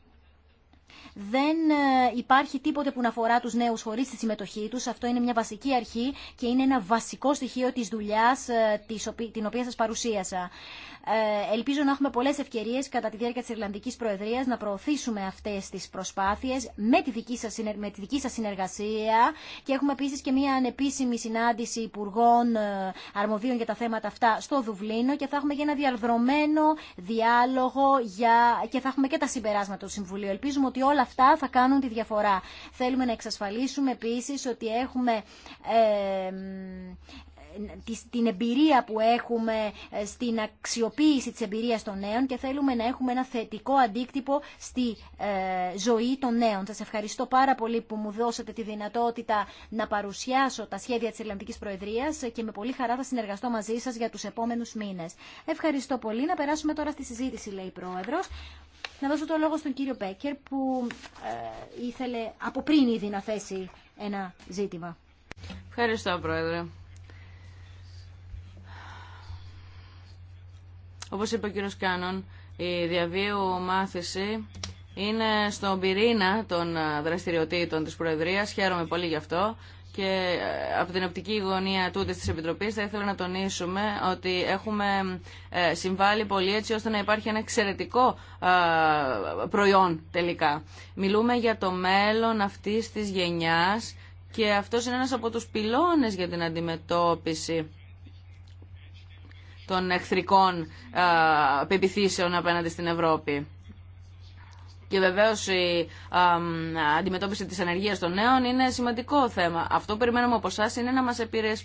δεν ε, υπάρχει τίποτε που να αφορά τους νέους χωρίς τη συμμετοχή τους. Αυτό είναι μια βασική αρχή και είναι ένα βασικό στοιχείο της δουλειάς ε, την οποία σας παρουσίασα. Ε, ελπίζω να έχουμε πολλές ευκαιρίες κατά τη διάρκεια της Ιρλανδικής Προεδρίας να προωθήσουμε αυτές τις προσπάθειες με τη δική σας, με συνεργασία και έχουμε επίσης και μια ανεπίσημη συνάντηση υπουργών αρμοδίων για τα θέματα αυτά στο Δουβλίνο και θα έχουμε και ένα διαδρομένο διάλογο για... και θα έχουμε και τα συμπεράσματα του Συμβουλίου. Ελπίζουμε ότι όλα αυτά θα κάνουν τη διαφορά. Θέλουμε να εξασφαλίσουμε επίσης ότι έχουμε την εμπειρία που έχουμε ε, στην αξιοποίηση της εμπειρίας των νέων και θέλουμε να έχουμε ένα θετικό αντίκτυπο στη ε, ζωή των νέων. Σας ευχαριστώ πάρα πολύ που μου δώσατε τη δυνατότητα να παρουσιάσω τα σχέδια της Ελληνικής Προεδρίας και με πολύ χαρά θα συνεργαστώ μαζί σας για τους επόμενους μήνες. Ευχαριστώ πολύ. Να περάσουμε τώρα στη συζήτηση, λέει η Πρόεδρος. Να δώσω το λόγο στον κύριο Πέκερ που ε, ήθελε από πριν ήδη να θέσει ένα ζήτημα. Ευχαριστώ, Πρόεδρε. Όπως είπε ο κύριος Κάνον, η διαβίου μάθηση είναι στον πυρήνα των ε, δραστηριοτήτων της Προεδρίας. Χαίρομαι πολύ γι' αυτό και ε, από την οπτική γωνία τούτη τη Επιτροπή θα ήθελα να τονίσουμε ότι έχουμε ε, συμβάλει πολύ έτσι ώστε να υπάρχει ένα εξαιρετικό ε, προϊόν τελικά. Μιλούμε για το μέλλον αυτής της γενιάς και αυτός είναι ένας από τους πυλώνες για την αντιμετώπιση των εχθρικών πεπιθήσεων απέναντι στην Ευρώπη. Και βεβαίω η αντιμετώπιση τη ανεργία των νέων είναι σημαντικό θέμα. Αυτό που περιμένουμε από εσά είναι να μα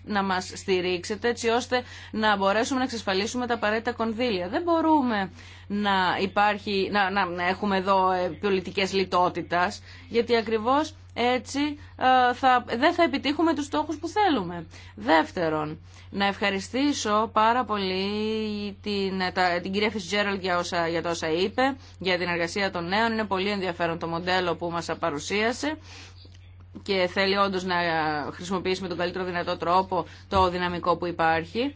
να μας στηρίξετε έτσι ώστε να μπορέσουμε να εξασφαλίσουμε τα απαραίτητα κονδύλια. Δεν μπορούμε να, υπάρχει, να, να έχουμε εδώ ε, πολιτικέ λιτότητα, γιατί ακριβώ έτσι ε, θα, δεν θα επιτύχουμε τους στόχους που θέλουμε. Δεύτερον, να ευχαριστήσω πάρα πολύ την, ε, την κυρία Φιτζέραλτ για, όσα, για τα όσα είπε, για την εργασία των νέων. Είναι πολύ ενδιαφέρον το μοντέλο που μας παρουσίασε και θέλει όντως να ε, χρησιμοποιήσουμε τον καλύτερο δυνατό τρόπο το δυναμικό που υπάρχει.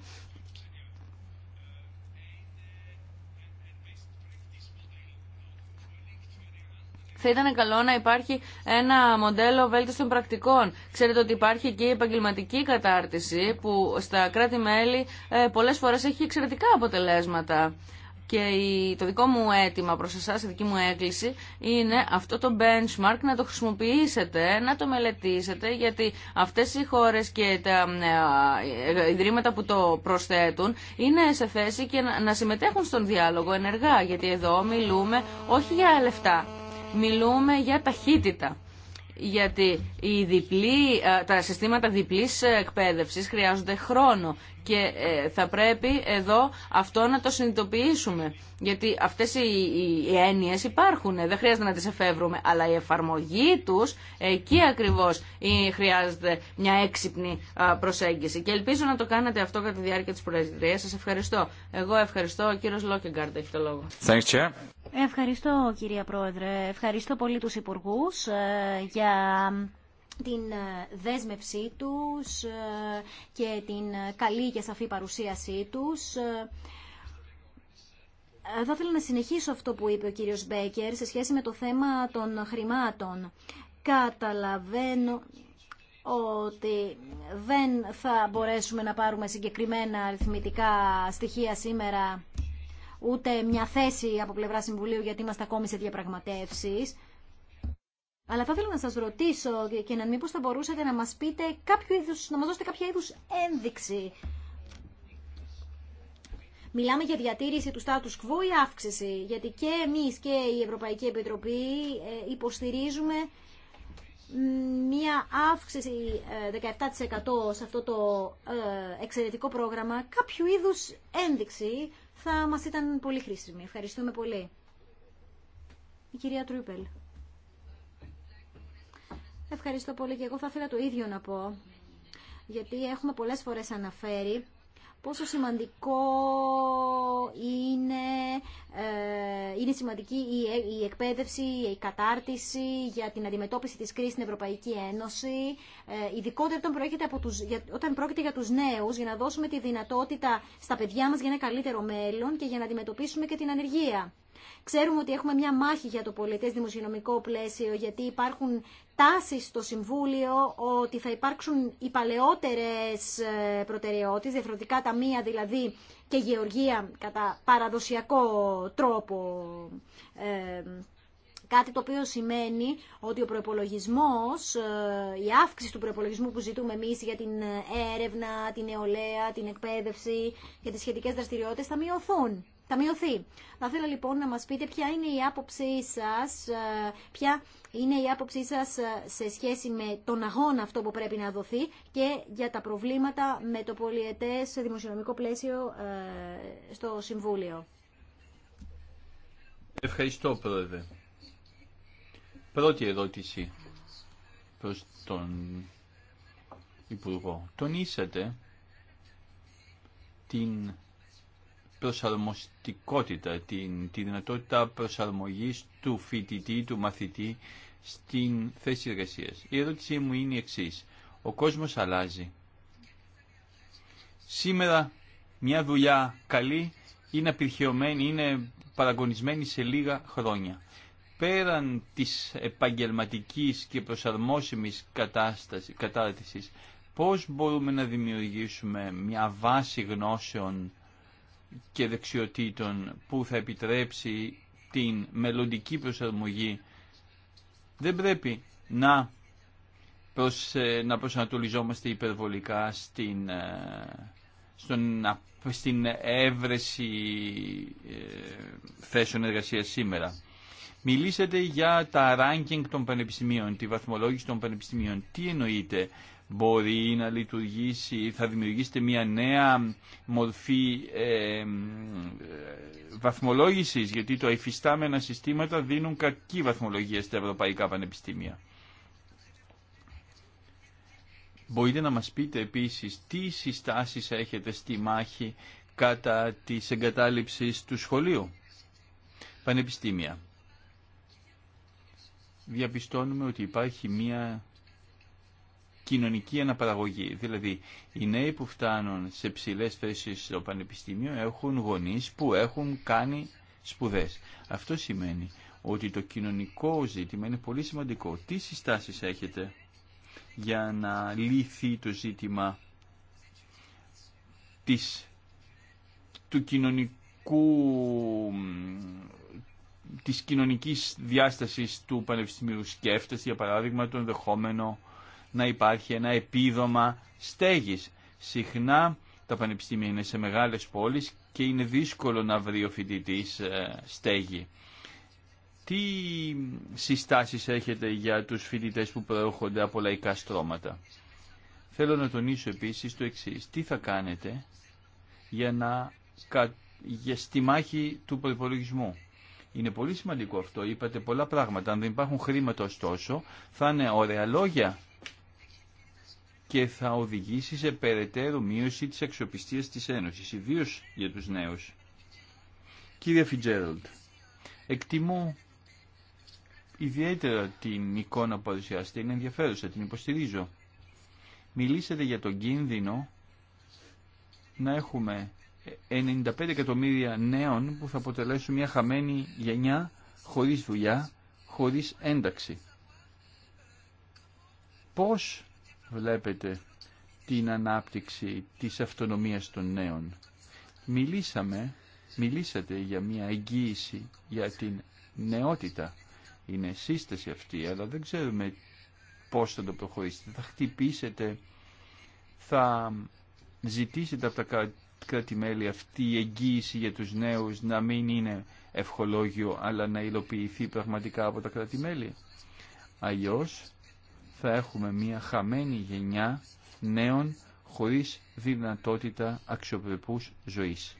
θα ήταν καλό να υπάρχει ένα μοντέλο των πρακτικών. Ξέρετε ότι υπάρχει και η επαγγελματική κατάρτιση που στα κράτη-μέλη ε, πολλές φορές έχει εξαιρετικά αποτελέσματα. Και το δικό μου αίτημα προς εσάς, η δική μου έκκληση, είναι αυτό το benchmark να το χρησιμοποιήσετε, να το μελετήσετε, γιατί αυτές οι χώρες και τα ε, ε, ιδρύματα που το προσθέτουν είναι σε θέση και να συμμετέχουν στον διάλογο ενεργά, γιατί εδώ μιλούμε όχι για λεφτά, μιλούμε για ταχύτητα. Γιατί οι διπλή, ε, τα συστήματα διπλής ε, εκπαίδευσης χρειάζονται χρόνο και ε, θα πρέπει εδώ αυτό να το συνειδητοποιήσουμε. Γιατί αυτές οι έννοιες υπάρχουν, δεν χρειάζεται να τις εφεύρουμε, αλλά η εφαρμογή τους, εκεί ακριβώς χρειάζεται μια έξυπνη προσέγγιση. Και ελπίζω να το κάνετε αυτό κατά τη διάρκεια της προεδρίας. Σας ευχαριστώ. Εγώ ευχαριστώ. Ο κύριος Λόκεγκάρντ έχει το λόγο. Thanks, Ευχαριστώ κυρία Πρόεδρε. Ευχαριστώ πολύ τους Υπουργούς ε, για την ε, δέσμευσή τους ε, και την καλή και σαφή παρουσίασή τους. Θα ήθελα να συνεχίσω αυτό που είπε ο κύριος Μπέκερ σε σχέση με το θέμα των χρημάτων. Καταλαβαίνω ότι δεν θα μπορέσουμε να πάρουμε συγκεκριμένα αριθμητικά στοιχεία σήμερα ούτε μια θέση από πλευρά Συμβουλίου γιατί είμαστε ακόμη σε διαπραγματεύσει, Αλλά θα ήθελα να σας ρωτήσω και να μήπω θα μπορούσατε να μας πείτε κάποιο είδους, να μας δώσετε κάποια είδου ένδειξη. Μιλάμε για διατήρηση του status quo ή αύξηση, γιατί και εμείς και η Ευρωπαϊκή Επιτροπή ε, υποστηρίζουμε μία αύξηση 17% ε, σε αυτό το ε, εξαιρετικό πρόγραμμα, κάποιο είδους ένδειξη θα μας ήταν πολύ χρήσιμη. Ευχαριστούμε πολύ. Η κυρία Τρούπελ. Ευχαριστώ πολύ και εγώ θα ήθελα το ίδιο να πω, γιατί έχουμε πολλές φορές αναφέρει πόσο σημαντικό είναι, ε, είναι σημαντική η, εκπαίδευση, η κατάρτιση για την αντιμετώπιση της κρίσης στην Ευρωπαϊκή Ένωση, ε, ειδικότερα όταν πρόκειται, από τους, όταν για τους νέους, για να δώσουμε τη δυνατότητα στα παιδιά μας για ένα καλύτερο μέλλον και για να αντιμετωπίσουμε και την ανεργία. Ξέρουμε ότι έχουμε μια μάχη για το πολιτές δημοσιονομικό πλαίσιο, γιατί υπάρχουν τάση στο Συμβούλιο ότι θα υπάρξουν οι παλαιότερες ε, προτεραιότητες, διαφορετικά ταμεία δηλαδή και γεωργία κατά παραδοσιακό τρόπο. Ε, κάτι το οποίο σημαίνει ότι ο προϋπολογισμός, ε, η αύξηση του προϋπολογισμού που ζητούμε εμείς για την έρευνα, την νεολαία, την εκπαίδευση και τις σχετικές δραστηριότητες θα μειωθούν θα μειωθεί. Θα ήθελα λοιπόν να μας πείτε ποια είναι η άποψή σας, ε, ποια είναι η άποψή σας ε, σε σχέση με τον αγώνα αυτό που πρέπει να δοθεί και για τα προβλήματα με το πολιετές δημοσιονομικό πλαίσιο ε, στο Συμβούλιο. Ευχαριστώ πρόεδρε. Πρώτη ερώτηση προς τον Υπουργό. Τονίσατε την προσαρμοστικότητα, την, τη δυνατότητα προσαρμογής του φοιτητή, του μαθητή στην θέση εργασία. Η ερώτησή μου είναι η εξή. Ο κόσμος αλλάζει. Σήμερα μια δουλειά καλή είναι απειρχαιωμένη, είναι παραγωνισμένη σε λίγα χρόνια. Πέραν της επαγγελματικής και προσαρμόσιμης κατάστασης, κατάρτισης, πώς μπορούμε να δημιουργήσουμε μια βάση γνώσεων και δεξιοτήτων που θα επιτρέψει την μελλοντική προσαρμογή δεν πρέπει να, προς, ε, να προσανατολιζόμαστε υπερβολικά στην, ε, στον, στην έβρεση ε, θέσεων εργασίας σήμερα. Μιλήσατε για τα ranking των πανεπιστημίων, τη βαθμολόγηση των πανεπιστημίων. Τι εννοείτε, μπορεί να λειτουργήσει, θα δημιουργήσετε μια νέα μορφή ε, ε βαθμολόγησης, γιατί το υφιστάμενα συστήματα δίνουν κακή βαθμολογία στα ευρωπαϊκά πανεπιστήμια. Μπορείτε να μας πείτε επίσης τι συστάσεις έχετε στη μάχη κατά της εγκατάλειψης του σχολείου. Πανεπιστήμια. Διαπιστώνουμε ότι υπάρχει μία κοινωνική αναπαραγωγή. Δηλαδή, οι νέοι που φτάνουν σε ψηλέ θέσει στο πανεπιστήμιο έχουν γονείς που έχουν κάνει σπουδές. Αυτό σημαίνει ότι το κοινωνικό ζήτημα είναι πολύ σημαντικό. Τι συστάσεις έχετε για να λύθει το ζήτημα της, του κοινωνικού της κοινωνικής διάστασης του πανεπιστημίου σκέφτες, για παράδειγμα, το ενδεχόμενο να υπάρχει ένα επίδομα στέγης. Συχνά τα πανεπιστήμια είναι σε μεγάλες πόλεις και είναι δύσκολο να βρει ο φοιτητή ε, στέγη. Τι συστάσεις έχετε για τους φοιτητέ που προέρχονται από λαϊκά στρώματα. Θέλω να τονίσω επίσης το εξής. Τι θα κάνετε για να για στη μάχη του προπολογισμού. Είναι πολύ σημαντικό αυτό. Είπατε πολλά πράγματα. Αν δεν υπάρχουν χρήματα ωστόσο, θα είναι ωραία λόγια και θα οδηγήσει σε περαιτέρω μείωση της αξιοπιστίας της Ένωσης, ιδίω για τους νέους. Κύριε Φιτζέραλντ, εκτιμώ ιδιαίτερα την εικόνα που παρουσιάσετε, είναι ενδιαφέρουσα, την υποστηρίζω. Μιλήσατε για τον κίνδυνο να έχουμε 95 εκατομμύρια νέων που θα αποτελέσουν μια χαμένη γενιά χωρίς δουλειά, χωρίς ένταξη. Πώς βλέπετε την ανάπτυξη της αυτονομίας των νέων. Μιλήσαμε, μιλήσατε για μια εγγύηση για την νεότητα. Είναι σύσταση αυτή, αλλά δεν ξέρουμε πώς θα το προχωρήσετε. Θα χτυπήσετε, θα ζητήσετε από τα κράτη-μέλη αυτή η εγγύηση για τους νέους να μην είναι ευχολόγιο, αλλά να υλοποιηθεί πραγματικά από τα κράτη-μέλη. Αλλιώς θα έχουμε μια χαμένη γενιά νέων χωρίς δυνατότητα αξιοπρεπούς ζωής.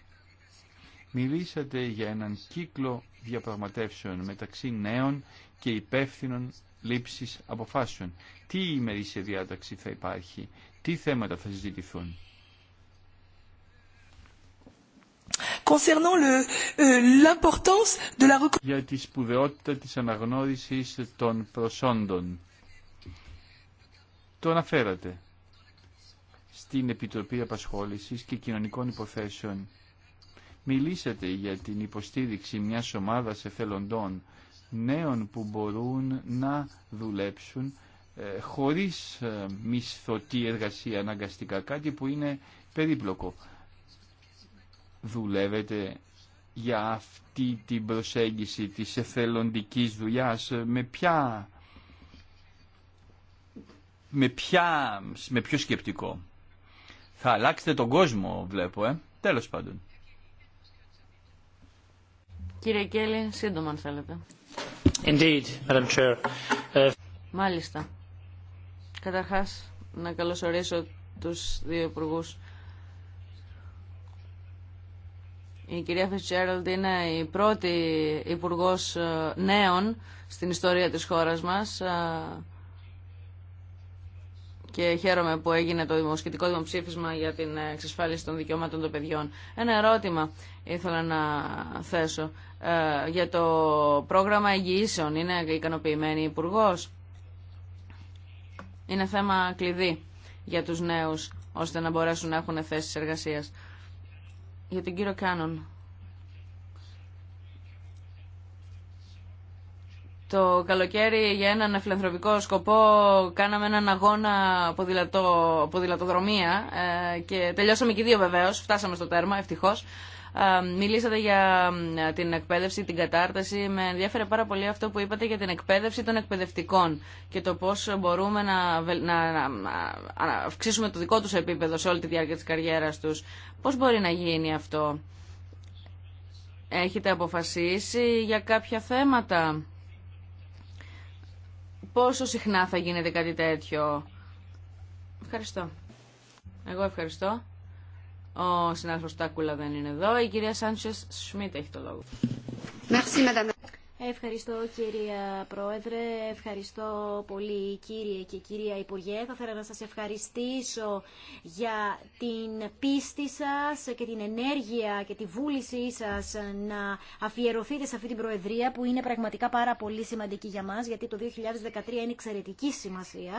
Μιλήσατε για έναν κύκλο διαπραγματεύσεων μεταξύ νέων και υπεύθυνων λήψης αποφάσεων. Τι ημερήσια διάταξη θα υπάρχει, τι θέματα θα συζητηθούν. Euh, για τη σπουδαιότητα της αναγνώρισης των προσόντων το αναφέρατε στην Επιτροπή Απασχόλησης και Κοινωνικών Υποθέσεων. Μιλήσατε για την υποστήριξη μιας ομάδας εθελοντών νέων που μπορούν να δουλέψουν ε, χωρίς ε, μισθωτή εργασία αναγκαστικά, κάτι που είναι περίπλοκο. Δουλεύετε για αυτή την προσέγγιση της εθελοντικής δουλειάς, με ποια με, ποια, με ποιο σκεπτικό. Θα αλλάξετε τον κόσμο, βλέπω, ε. Τέλος πάντων. Κύριε Κέλλη, σύντομα αν θέλετε. Indeed, Madam Chair. Ε, Μάλιστα. Καταρχάς, να καλωσορίσω τους δύο υπουργού. Η κυρία Φιτσέραλντ είναι η πρώτη υπουργός ε, νέων στην ιστορία της χώρας μας ε, και χαίρομαι που έγινε το δημοσχετικό δημοψήφισμα για την εξασφάλιση των δικαιώματων των παιδιών. Ένα ερώτημα ήθελα να θέσω ε, για το πρόγραμμα εγγυήσεων. Είναι ικανοποιημένη η Υπουργός. Είναι θέμα κλειδί για τους νέους ώστε να μπορέσουν να έχουν θέσεις εργασίας. Για τον κύριο Κάνον. Το καλοκαίρι για έναν φιλανθρωπικό σκοπό κάναμε έναν αγώνα ποδηλατο, ποδηλατοδρομία ε, και τελειώσαμε και δύο βεβαίω. Φτάσαμε στο τέρμα, ευτυχώ. Ε, μιλήσατε για την εκπαίδευση, την κατάρτιση. Με ενδιαφέρε πάρα πολύ αυτό που είπατε για την εκπαίδευση των εκπαιδευτικών και το πώ μπορούμε να, να, να, να αυξήσουμε το δικό του επίπεδο σε όλη τη διάρκεια τη καριέρα του. Πώ μπορεί να γίνει αυτό, Έχετε αποφασίσει για κάποια θέματα πόσο συχνά θα γίνεται κάτι τέτοιο. Ευχαριστώ. Εγώ ευχαριστώ. Ο συνάδελφος Τάκουλα δεν είναι εδώ. Η κυρία Σάντσες Σμίτ έχει το λόγο. Ευχαριστώ κυρία Πρόεδρε, ευχαριστώ πολύ κύριε και κυρία Υπουργέ. Θα ήθελα να σας ευχαριστήσω για την πίστη σας και την ενέργεια και τη βούλησή σας να αφιερωθείτε σε αυτή την Προεδρία που είναι πραγματικά πάρα πολύ σημαντική για μας γιατί το 2013 είναι εξαιρετική σημασία.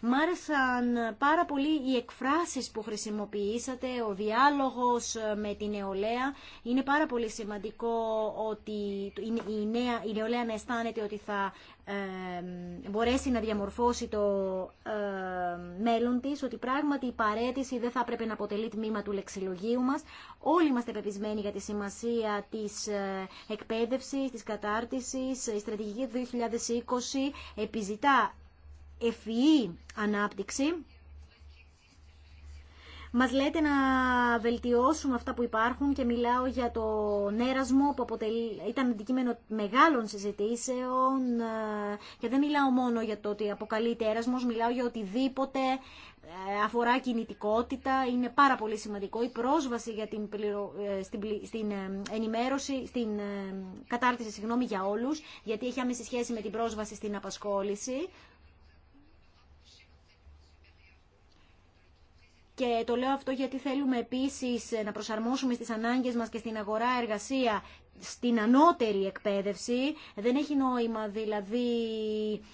Μ' άρεσαν πάρα πολύ οι εκφράσεις που χρησιμοποιήσατε, ο διάλογος με την νεολαία. Είναι πάρα πολύ σημαντικό ότι η νέα η νεολαία να αισθάνεται ότι θα μπορέσει να διαμορφώσει το μέλλον της, ότι πράγματι η παρέτηση δεν θα πρέπει να αποτελεί τμήμα του λεξιλογίου μας. Όλοι είμαστε πεπισμένοι για τη σημασία της ε, εκπαίδευσης, της κατάρτισης. Η στρατηγική 2020 επιζητά ευφυή ανάπτυξη μας λέτε να βελτιώσουμε αυτά που υπάρχουν και μιλάω για το νέρασμο που αποτελεί, ήταν αντικείμενο μεγάλων συζητήσεων ε, και δεν μιλάω μόνο για το ότι αποκαλείται έρασμος, μιλάω για οτιδήποτε ε, αφορά κινητικότητα, είναι πάρα πολύ σημαντικό η πρόσβαση για την ε, στην... ενημέρωση, στην κατάρτιση συγγνώμη, για όλους, γιατί έχει άμεση σχέση με την πρόσβαση στην απασχόληση. Και το λέω αυτό γιατί θέλουμε επίσης να προσαρμόσουμε στις ανάγκες μας και στην αγορά εργασία στην ανώτερη εκπαίδευση. Δεν έχει νόημα δηλαδή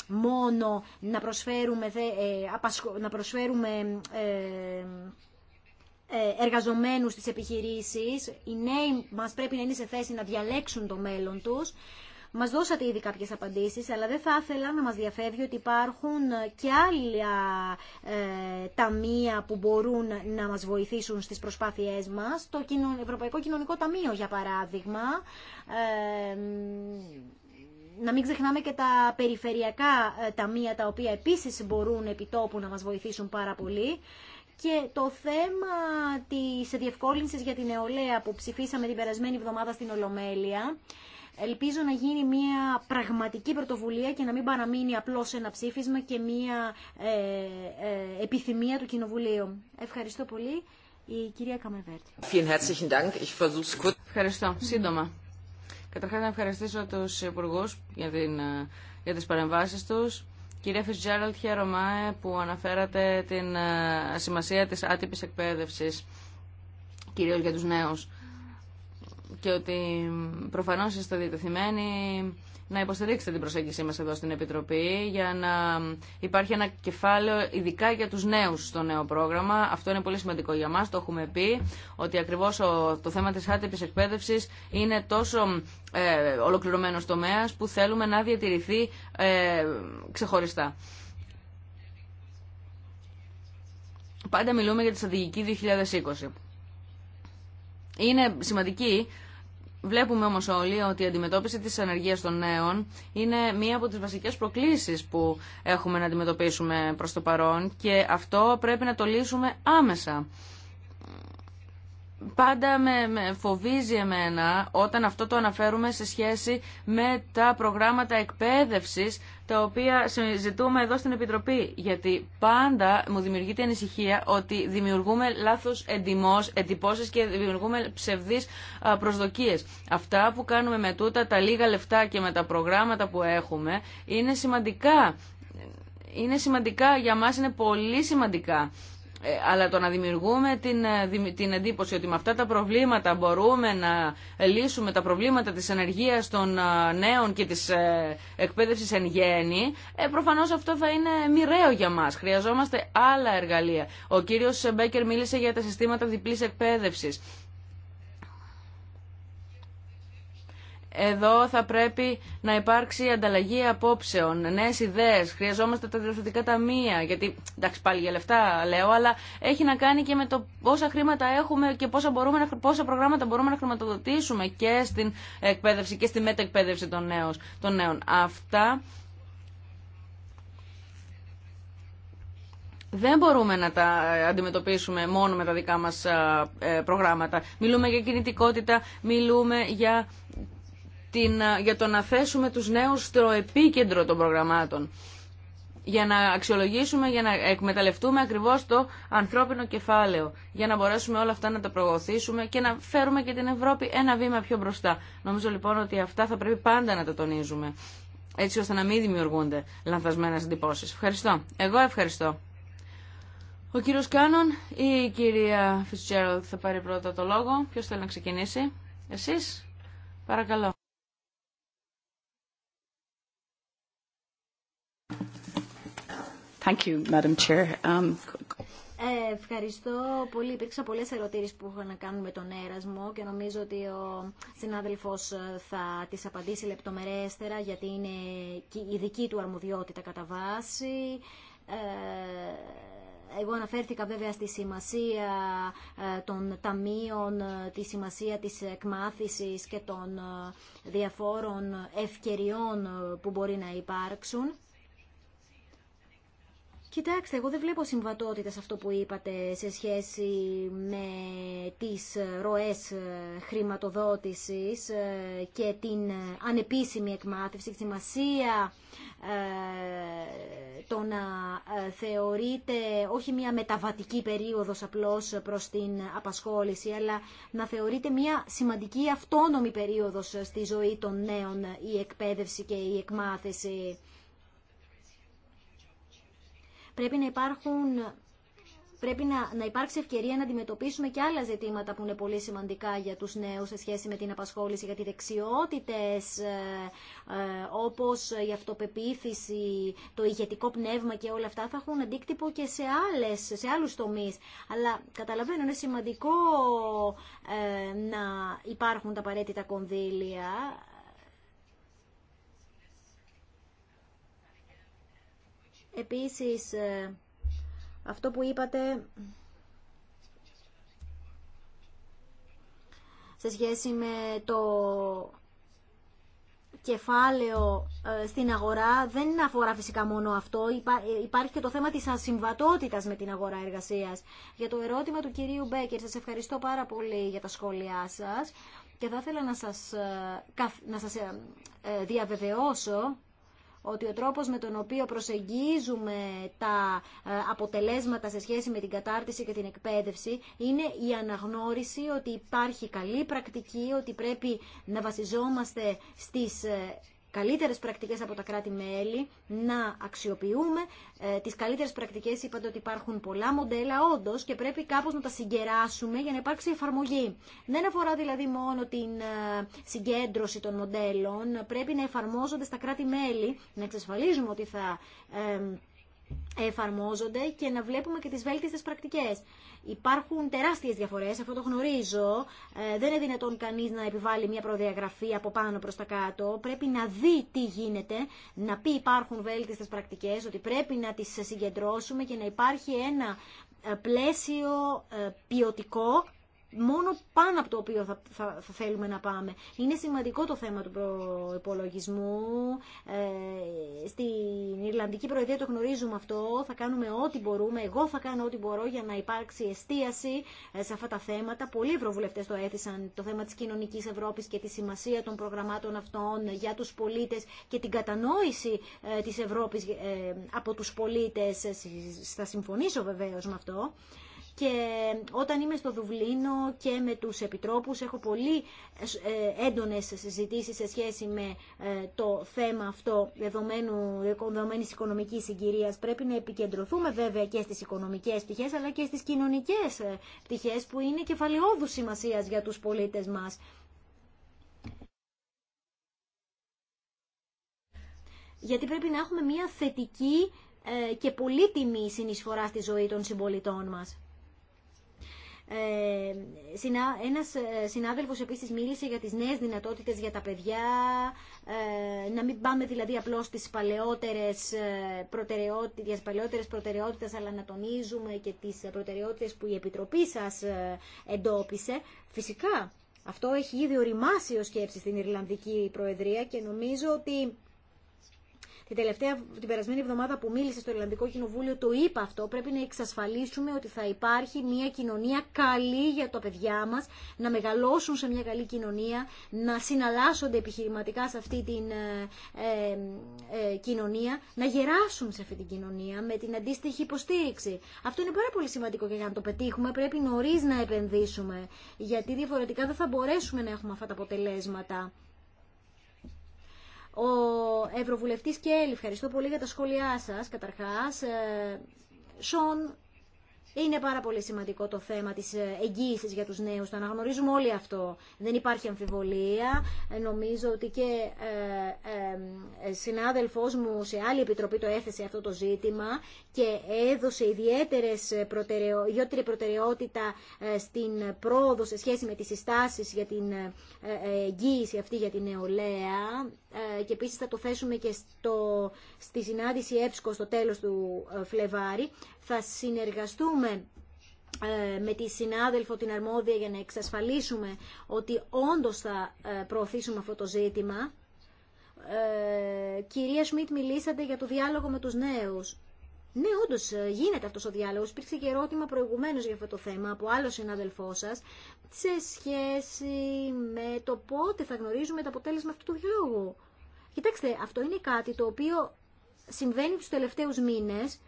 μόνο να προσφέρουμε, ε, να προσφέρουμε ε, ε, εργαζομένους στις επιχειρήσεις. Οι νέοι μας πρέπει να είναι σε θέση να διαλέξουν το μέλλον τους. Μα δώσατε ήδη κάποιε απαντήσει, αλλά δεν θα ήθελα να μα διαφεύγει ότι υπάρχουν και άλλα ε, ταμεία που μπορούν να μα βοηθήσουν στι προσπάθειε μα. Το Ευρωπαϊκό Κοινωνικό Ταμείο, για παράδειγμα, να μην ξεχνάμε και τα περιφερειακά ε, ταμεία, τα οποία επίσης μπορούν επιτόπου να μας βοηθήσουν πάρα πολύ. Και το θέμα της διευκόλυνσης για την νεολαία που ψηφίσαμε την περασμένη εβδομάδα στην Ολομέλεια, Ελπίζω να γίνει μια πραγματική πρωτοβουλία και να μην παραμείνει απλώς ένα ψήφισμα και μια ε, ε, επιθυμία του Κοινοβουλίου. Ευχαριστώ πολύ. Η κυρία Καμεβέρτη. Ευχαριστώ. Σύντομα. Καταρχά να ευχαριστήσω τους υπουργού για, ε, για τις παρεμβάσεις τους. Κυρία Φιτζέραλτ, χαίρομαι που αναφέρατε την σημασία της άτυπης εκπαίδευσης, κυρίως για τους νέους και ότι προφανώς είστε διατεθειμένοι να υποστηρίξετε την προσέγγιση μας εδώ στην Επιτροπή για να υπάρχει ένα κεφάλαιο ειδικά για τους νέους στο νέο πρόγραμμα. Αυτό είναι πολύ σημαντικό για μας, το έχουμε πει, ότι ακριβώς το θέμα της άτυπη εκπαίδευση είναι τόσο ε, ολοκληρωμένος τομέας που θέλουμε να διατηρηθεί ε, ξεχωριστά. Πάντα μιλούμε για τη στρατηγική 2020 είναι σημαντική. Βλέπουμε όμως όλοι ότι η αντιμετώπιση της ανεργίας των νέων είναι μία από τις βασικές προκλήσεις που έχουμε να αντιμετωπίσουμε προς το παρόν και αυτό πρέπει να το λύσουμε άμεσα. Πάντα με, με φοβίζει εμένα όταν αυτό το αναφέρουμε σε σχέση με τα προγράμματα εκπαίδευσης τα οποία συζητούμε εδώ στην Επιτροπή. Γιατί πάντα μου δημιουργείται ανησυχία ότι δημιουργούμε λάθος εντυμός, εντυπώσεις και δημιουργούμε ψευδείς προσδοκίες. Αυτά που κάνουμε με τούτα, τα λίγα λεφτά και με τα προγράμματα που έχουμε είναι σημαντικά. Είναι σημαντικά για μας, είναι πολύ σημαντικά ε, αλλά το να δημιουργούμε την, ε, την εντύπωση ότι με αυτά τα προβλήματα μπορούμε να λύσουμε τα προβλήματα της ενεργείας των ε, νέων και της εκπαίδευσης εν γέννη, προφανώς αυτό θα είναι μοιραίο για μας. Χρειαζόμαστε άλλα εργαλεία. Ο κύριος Μπέκερ μίλησε για τα συστήματα διπλής εκπαίδευσης. Εδώ θα πρέπει να υπάρξει ανταλλαγή απόψεων, νέε ιδέε. Χρειαζόμαστε τα διευθυντικά ταμεία. Γιατί, εντάξει, πάλι για λεφτά λέω, αλλά έχει να κάνει και με το πόσα χρήματα έχουμε και πόσα, μπορούμε να, πόσα προγράμματα μπορούμε να χρηματοδοτήσουμε και στην εκπαίδευση και στη μετεκπαίδευση των, νέων, των νέων. Αυτά δεν μπορούμε να τα αντιμετωπίσουμε μόνο με τα δικά μας ε, προγράμματα. Μιλούμε για κινητικότητα, μιλούμε για την, για το να θέσουμε τους νέους στο επίκεντρο των προγραμμάτων για να αξιολογήσουμε, για να εκμεταλλευτούμε ακριβώς το ανθρώπινο κεφάλαιο, για να μπορέσουμε όλα αυτά να τα προωθήσουμε και να φέρουμε και την Ευρώπη ένα βήμα πιο μπροστά. Νομίζω λοιπόν ότι αυτά θα πρέπει πάντα να τα τονίζουμε, έτσι ώστε να μην δημιουργούνται λανθασμένες εντυπωσει. Ευχαριστώ. Εγώ ευχαριστώ. Ο κύριος Κάνον ή η κυρία Φιτσέρολ θα πάρει πρώτα το λόγο. Ποιος θέλει να ξεκινήσει. Εσείς. Παρακαλώ. Um, ε, ευχαριστώ πολύ. Υπήρξαν πολλέ ερωτήσει που είχαν να κάνουν με τον έρασμο και νομίζω ότι ο συνάδελφο ε, θα τι απαντήσει λεπτομερέστερα γιατί είναι η δική του αρμοδιότητα κατά βάση. Ε, εγώ αναφέρθηκα βέβαια στη σημασία των ταμείων, τη σημασία της εκμάθησης και των διαφόρων ευκαιριών που μπορεί να υπάρξουν. Κοιτάξτε, εγώ δεν βλέπω συμβατότητα σε αυτό που είπατε σε σχέση με τις ροές ε, χρηματοδότησης ε, και την ε, ανεπίσημη εκμάθηση. τη σημασία το να θεωρείται όχι μια μεταβατική περίοδος απλώς προς την απασχόληση, αλλά να θεωρείται μια σημαντική αυτόνομη περίοδος στη ζωή των νέων η εκπαίδευση και η εκμάθηση πρέπει να υπάρχουν πρέπει να, να υπάρξει ευκαιρία να αντιμετωπίσουμε και άλλα ζητήματα που είναι πολύ σημαντικά για τους νέους σε σχέση με την απασχόληση, τις δεξιότητες ε, ε, όπως η αυτοπεποίθηση, το ηγετικό πνεύμα και όλα αυτά θα έχουν αντίκτυπο και σε, άλλες, σε άλλους τομείς. Αλλά καταλαβαίνω, είναι σημαντικό ε, να υπάρχουν τα απαραίτητα κονδύλια Επίσης, ε, αυτό που είπατε σε σχέση με το κεφάλαιο ε, στην αγορά δεν αφορά φυσικά μόνο αυτό. Ε, υπάρχει και το θέμα της ασυμβατότητας με την αγορά εργασίας. Για το ερώτημα του κυρίου Μπέκερ, σας ευχαριστώ πάρα πολύ για τα σχόλιά σας και θα ήθελα να σας, να σας διαβεβαιώσω ότι ο τρόπος με τον οποίο προσεγγίζουμε τα ε, αποτελέσματα σε σχέση με την κατάρτιση και την εκπαίδευση είναι η αναγνώριση ότι υπάρχει καλή πρακτική, ότι πρέπει να βασιζόμαστε στις ε, καλύτερες πρακτικές από τα κράτη-μέλη, να αξιοποιούμε ε, τις καλύτερες πρακτικές. Είπατε ότι υπάρχουν πολλά μοντέλα όντω και πρέπει κάπως να τα συγκεράσουμε για να υπάρξει εφαρμογή. Δεν αφορά δηλαδή μόνο την ε, συγκέντρωση των μοντέλων, πρέπει να εφαρμόζονται στα κράτη-μέλη, να εξασφαλίζουμε ότι θα... Ε, εφαρμόζονται και να βλέπουμε και τις βέλτιστες πρακτικές. Υπάρχουν τεράστιες διαφορές, αυτό το γνωρίζω. Ε, δεν είναι δυνατόν κανείς να επιβάλλει μια προδιαγραφή από πάνω προς τα κάτω. Πρέπει να δει τι γίνεται, να πει υπάρχουν βέλτιστες πρακτικές, ότι πρέπει να τις συγκεντρώσουμε και να υπάρχει ένα ε, πλαίσιο ε, ποιοτικό μόνο πάνω από το οποίο θα, θα, θέλουμε να πάμε. Είναι σημαντικό το θέμα του προϋπολογισμού. Ε, Ιρλανδική Προεδρία το γνωρίζουμε αυτό, θα κάνουμε ό,τι μπορούμε, εγώ θα κάνω ό,τι μπορώ για να υπάρξει εστίαση ε, σε αυτά τα θέματα. Πολλοί ευρωβουλευτέ το έθεσαν, το θέμα της κοινωνικής Ευρώπης και τη σημασία των προγραμμάτων αυτών για του πολίτε και την κατανόηση ε, της Ευρώπης ε, από του πολίτε, Θα συμφωνήσω βεβαίω με αυτό και όταν είμαι στο Δουβλίνο και με τους επιτρόπους έχω πολύ ε, έντονες συζητήσεις σε σχέση με ε, το θέμα αυτό δεδομένου, δεδομένης οικονομικής συγκυρίας. Πρέπει να επικεντρωθούμε βέβαια και στις οικονομικές πτυχές αλλά και στις κοινωνικές ε, πτυχές που είναι κεφαλαιόδου σημασίας για τους πολίτες μας. Γιατί πρέπει να έχουμε μια θετική και πολύτιμη συνεισφορά στη ζωή των συμπολιτών μας. Ε, ένας ε, συνάδελφος επίσης μίλησε για τις νέες δυνατότητες για τα παιδιά, ε, να μην πάμε δηλαδή απλώς στις παλαιότερες προτεραιότητες, παλαιότερες προτεραιότητες αλλά να τονίζουμε και τις προτεραιότητες που η Επιτροπή σας εντόπισε. Φυσικά αυτό έχει ήδη οριμάσει ως σκέψη στην Ιρλανδική Προεδρία και νομίζω ότι την τελευταία, την περασμένη εβδομάδα που μίλησε στο Ιρλανδικό Κοινοβούλιο, το είπα αυτό. Πρέπει να εξασφαλίσουμε ότι θα υπάρχει μια κοινωνία καλή για τα παιδιά μα, να μεγαλώσουν σε μια καλή κοινωνία, να συναλλάσσονται επιχειρηματικά σε αυτή την ε, ε, ε, κοινωνία, να γεράσουν σε αυτή την κοινωνία με την αντίστοιχη υποστήριξη. Αυτό είναι πάρα πολύ σημαντικό και για να το πετύχουμε πρέπει νωρί να επενδύσουμε, γιατί διαφορετικά δεν θα μπορέσουμε να έχουμε αυτά τα αποτελέσματα. Ο Ευρωβουλευτής Κέλλη, ευχαριστώ πολύ για τα σχόλιά σας καταρχάς. Ε, Σον, είναι πάρα πολύ σημαντικό το θέμα της ε, εγγύησης για τους νέους. Το αναγνωρίζουμε όλοι αυτό. Δεν υπάρχει αμφιβολία. Ε, νομίζω ότι και ε, συνάδελφός μου σε άλλη επιτροπή το έθεσε αυτό το ζήτημα και έδωσε ιδιαίτερες ιδιαίτερη προτεραιότητα στην πρόοδο σε σχέση με τις συστάσεις για την εγγύηση αυτή για την νεολαία ε, και επίσης θα το θέσουμε και στο, στη συνάντηση ΕΠΣΚΟ στο τέλος του ε, Φλεβάρι. Θα συνεργαστούμε ε, με τη συνάδελφο την αρμόδια για να εξασφαλίσουμε ότι όντως θα προωθήσουμε αυτό το ζήτημα. Ε, κυρία Σμιτ, μιλήσατε για το διάλογο με τους νέους. Ναι, όντω ε, γίνεται αυτό ο διάλογο. Υπήρξε και ερώτημα προηγουμένω για αυτό το θέμα από άλλο συναδελφό σα σε σχέση με το πότε θα γνωρίζουμε το αποτέλεσμα αυτού του διάλογου. Κοιτάξτε, αυτό είναι κάτι το οποίο συμβαίνει του τελευταίους μήνες.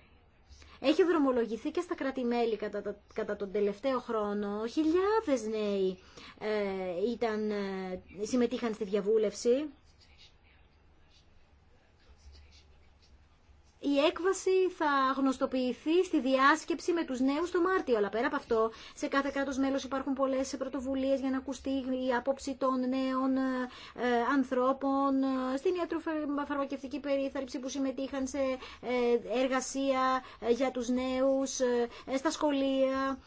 Έχει δρομολογηθεί και στα κρατη κατά, κατά τον τελευταίο χρόνο. Χιλιάδες νέοι ε, ήταν, ε, συμμετείχαν στη διαβούλευση. η έκβαση θα γνωστοποιηθεί στη διάσκεψη με τους νέους το Μάρτιο. Αλλά πέρα από αυτό, σε κάθε κράτος μέλος υπάρχουν πολλές πρωτοβουλίες για να ακουστεί η άποψη των νέων ε, ανθρώπων, ε, στην ιατροφαρμακευτική περίθαλψη που συμμετείχαν σε ε, εργασία για τους νέους, στα σχολεία.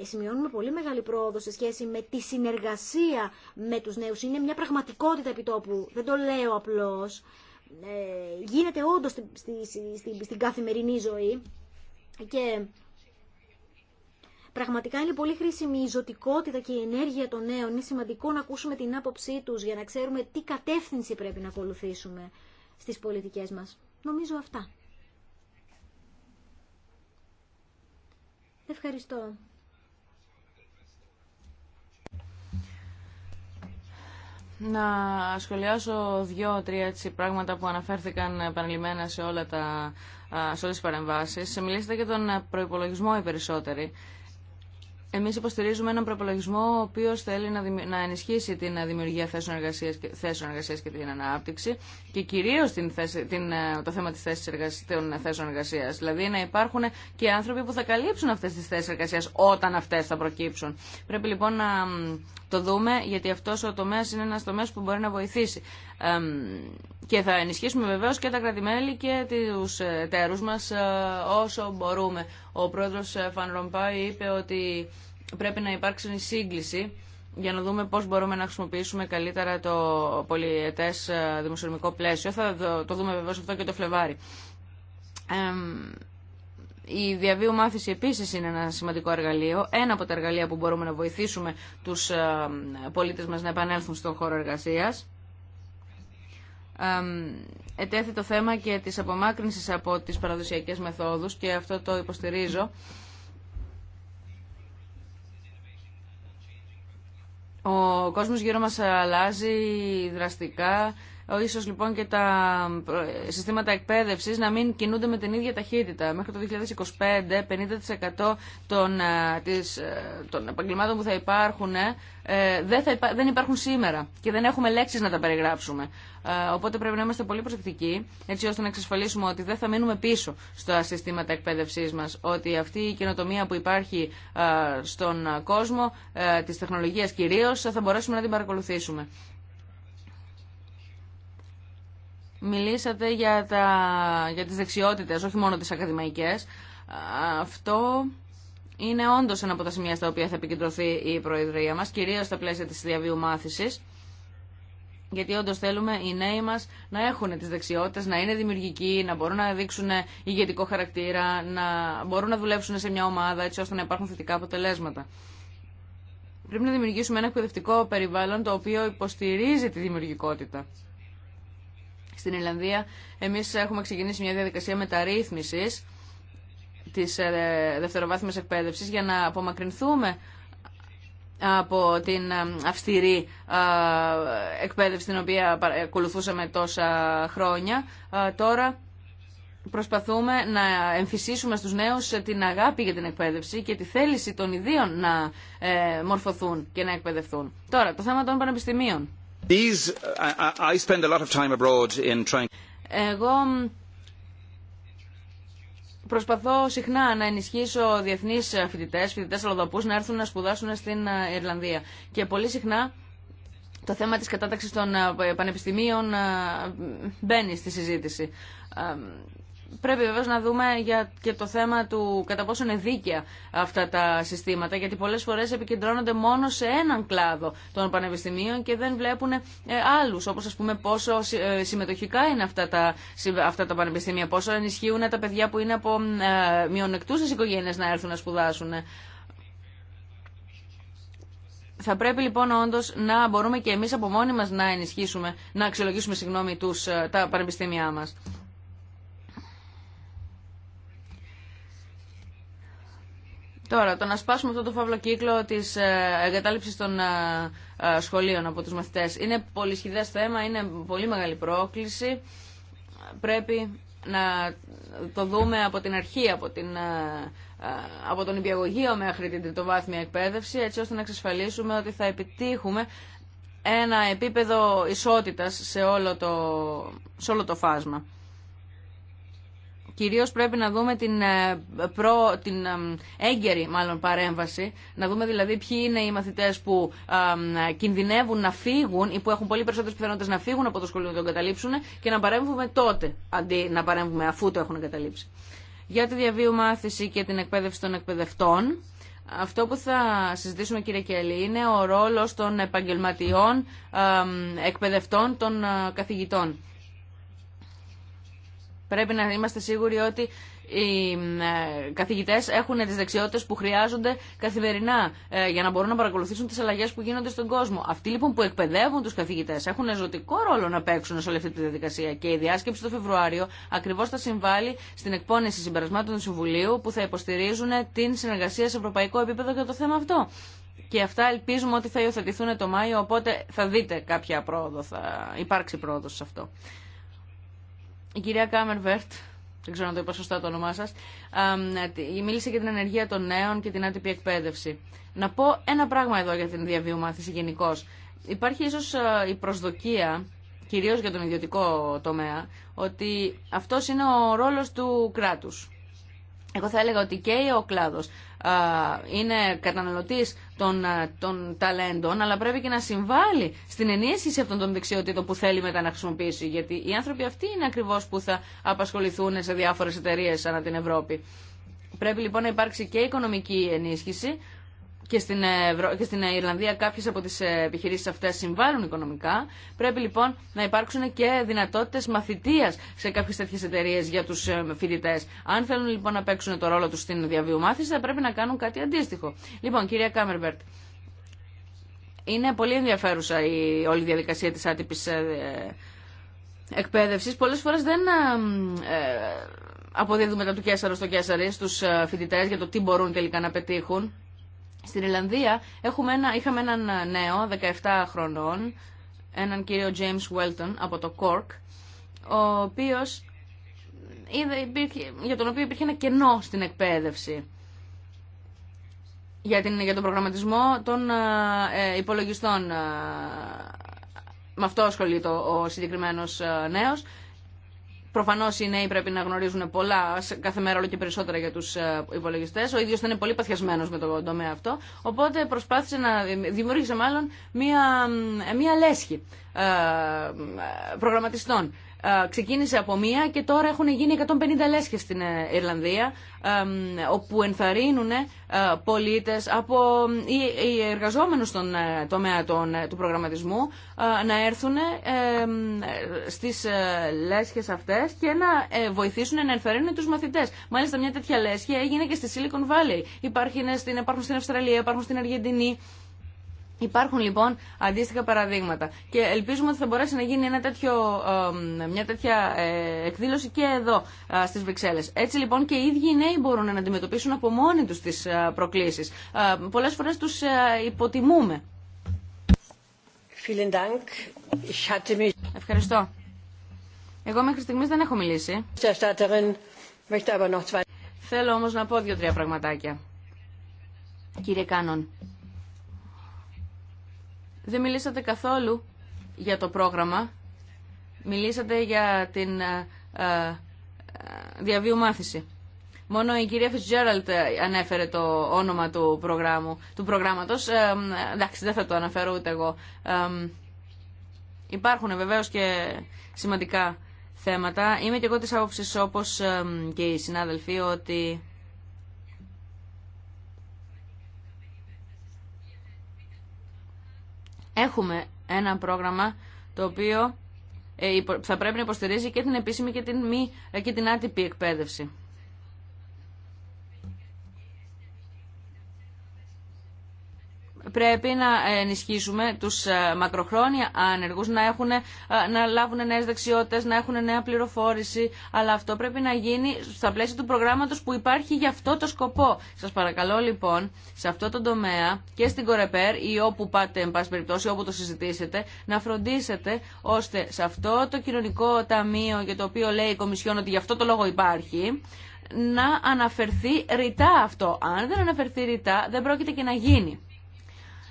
Ε, σημειώνουμε πολύ μεγάλη πρόοδο σε σχέση με τη συνεργασία με τους νέους. Είναι μια πραγματικότητα επιτόπου. Δεν το λέω απλώς. Ναι, γίνεται όντως στην, στην καθημερινή ζωή και Πραγματικά είναι πολύ χρήσιμη η ζωτικότητα και η ενέργεια των νέων. Είναι σημαντικό να ακούσουμε την άποψή τους για να ξέρουμε τι κατεύθυνση πρέπει να ακολουθήσουμε στις πολιτικές μας. Νομίζω αυτά. Ευχαριστώ. να σχολιάσω δύο-τρία πράγματα που αναφέρθηκαν επανειλημμένα σε, όλα τα, σε όλες τις παρεμβάσεις. Μιλήσατε για τον προϋπολογισμό οι περισσότεροι. Εμεί υποστηρίζουμε έναν προπολογισμό ο οποίο θέλει να, ενισχύσει την ε, δημιουργία θέσεων εργασία και, την ανάπτυξη και κυρίω την, ε, το θέμα τη θέση εργασίας, θέσεων εργασία. Δηλαδή να υπάρχουν και άνθρωποι που θα καλύψουν αυτέ τι θέσει εργασία όταν αυτέ θα προκύψουν. Πρέπει λοιπόν να το δούμε γιατί αυτό ο τομέα είναι ένα τομέα που μπορεί να βοηθήσει. και θα ενισχύσουμε βεβαίω και τα κρατημέλη και του εταίρου μα, ε, όσο μπορούμε. Ο πρόεδρο Φαν είπε ότι πρέπει να υπάρξει σύγκληση για να δούμε πώς μπορούμε να χρησιμοποιήσουμε καλύτερα το πολυετές ε, δημοσιονομικό πλαίσιο. Θα το δούμε βεβαίως αυτό και το Φλεβάρι. Η διαβίου μάθηση επίσης είναι ένα σημαντικό εργαλείο, ένα από τα εργαλεία που μπορούμε να βοηθήσουμε τους ε, πολίτες μας να επανέλθουν στον χώρο εργασίας. Ετέθη το θέμα και της απομάκρυνσης από τις παραδοσιακές μεθόδους και αυτό το υποστηρίζω. Ο κόσμος γύρω μας αλλάζει δραστικά Ίσως λοιπόν και τα ε, συστήματα εκπαίδευσης να μην κινούνται με την ίδια ταχύτητα. Μέχρι το 2025 50% των, ε, της, ε, των επαγγελμάτων που θα υπάρχουν δεν, θα δεν υπάρχουν σήμερα και δεν έχουμε λέξεις να τα περιγράψουμε. Οπότε πρέπει να είμαστε πολύ προσεκτικοί έτσι ώστε να εξασφαλίσουμε ότι δεν θα μείνουμε πίσω στα συστήματα εκπαίδευσή μα. Ότι αυτή η καινοτομία που υπάρχει στον κόσμο, τη τεχνολογία κυρίω, θα μπορέσουμε να την παρακολουθήσουμε. Μιλήσατε για, τα, για τις δεξιότητες, όχι μόνο τις ακαδημαϊκές. Αυτό είναι όντως ένα από τα σημεία στα οποία θα επικεντρωθεί η Προεδρία μας, κυρίως στα πλαίσια της διαβίου μάθησης. Γιατί όντω θέλουμε οι νέοι μα να έχουν τι δεξιότητε, να είναι δημιουργικοί, να μπορούν να δείξουν ηγετικό χαρακτήρα, να μπορούν να δουλέψουν σε μια ομάδα έτσι ώστε να υπάρχουν θετικά αποτελέσματα. Πρέπει να δημιουργήσουμε ένα εκπαιδευτικό περιβάλλον το οποίο υποστηρίζει τη δημιουργικότητα στην Ιλλανδία εμείς έχουμε ξεκινήσει μια διαδικασία μεταρρύθμισης τη ε, δευτεροβάθμια εκπαίδευση για να απομακρυνθούμε από την ε, αυστηρή ε, εκπαίδευση την οποία ακολουθούσαμε τόσα χρόνια. Τώρα προσπαθούμε να εμφυσίσουμε στους νέους την αγάπη για την εκπαίδευση και τη θέληση των ιδίων να μορφωθούν και να εκπαιδευτούν. Τώρα, το θέμα των πανεπιστημίων. Εγώ προσπαθώ συχνά να ενισχύσω διεθνεί φοιτητέ, φοιτητέ αλλοδαπού να έρθουν να σπουδάσουν στην ε, Ιρλανδία. Και πολύ συχνά το θέμα της κατάταξης των ε, πανεπιστημίων ε, μπαίνει στη συζήτηση. Πρέπει βεβαίω να δούμε για και το θέμα του κατά πόσο είναι δίκαια αυτά τα συστήματα, γιατί πολλέ φορέ επικεντρώνονται μόνο σε έναν κλάδο των πανεπιστημίων και δεν βλέπουν ε, άλλου, όπω α πούμε πόσο ε, συμμετοχικά είναι αυτά τα, αυτά τα πανεπιστήμια, πόσο ενισχύουν τα παιδιά που είναι από ε, μειονεκτούσε οικογένειε να έρθουν να σπουδάσουν. Θα πρέπει λοιπόν όντω να μπορούμε και εμεί από μόνοι μα να ενισχύσουμε, να αξιολογήσουμε συγγνώμη, τους, ε, τα πανεπιστήμια μα. Τώρα, το να σπάσουμε αυτό το φαύλο κύκλο τη ε, εγκατάλειψη των ε, ε, σχολείων από του μαθητέ είναι πολύ σχηδέ θέμα, είναι πολύ μεγάλη πρόκληση. Πρέπει να το δούμε από την αρχή, από, την, από τον υπηαγωγείο μέχρι την τριτοβάθμια εκπαίδευση, έτσι ώστε να εξασφαλίσουμε ότι θα επιτύχουμε ένα επίπεδο ισότητας σε όλο το, σε όλο το φάσμα. Κυρίως πρέπει να δούμε την, ε, προ, την ε, έγκαιρη μάλλον παρέμβαση, να δούμε δηλαδή ποιοι είναι οι μαθητές που ε, κινδυνεύουν να φύγουν ή που έχουν πολύ περισσότερες πιθανότητες να φύγουν από το σχολείο να τον καταλήψουν και να παρέμβουμε τότε, αντί να παρέμβουμε αφού το έχουν καταλήψει. Για τη διαβίου μάθηση και την εκπαίδευση των εκπαιδευτών, αυτό που θα συζητήσουμε κύριε Κέλλη είναι ο ρόλος των επαγγελματιών εκπαιδευτών των καθηγητών. Πρέπει να είμαστε σίγουροι ότι οι ε, καθηγητές έχουν τις δεξιότητες που χρειάζονται καθημερινά ε, για να μπορούν να παρακολουθήσουν τις αλλαγές που γίνονται στον κόσμο. Αυτοί λοιπόν που εκπαιδεύουν τους καθηγητές έχουν ζωτικό ρόλο να παίξουν σε όλη αυτή τη διαδικασία και η διάσκεψη το Φεβρουάριο ακριβώς θα συμβάλλει στην εκπόνηση συμπερασμάτων του Συμβουλίου που θα υποστηρίζουν την συνεργασία σε ευρωπαϊκό επίπεδο για το θέμα αυτό. Και αυτά ελπίζουμε ότι θα υιοθετηθούν το Μάιο, οπότε θα δείτε κάποια πρόοδο, θα υπάρξει πρόοδο σε αυτό. Η κυρία Κάμερβερτ, δεν ξέρω να το είπα σωστά το όνομά σα, μίλησε για την ενεργεία των νέων και την άτυπη εκπαίδευση. Να πω ένα πράγμα εδώ για την διαβίωμα, γενικώ. Υπάρχει ίσω η προσδοκία, κυρίως για τον ιδιωτικό τομέα, ότι αυτό είναι ο ρόλος του κράτους. Εγώ θα έλεγα ότι και ο κλάδο είναι καταναλωτή των, ταλέντων, αλλά πρέπει και να συμβάλλει στην ενίσχυση αυτών των δεξιοτήτων που θέλει μετά να χρησιμοποιήσει. Γιατί οι άνθρωποι αυτοί είναι ακριβώς που θα απασχοληθούν σε διάφορες εταιρείε ανά την Ευρώπη. Πρέπει λοιπόν να υπάρξει και οικονομική ενίσχυση, και στην, Ευρω... και στην Ιρλανδία κάποιε από τι ε, επιχειρήσει αυτέ συμβάλλουν οικονομικά. Πρέπει λοιπόν να υπάρξουν και δυνατότητε μαθητεία σε κάποιε τέτοιε εταιρείε για του ε, φοιτητέ. Αν θέλουν λοιπόν να παίξουν το ρόλο του στην διαβίου θα πρέπει να κάνουν κάτι αντίστοιχο. Λοιπόν, κυρία Κάμερμπερτ, είναι πολύ ενδιαφέρουσα η όλη η διαδικασία τη άτυπη ε, εκπαίδευση. Πολλέ φορέ δεν αποδίδουμε τα του Κέσσαρο στο Κέσσαρι στου φοιτητέ για το τι μπορούν τελικά να πετύχουν. Στην Ιρλανδία έχουμε ένα, είχαμε έναν ε, νέο, 17 χρονών, έναν κύριο James Welton από το Cork, ο οποίος είδε, για τον οποίο υπήρχε ένα κενό στην εκπαίδευση για, την, για τον προγραμματισμό των ε, ε, υπολογιστών. με αυτό ασχολείται ο συγκεκριμένος νέος Προφανώ οι νέοι πρέπει να γνωρίζουν πολλά, κάθε μέρα όλο και περισσότερα για του ε, υπολογιστέ. Ο ίδιο ήταν πολύ παθιασμένο με το τομέα αυτό. Οπότε προσπάθησε να δημιούργησε μάλλον μία, ε, μία λέσχη ε, προγραμματιστών ε, ξεκίνησε από μία και τώρα έχουν γίνει 150 λέσχες στην ε, Ιρλανδία όπου ενθαρρύνουν ε, πολίτες από οι εργαζόμενους στον τομέα του προγραμματισμού να έρθουν στις λέσχες αυτές και να βοηθήσουν να ενθαρρύνουν τους μαθητές. Μάλιστα μια τέτοια λέσχη έγινε και στη Silicon Valley. Υπάρχουν στην, υπάρχουν στην Αυστραλία, υπάρχουν στην Αργεντινή. Υπάρχουν λοιπόν αντίστοιχα παραδείγματα και ελπίζουμε ότι θα μπορέσει να γίνει ένα τέτοιο, μια τέτοια ε, εκδήλωση και εδώ στις Βρυξέλλες. Έτσι λοιπόν και οι ίδιοι οι νέοι μπορούν να αντιμετωπίσουν από μόνοι τους τις ε, προκλήσεις. Ε, πολλές φορές τους υποτιμούμε. Ευχαριστώ. Εγώ μέχρι στιγμής δεν έχω μιλήσει. Θέλω όμως να πω δύο-τρία πραγματάκια. Κύριε Κάνον. Δεν μιλήσατε καθόλου για το πρόγραμμα. Μιλήσατε για την ε, ε, διαβίου μάθηση. Μόνο η κυρία Φιτζέραλτ ε, ανέφερε το όνομα του, προγράμμου, του προγράμματος. εντάξει, δεν θα το αναφέρω ούτε εγώ. υπάρχουν βεβαίως και σημαντικά θέματα. Είμαι και εγώ της άποψης όπως και οι συνάδελφοι ότι έχουμε ένα πρόγραμμα το οποίο ε, θα πρέπει να υποστηρίζει και την επίσημη και την, μη, ε, και την άτυπη εκπαίδευση. πρέπει να ενισχύσουμε τους ε, μακροχρόνια άνεργους να, ε, να λάβουν νέες δεξιότητες, να έχουν νέα πληροφόρηση, αλλά αυτό πρέπει να γίνει στα πλαίσια του προγράμματος που υπάρχει για αυτό το σκοπό. Σας παρακαλώ λοιπόν σε αυτό το τομέα και στην Κορεπέρ ή όπου πάτε, εν πάση περιπτώσει, όπου το συζητήσετε, να φροντίσετε ώστε σε αυτό το κοινωνικό ταμείο για το οποίο λέει η Κομισιόν ότι γι' αυτό το λόγο υπάρχει, να αναφερθεί ρητά αυτό. Αν δεν αναφερθεί ρητά, δεν πρόκειται και να γίνει.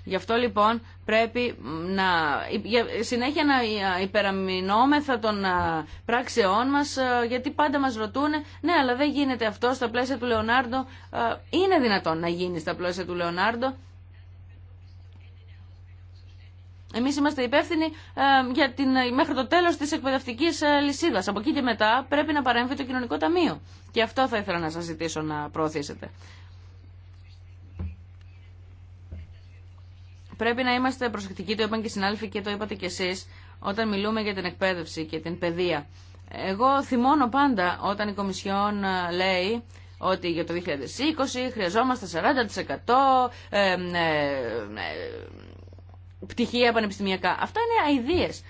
Γι' αυτό λοιπόν πρέπει να συνέχεια να υπεραμεινόμεθα των πράξεών μας γιατί πάντα μας ρωτούν ναι αλλά δεν γίνεται αυτό στα πλαίσια του Λεωνάρντο είναι δυνατόν να γίνει στα πλαίσια του Λεωνάρντο Εμείς είμαστε υπεύθυνοι για την, μέχρι το τέλο τη εκπαιδευτική λυσίδα. Από εκεί και μετά πρέπει να παρέμβει το κοινωνικό ταμείο. Και αυτό θα ήθελα να σα ζητήσω να προωθήσετε. πρέπει να είμαστε προσεκτικοί, το είπαν και οι συνάδελφοι και το είπατε κι εσείς, όταν μιλούμε για την εκπαίδευση και την παιδεία. Εγώ θυμώνω πάντα όταν η Κομισιόν ε, λέει ότι για το 2020 χρειαζόμαστε 40% ε, ε, ε, πτυχία πανεπιστημιακά. Αυτά είναι αηδίες.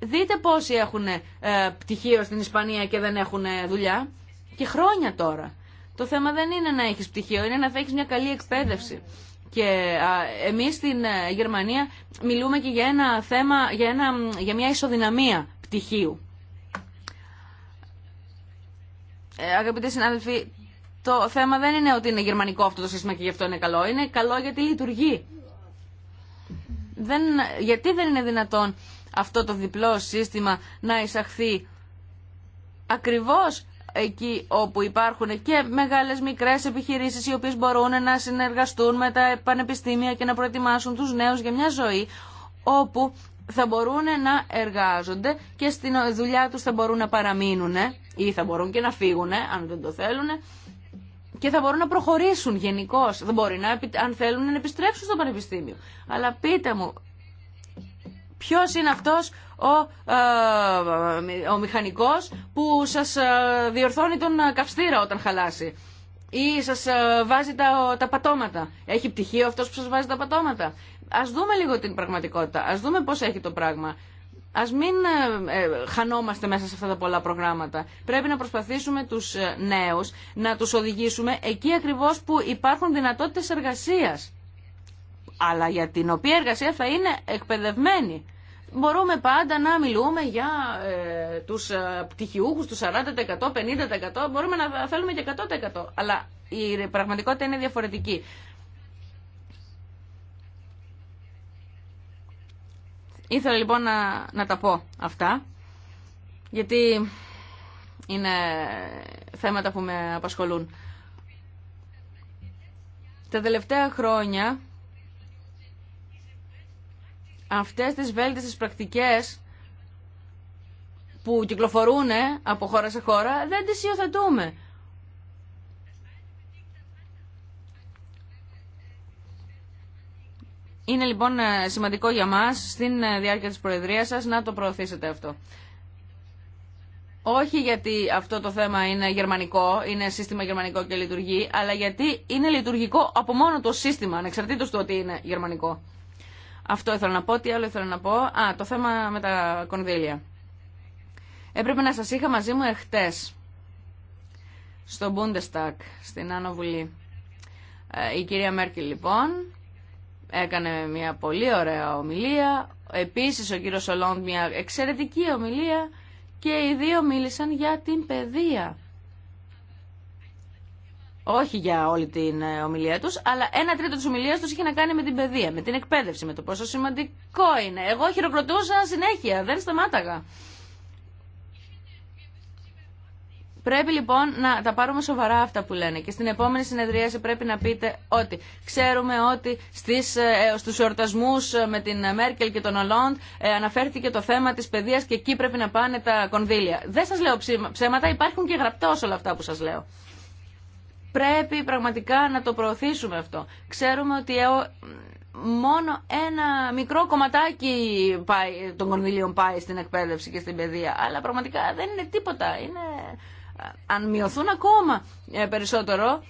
Δείτε πόσοι έχουν πτυχίο στην Ισπανία και δεν έχουν δουλειά. Και χρόνια τώρα. Το θέμα δεν είναι να έχεις πτυχίο, είναι να έχεις μια καλή εκπαίδευση. Και εμείς στην ε, Γερμανία μιλούμε και για ένα θέμα, για, ένα, για μια ισοδυναμία πτυχίου. Ε, αγαπητοί συνάδελφοι, το θέμα δεν είναι ότι είναι γερμανικό αυτό το σύστημα και γι' αυτό είναι καλό. Είναι καλό γιατί λειτουργεί. Δεν, γιατί δεν είναι δυνατόν αυτό το διπλό σύστημα να εισαχθεί ακριβώς εκεί όπου υπάρχουν και μεγάλες μικρές επιχειρήσεις οι οποίες μπορούν να συνεργαστούν με τα πανεπιστήμια και να προετοιμάσουν τους νέους για μια ζωή όπου θα μπορούν να εργάζονται και στην δουλειά τους θα μπορούν να παραμείνουν ε, ή θα μπορούν και να φύγουν ε, αν δεν το θέλουν ε, και θα μπορούν να προχωρήσουν γενικώ. Δεν μπορεί να, αν θέλουν να επιστρέψουν στο πανεπιστήμιο. Αλλά πείτε μου, Ποιο είναι αυτός ο, ε, ο μηχανικός που σας ε, διορθώνει τον ε, καυστήρα όταν χαλάσει ή σας ε, βάζει τα, τα πατώματα. Έχει πτυχίο αυτός που σας βάζει τα πατώματα. Ας δούμε λίγο την πραγματικότητα. Ας δούμε πώς έχει το πράγμα. Α μην χανόμαστε μέσα σε αυτά τα πολλά προγράμματα. Πρέπει να προσπαθήσουμε του νέου να του οδηγήσουμε εκεί ακριβώ που υπάρχουν δυνατότητε εργασία αλλά για την οποία εργασία θα είναι εκπαιδευμένη. Μπορούμε πάντα να μιλούμε για ε, τους ε, πτυχιούχους, τους 40%, 50%, μπορούμε να θέλουμε και 100%. Αλλά η πραγματικότητα είναι διαφορετική. Ήθελα λοιπόν να τα πω αυτά, γιατί είναι θέματα που με απασχολούν. Τα τελευταία χρόνια αυτές τις βέλτιστες πρακτικές που κυκλοφορούν από χώρα σε χώρα δεν τις υιοθετούμε. Είναι λοιπόν ε, σημαντικό για μας στην ε, διάρκεια της Προεδρίας σας να το προωθήσετε αυτό. Όχι γιατί αυτό το θέμα είναι γερμανικό, είναι σύστημα γερμανικό και λειτουργεί, αλλά γιατί είναι λειτουργικό από μόνο το σύστημα, ανεξαρτήτως του ότι είναι γερμανικό. Αυτό ήθελα να πω. Τι άλλο ήθελα να πω. Α, το θέμα με τα κονδύλια. Έπρεπε να σας είχα μαζί μου εχθές στο Bundestag, στην Άνω Βουλή. Ε, η κυρία Μέρκελ λοιπόν έκανε μια πολύ ωραία ομιλία. Επίσης ο κύριος Ολόντ μια εξαιρετική ομιλία και οι δύο μίλησαν για την παιδεία όχι για όλη την ε, ομιλία του, αλλά ένα τρίτο τη ομιλία του είχε να κάνει με την παιδεία, με την εκπαίδευση, με το πόσο σημαντικό είναι. Εγώ χειροκροτούσα συνέχεια, δεν σταμάταγα. Πρέπει λοιπόν να τα πάρουμε σοβαρά αυτά που λένε και στην επόμενη συνεδρίαση πρέπει να πείτε ότι ξέρουμε ότι στις, ε, στους εορτασμούς ε, με την Μέρκελ και τον Ολόντ αναφέρθηκε το θέμα της παιδείας και εκεί πρέπει να πάνε τα κονδύλια. Δεν σας λέω ψέματα, υπάρχουν και γραπτό όλα αυτά που σας λέω. Πρέπει πραγματικά να το προωθήσουμε αυτό. Ξέρουμε ότι ε, μόνο ένα μικρό κομματάκι των κονδυλίων πάει στην εκπαίδευση και στην παιδεία. Αλλά πραγματικά δεν είναι τίποτα. Είναι... Ε, αν μειωθούν ακόμα ε, περισσότερο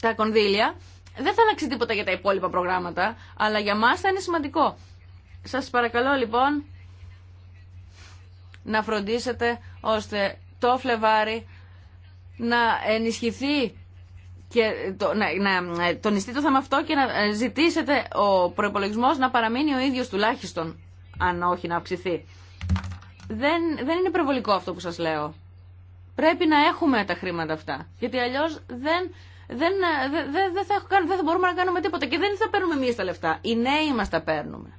τα κονδύλια, δεν θα αλλάξει τίποτα για τα υπόλοιπα προγράμματα, αλλά για μας θα είναι σημαντικό. Σας παρακαλώ λοιπόν να φροντίσετε ώστε το Φλεβάρι να ενισχυθεί και το, να, να ε, τονιστεί το θέμα αυτό και να ε, ζητήσετε ο προπολογισμό να παραμείνει ο ίδιος τουλάχιστον, αν όχι να αυξηθεί. Δεν, δεν είναι υπερβολικό αυτό που σας λέω. Πρέπει να έχουμε τα χρήματα αυτά, γιατί αλλιώς δεν, δεν, ε, δεν, θα, δεν θα μπορούμε να κάνουμε τίποτα και δεν θα παίρνουμε εμεί τα λεφτά. Οι νέοι μας τα παίρνουμε.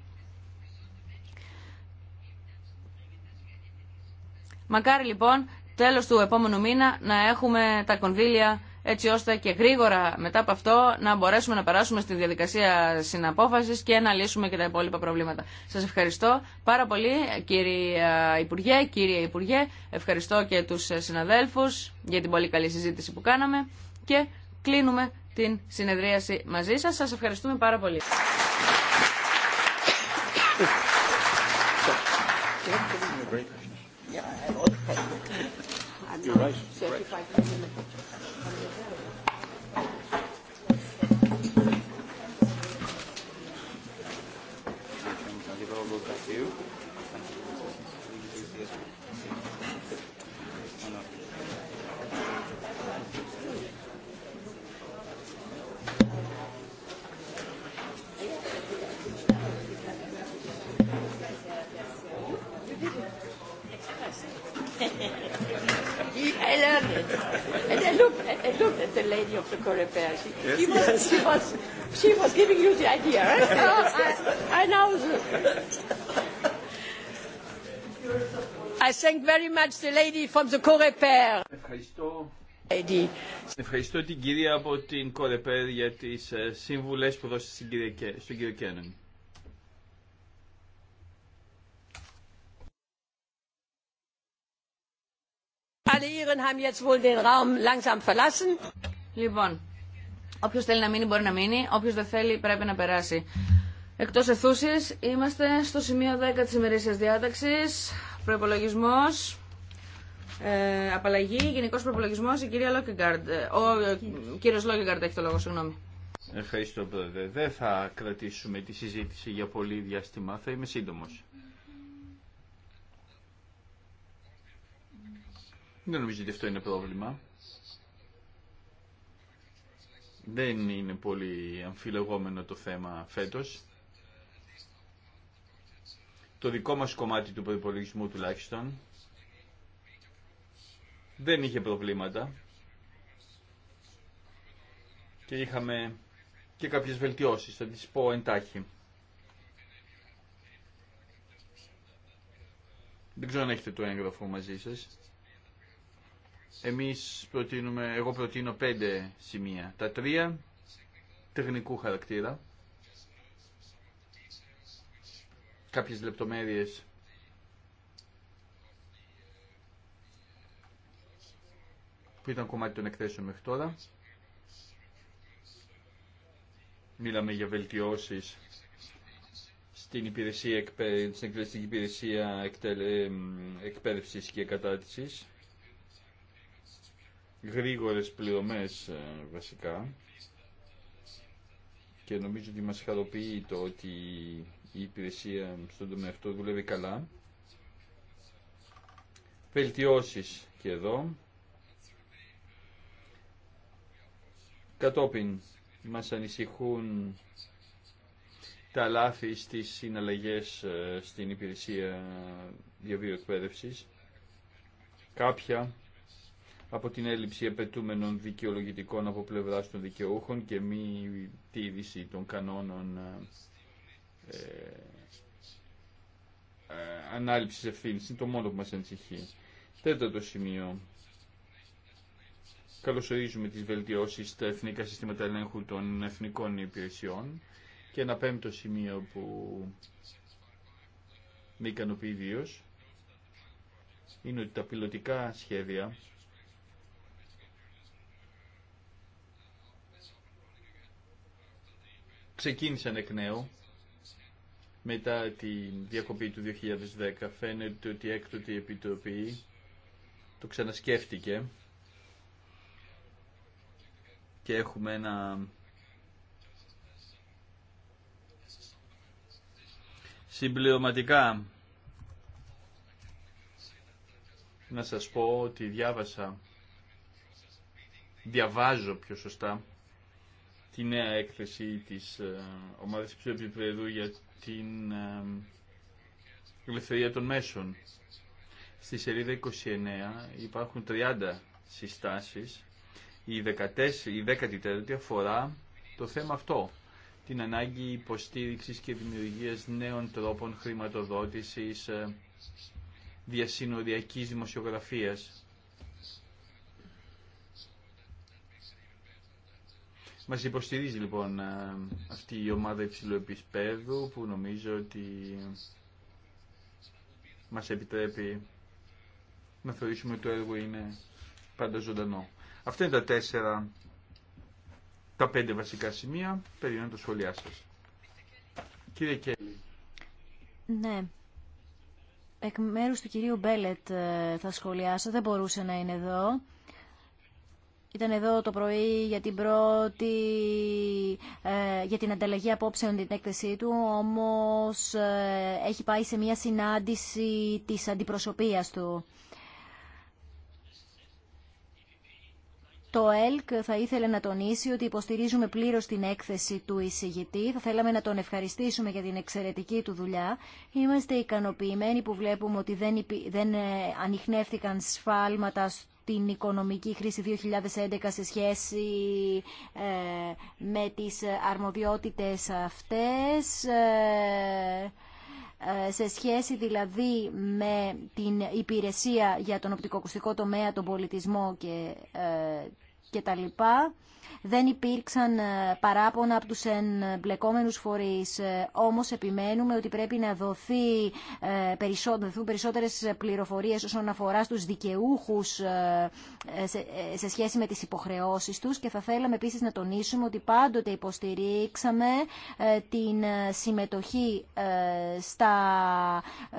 Μακάρι λοιπόν τέλος του επόμενου μήνα να έχουμε τα κονδύλια έτσι ώστε και γρήγορα μετά από αυτό να μπορέσουμε να περάσουμε στη διαδικασία συναπόφασης και να λύσουμε και τα υπόλοιπα προβλήματα. Σας ευχαριστώ πάρα πολύ κύριε ε, Υπουργέ, κύριε Υπουργέ, ευχαριστώ και τους ε, συναδέλφους για την πολύ καλή συζήτηση που κάναμε και κλείνουμε την συνεδρίαση μαζί σας. Σας ευχαριστούμε πάρα πολύ. You're right. and look at the lady of the Corepair. She, was, she, was, she was giving you the idea, right? I, I know. I thank very much the lady from the Corepair. Ευχαριστώ. την κυρία από την Κορεπέρ για τις συμβουλές που δώσε στον κύριο Κένον. Λοιπόν, όποιος θέλει να μείνει μπορεί να μείνει, όποιος δεν θέλει πρέπει να περάσει. Εκτός εθούσης, είμαστε στο σημείο 10 της ημερήσιας διάταξης, προϋπολογισμός, ε, απαλλαγή, γενικός προϋπολογισμός, η κυρία Λόκεγκαρντ, ο, ο ε, κύριος Λόκεγκαρντ έχει το λόγο, συγγνώμη. Ευχαριστώ, πρόεδρε. Δεν θα κρατήσουμε τη συζήτηση για πολύ διάστημα, θα είμαι σύντομος. Δεν νομίζω ότι αυτό είναι πρόβλημα. Δεν είναι πολύ αμφιλεγόμενο το θέμα φέτος. Το δικό μας κομμάτι του προϋπολογισμού τουλάχιστον δεν είχε προβλήματα και είχαμε και κάποιες βελτιώσεις, θα τις πω εντάχει. Δεν ξέρω αν έχετε το έγγραφο μαζί σας. Εμείς προτείνουμε, εγώ προτείνω πέντε σημεία. Τα τρία τεχνικού χαρακτήρα. Κάποιες λεπτομέρειες που ήταν κομμάτι των εκθέσεων μέχρι τώρα. Μίλαμε για βελτιώσεις στην υπηρεσία, στην εκπαιδευτική υπηρεσία εκπαίδευσης και κατάρτισης γρήγορες πληρωμές ε, βασικά και νομίζω ότι μας χαροποιεί το ότι η υπηρεσία στον τομέα αυτό δουλεύει καλά. Βελτιώσεις και εδώ. Κατόπιν μας ανησυχούν τα λάθη στις συναλλαγές ε, στην υπηρεσία διαβίου εκπαίδευσης. Κάποια από την έλλειψη επαιτούμενων δικαιολογητικών από πλευρά των δικαιούχων και μη τήρηση των κανόνων ε, ε, ε, ανάληψης ευθύνης. Είναι το μόνο που μας ανησυχεί. Τέταρτο σημείο. Καλωσορίζουμε τις βελτιώσεις στα εθνικά συστήματα ελέγχου των εθνικών υπηρεσιών και ένα πέμπτο σημείο που με ικανοποιεί ιδίως είναι ότι τα πιλωτικά σχέδια ξεκίνησαν εκ νέου μετά τη διακοπή του 2010. Φαίνεται ότι έκτοτε η Επιτροπή το ξανασκέφτηκε και έχουμε ένα συμπληρωματικά να σας πω ότι διάβασα διαβάζω πιο σωστά τη νέα έκθεση της ε, ομάδας υψηλού επίπεδου για την ε, ελευθερία των μέσων. Στη σελίδα 29 υπάρχουν 30 συστάσεις. Η, 14, η 14η αφορά το θέμα αυτό, την ανάγκη υποστήριξης και δημιουργίας νέων τρόπων χρηματοδότησης ε, διασυνοριακής δημοσιογραφίας Μα υποστηρίζει λοιπόν ε, αυτή η ομάδα υψηλού επισπέδου που νομίζω ότι μας επιτρέπει να θεωρήσουμε ότι το έργο είναι πάντα ζωντανό. Αυτά είναι τα τέσσερα, τα πέντε βασικά σημεία. Περιμένω το σχόλιά σα. Κύριε Κέλλη. Ναι. Εκ μέρου του κυρίου Μπέλετ ε, θα σχολιάσω. Δεν μπορούσε να είναι εδώ. Ήταν εδώ το πρωί για την πρώτη, ε, για την ανταλλαγή απόψεων την έκθεσή του, όμως ε, έχει πάει σε μια συνάντηση της αντιπροσωπείας του. Το ΕΛΚ θα ήθελε να τονίσει ότι υποστηρίζουμε πλήρως την έκθεση του εισηγητή. Θα θέλαμε να τον ευχαριστήσουμε για την εξαιρετική του δουλειά. Είμαστε ικανοποιημένοι που βλέπουμε ότι δεν ε, ανοιχνεύτηκαν σφάλματα την οικονομική χρήση 2011 σε σχέση ε, με τις αρμοδιότητες αυτές ε, ε, σε σχέση δηλαδή με την υπηρεσία για τον οπτικοκουστικό τομέα, τον πολιτισμό και τα λοιπά Δεν υπήρξαν ε, παράπονα από τους εμπλεκόμενους φορείς, ε, όμως επιμένουμε ότι πρέπει να δοθεί ε, περισσότερες, περισσότερες πληροφορίες όσον αφορά στους δικαιούχους σε σχέση με τις υποχρεώσεις τους και θα θέλαμε επίσης να τονίσουμε ότι πάντοτε υποστηρίξαμε την συμμετοχή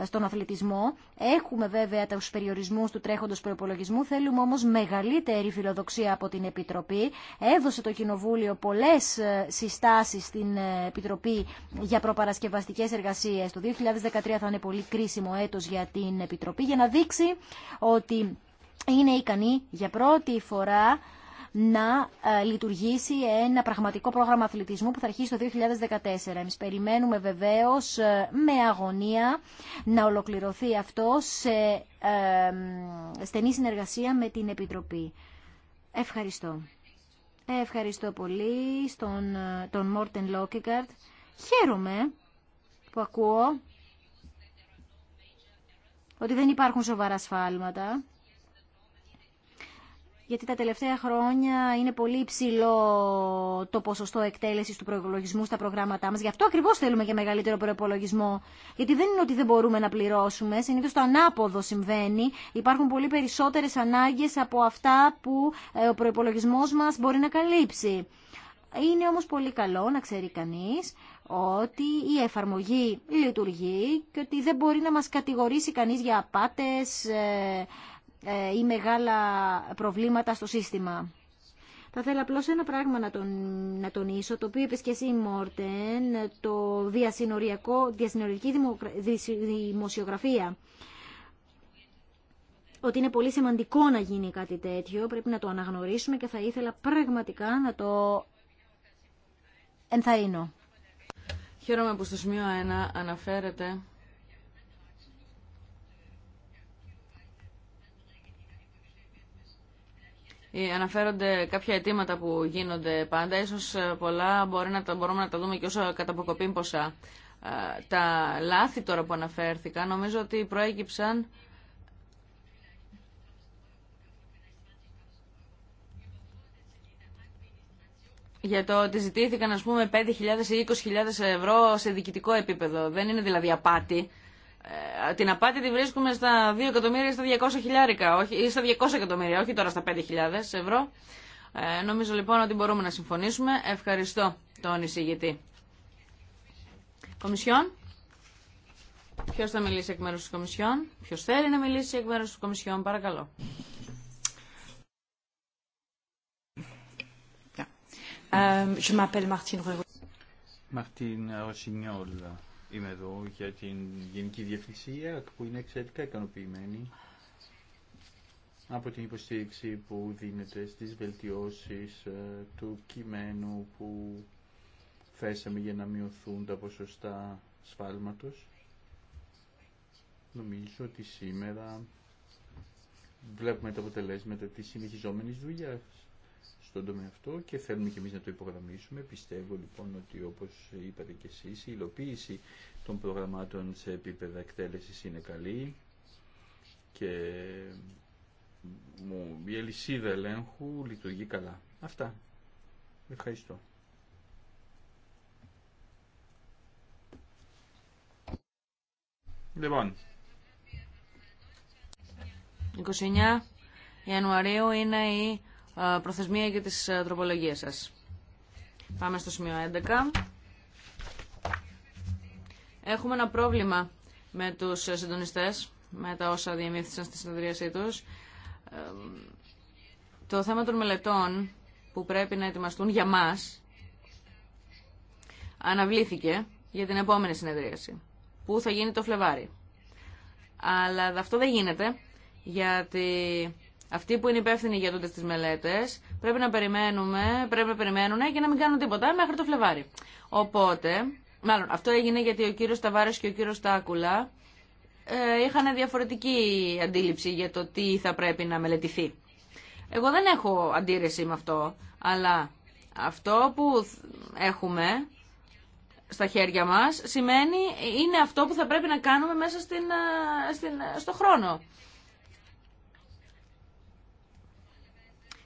στον αθλητισμό Έχουμε βέβαια του περιορισμού του τρέχοντος προπολογισμού, θέλουμε όμως μεγαλύτερη φιλοδοξία από την Επιτροπή. Έδωσε το Κοινοβούλιο πολλές ε, συστάσεις στην ε, Επιτροπή για προπαρασκευαστικές εργασίες. Το 2013 θα είναι πολύ κρίσιμο έτος για την Επιτροπή για να δείξει ότι είναι ικανή για πρώτη φορά να ε, λειτουργήσει ένα πραγματικό πρόγραμμα αθλητισμού που θα αρχίσει το 2014. Εμείς περιμένουμε βεβαίως ε, με αγωνία να ολοκληρωθεί αυτό σε ε, στενή συνεργασία με την Επιτροπή. Ευχαριστώ. Ευχαριστώ πολύ στον, τον Μόρτεν Λόκεγκαρτ. Χαίρομαι που ακούω ότι δεν υπάρχουν σοβαρά σφάλματα γιατί τα τελευταία χρόνια είναι πολύ υψηλό το ποσοστό εκτέλεσης του προϋπολογισμού στα προγράμματά μας. Γι' αυτό ακριβώς θέλουμε και μεγαλύτερο προϋπολογισμό, γιατί δεν είναι ότι δεν μπορούμε να πληρώσουμε, συνήθω το ανάποδο συμβαίνει. Υπάρχουν πολύ περισσότερες ανάγκες από αυτά που ε, ο προπολογισμό μας μπορεί να καλύψει. Είναι όμως πολύ καλό να ξέρει κανείς ότι η εφαρμογή λειτουργεί και ότι δεν μπορεί να μας κατηγορήσει κανείς για απάτες, ε, ε, ή μεγάλα προβλήματα στο σύστημα. Θα ήθελα απλώ ένα πράγμα να, τον, να τονίσω, το οποίο είπε και εσύ, Μόρτεν, το διασυνοριακο διασυνοριακή δημοσιογραφία. Ότι είναι πολύ σημαντικό να γίνει κάτι τέτοιο, πρέπει να το αναγνωρίσουμε και θα ήθελα πραγματικά να το ενθαρρύνω. Χαίρομαι που στο σημείο 1 αναφέρεται Ε, αναφέρονται κάποια αιτήματα που γίνονται πάντα. Ίσως ε, πολλά μπορεί να τα, μπορούμε να τα δούμε και όσο καταποκοπή ποσά. Ε, τα λάθη τώρα που αναφέρθηκαν νομίζω ότι προέκυψαν για το ότι ζητήθηκαν ας πούμε 5.000 ή 20.000 ευρώ σε διοικητικό επίπεδο. Δεν είναι δηλαδή απάτη. Ε, την απάτη τη βρίσκουμε στα 2 εκατομμύρια ή στα 200 χιλιάρικα, όχι, ή στα 200 εκατομμύρια, όχι τώρα στα 5.000 ευρώ. Ε, νομίζω λοιπόν ότι μπορούμε να συμφωνήσουμε. Ευχαριστώ τον εισηγητή. Κομισιόν. Ποιο θα μιλήσει εκ μέρου τη Κομισιόν, ποιο θέλει να μιλήσει εκ μέρου τη Κομισιόν, παρακαλώ. Um, Martine είμαι εδώ για την Γενική Διευθυνσία που είναι εξαιρετικά ικανοποιημένη από την υποστήριξη που δίνεται στις βελτιώσεις ε, του κειμένου που θέσαμε για να μειωθούν τα ποσοστά σφάλματος. Νομίζω ότι σήμερα βλέπουμε τα αποτελέσματα της συνεχιζόμενης δουλειάς στον τομέα αυτό και θέλουμε και εμείς να το υπογραμμίσουμε. Πιστεύω λοιπόν ότι όπως είπατε και εσείς η υλοποίηση των προγραμμάτων σε επίπεδα εκτέλεσης είναι καλή και η αλυσίδα ελέγχου λειτουργεί καλά. Αυτά. Ευχαριστώ. Λοιπόν. 29 Ιανουαρίου είναι η προθεσμία για τις ε, τροπολογίες σας. Πάμε στο σημείο 11. Έχουμε ένα πρόβλημα με τους ε, συντονιστές, με τα όσα διαμήθησαν στη συνεδρίασή τους. Το θέμα των μελετών που πρέπει να ετοιμαστούν για μας αναβλήθηκε για την επόμενη συνεδρίαση, που θα γίνει το Φλεβάρι. Αλλά αυτό δεν γίνεται, γιατί αυτοί που είναι υπεύθυνοι για τούτε τι μελέτε πρέπει να περιμένουμε, πρέπει να περιμένουν και να μην κάνουν τίποτα ε, μέχρι το Φλεβάρι. Οπότε, μάλλον αυτό έγινε γιατί ο κύριο Ταβάρη και ο κύριο Τάκουλα ε, είχαν διαφορετική αντίληψη για το τι θα πρέπει να μελετηθεί. Εγώ δεν έχω αντίρρηση με αυτό, αλλά αυτό που έχουμε στα χέρια μας σημαίνει είναι αυτό που θα πρέπει να κάνουμε μέσα στην, ε, στην, ε, στο χρόνο.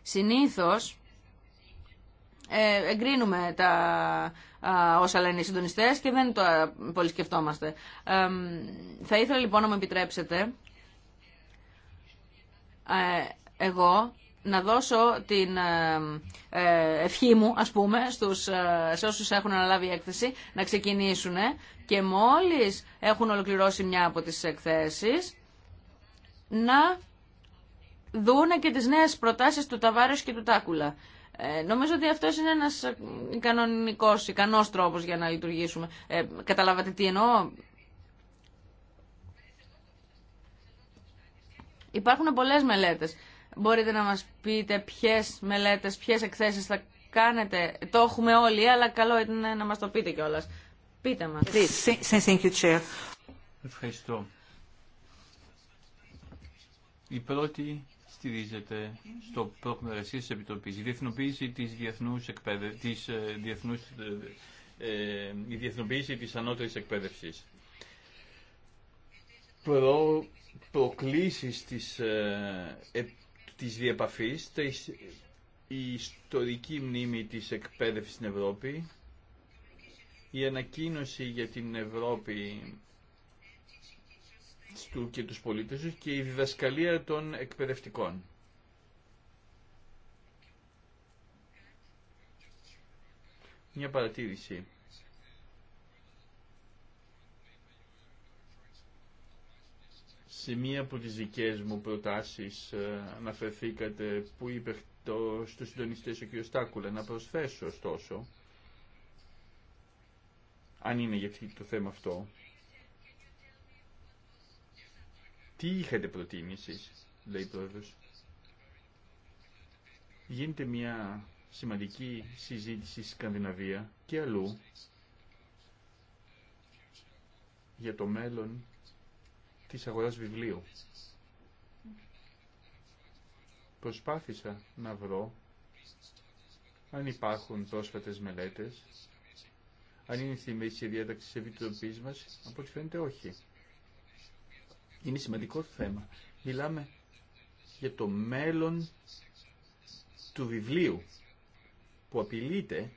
συνήθως ε, εγκρίνουμε τα όσα λένε οι συντονιστές και δεν το πολύ θα ήθελα λοιπόν να μου επιτρέψετε ε, εγώ να δώσω την ε, ευχή μου, ας πούμε, στους, σε όσους έχουν αναλάβει έκθεση, να ξεκινήσουν και μόλις έχουν ολοκληρώσει μια από τις εκθέσεις, να δούνε και τις νέες προτάσεις του Ταβάρες και του Τάκουλα. Ε, νομίζω ότι αυτό είναι ένας ε, κανονικός, ικανός τρόπος για να λειτουργήσουμε. Ε, καταλάβατε τι εννοώ. Υπάρχουν πολλές μελέτες. Μπορείτε να μας πείτε ποιες μελέτες, ποιες εκθέσεις θα κάνετε. Το έχουμε όλοι, αλλά καλό είναι να μας το πείτε κιόλα. Πείτε μας. Ευχαριστώ. Η πρώτη στηρίζεται στο πρόγραμμα εργασία τη Επιτροπή. Η διεθνοποίηση τη διεθνού της, η διεθνοποίηση της ε, ε, ε, εκπαίδευσης. Προ, της, της διεπαφής, η ιστορική μνήμη της εκπαίδευσης στην Ευρώπη, η ανακοίνωση για την Ευρώπη του και τους πολίτες και η διδασκαλία των εκπαιδευτικών. Μια παρατήρηση. Σε μία από τις δικές μου προτάσεις ε, αναφερθήκατε που είπε το, στους συντονιστές ο κ. Στάκουλα. Να προσθέσω ωστόσο, αν είναι για το θέμα αυτό, Τι είχατε προτείνει λέει η πρόεδρος. Γίνεται μια σημαντική συζήτηση στη Σκανδιναβία και αλλού για το μέλλον της αγοράς βιβλίου. Προσπάθησα να βρω αν υπάρχουν πρόσφατες μελέτες, αν είναι στη μέση διάταξη της Επιτροπής μας, από ό,τι φαίνεται όχι. Είναι σημαντικό θέμα. Μιλάμε για το μέλλον του βιβλίου που απειλείται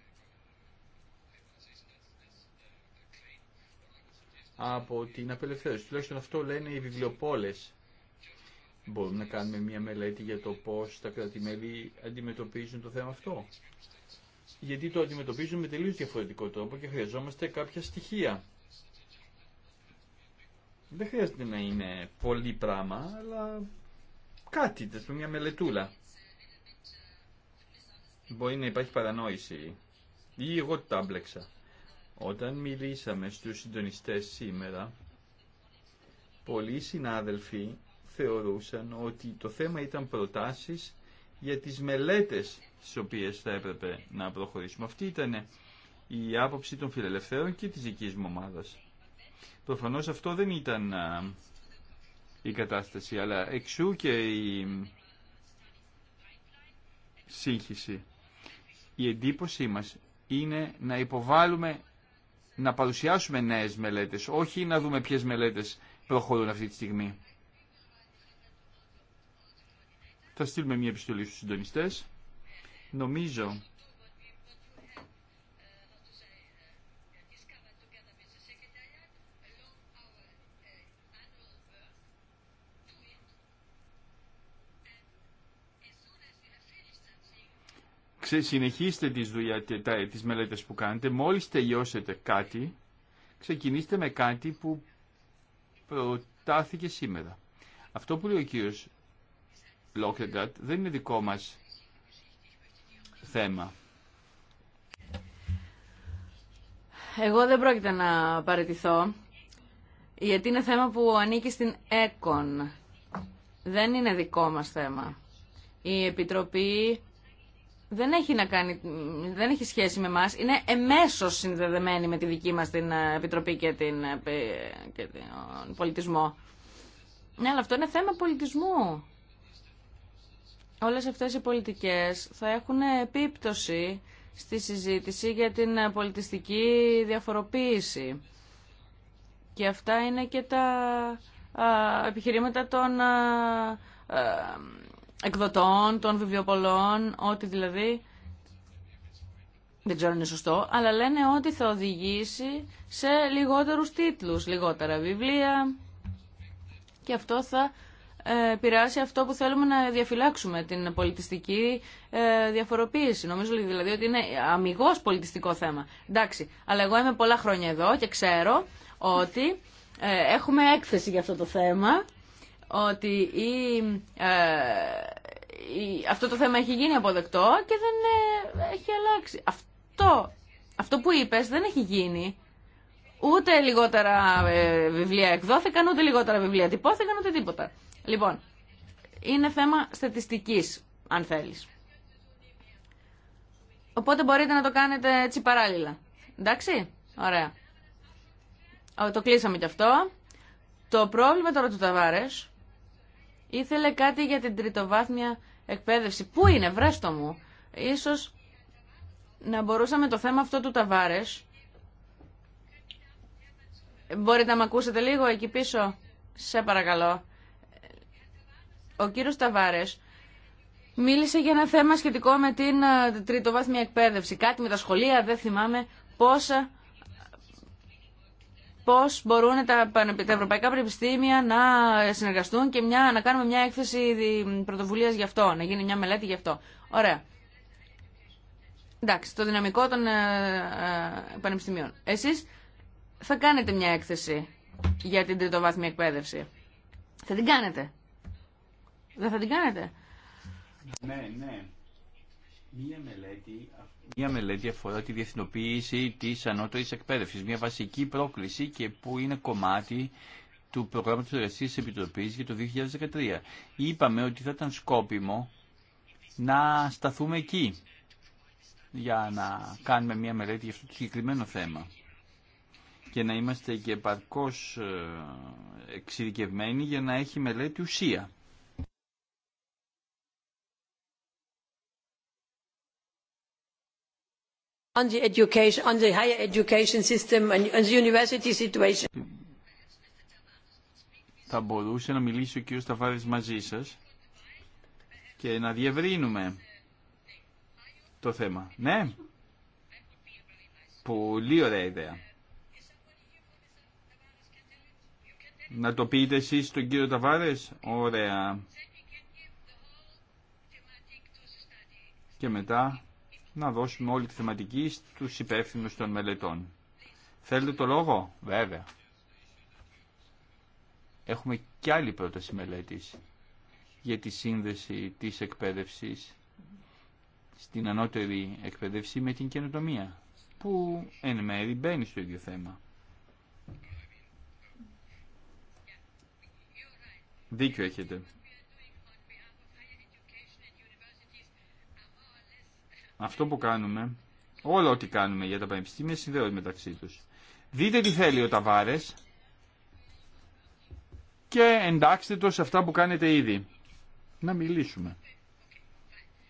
από την απελευθέρωση. Τουλάχιστον αυτό λένε οι βιβλιοπόλες. Μπορούμε να κάνουμε μια μελέτη για το πώς τα κρατημέλη αντιμετωπίζουν το θέμα αυτό. Γιατί το αντιμετωπίζουν με τελείως διαφορετικό τρόπο και χρειαζόμαστε κάποια στοιχεία. Δεν χρειάζεται να είναι πολύ πράγμα, αλλά κάτι, της μια μελετούλα. Μπορεί να υπάρχει παρανόηση ή εγώ τα μπλέξα. Όταν μιλήσαμε στους συντονιστές σήμερα, πολλοί συνάδελφοι θεωρούσαν ότι το θέμα ήταν προτάσεις για τις μελέτες στις οποίες θα έπρεπε να προχωρήσουμε. Αυτή ήταν η άποψη των φιλελευθέρων και της δικής μου ομάδας. Προφανώς αυτό δεν ήταν η κατάσταση, αλλά εξού και η σύγχυση. Η εντύπωσή μας είναι να υποβάλουμε, να παρουσιάσουμε νέες μελέτες, όχι να δούμε ποιες μελέτες προχωρούν αυτή τη στιγμή. Θα στείλουμε μια επιστολή στους συντονιστές. Νομίζω συνεχίστε τις, δουλειά, τις μελέτες που κάνετε. Μόλις τελειώσετε κάτι, ξεκινήστε με κάτι που προτάθηκε σήμερα. Αυτό που λέει ο κύριος Λόκεγκατ δεν είναι δικό μας θέμα. Εγώ δεν πρόκειται να παραιτηθώ, γιατί είναι θέμα που ανήκει στην ΕΚΟΝ. Δεν είναι δικό μας θέμα. Η Επιτροπή δεν έχει, να κάνει, δεν έχει σχέση με εμά. Είναι εμέσω συνδεδεμένη με τη δική μα την ε, Επιτροπή και, την, ε, και τον πολιτισμό. Ναι, αλλά αυτό είναι θέμα πολιτισμού. Όλες αυτές οι πολιτικές θα έχουν επίπτωση στη συζήτηση για την ε, πολιτιστική διαφοροποίηση. Και αυτά είναι και τα επιχειρήματα των εκδοτών, των βιβλιοπολών, ότι δηλαδή δεν ξέρω αν είναι σωστό, αλλά λένε ότι θα οδηγήσει σε λιγότερους τίτλους, λιγότερα βιβλία και αυτό θα ε, πειράσει αυτό που θέλουμε να διαφυλάξουμε, την πολιτιστική ε, διαφοροποίηση. Νομίζω δηλαδή ότι είναι αμυγός πολιτιστικό θέμα. Εντάξει, αλλά εγώ είμαι πολλά χρόνια εδώ και ξέρω ότι ε, έχουμε έκθεση για αυτό το θέμα ότι ε, η, αυτό το θέμα έχει γίνει αποδεκτό και δεν ε, έχει αλλάξει. Αυτό, αυτό που είπες δεν έχει γίνει. Ούτε λιγότερα ε, βιβλία εκδόθηκαν, ούτε λιγότερα βιβλία τυπώθηκαν, ούτε τίποτα. Λοιπόν, είναι θέμα στατιστικής, αν θέλεις. Οπότε μπορείτε να το κάνετε έτσι παράλληλα. Εντάξει, ωραία. Το κλείσαμε κι αυτό. Το πρόβλημα τώρα του Ταβάρες Ήθελε κάτι για την τριτοβάθμια εκπαίδευση. Πού είναι, βρέστο μου. Ίσως να μπορούσαμε το θέμα αυτό του Ταβάρες. Μπορείτε να με ακούσετε λίγο εκεί πίσω. Σε παρακαλώ. Ο κύριος Ταβάρες μίλησε για ένα θέμα σχετικό με την ε, τριτοβάθμια εκπαίδευση. Κάτι με τα σχολεία, δεν θυμάμαι πόσα Πώ μπορούν τα, ευρωπαϊκά πανεπιστήμια να συνεργαστούν και μια, να κάνουμε μια έκθεση πρωτοβουλίας γι' αυτό, να γίνει μια μελέτη γι' αυτό. Ωραία. Εντάξει, το δυναμικό των ε, ε, πανεπιστημίων. Εσείς θα κάνετε μια έκθεση για την τριτοβάθμια εκπαίδευση. Θα την κάνετε. Δεν θα την κάνετε. Ναι, ναι. Μία μελέτη μια μελέτη αφορά τη διεθνοποίηση τη ανώτερη εκπαίδευση, μια βασική πρόκληση και που είναι κομμάτι του προγράμματο Εργασία Επιτροπή για το 2013. Είπαμε ότι θα ήταν σκόπιμο να σταθούμε εκεί για να κάνουμε μια μελέτη για αυτό το συγκεκριμένο θέμα και να είμαστε και επαρκώς ε, εξειδικευμένοι για να έχει μελέτη ουσία. on the education, on the higher education system and on the university situation. Θα μπορούσε να μιλήσει ο κύριος Ταβάρης μαζί σας και να διευρύνουμε το θέμα. Ναι, πολύ ωραία ιδέα. Να το πείτε εσείς τον κύριο Ταβάρες. Ωραία. Και μετά να δώσουμε όλη τη θεματική στους υπεύθυνους των μελετών. Θέλετε το λόγο? Βέβαια. Έχουμε και άλλη πρόταση μελέτης για τη σύνδεση της εκπαίδευσης στην ανώτερη εκπαίδευση με την καινοτομία, που εν μέρη μπαίνει στο ίδιο θέμα. Δίκιο έχετε. αυτό που κάνουμε, όλο ό,τι κάνουμε για τα πανεπιστήμια συνδέονται μεταξύ τους. Δείτε τι θέλει ο Ταβάρες και εντάξτε το σε αυτά που κάνετε ήδη. Να μιλήσουμε.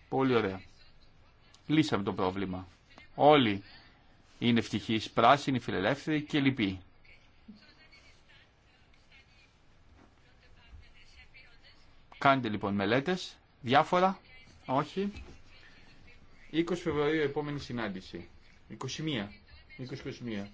Πολύ ωραία. Λύσαμε το πρόβλημα. Όλοι είναι ευτυχείς, πράσινοι, φιλελεύθεροι και λοιποί. Κάντε λοιπόν μελέτες, διάφορα, όχι. 20 Φεβρουαρίου επόμενη συνάντηση. 21. 21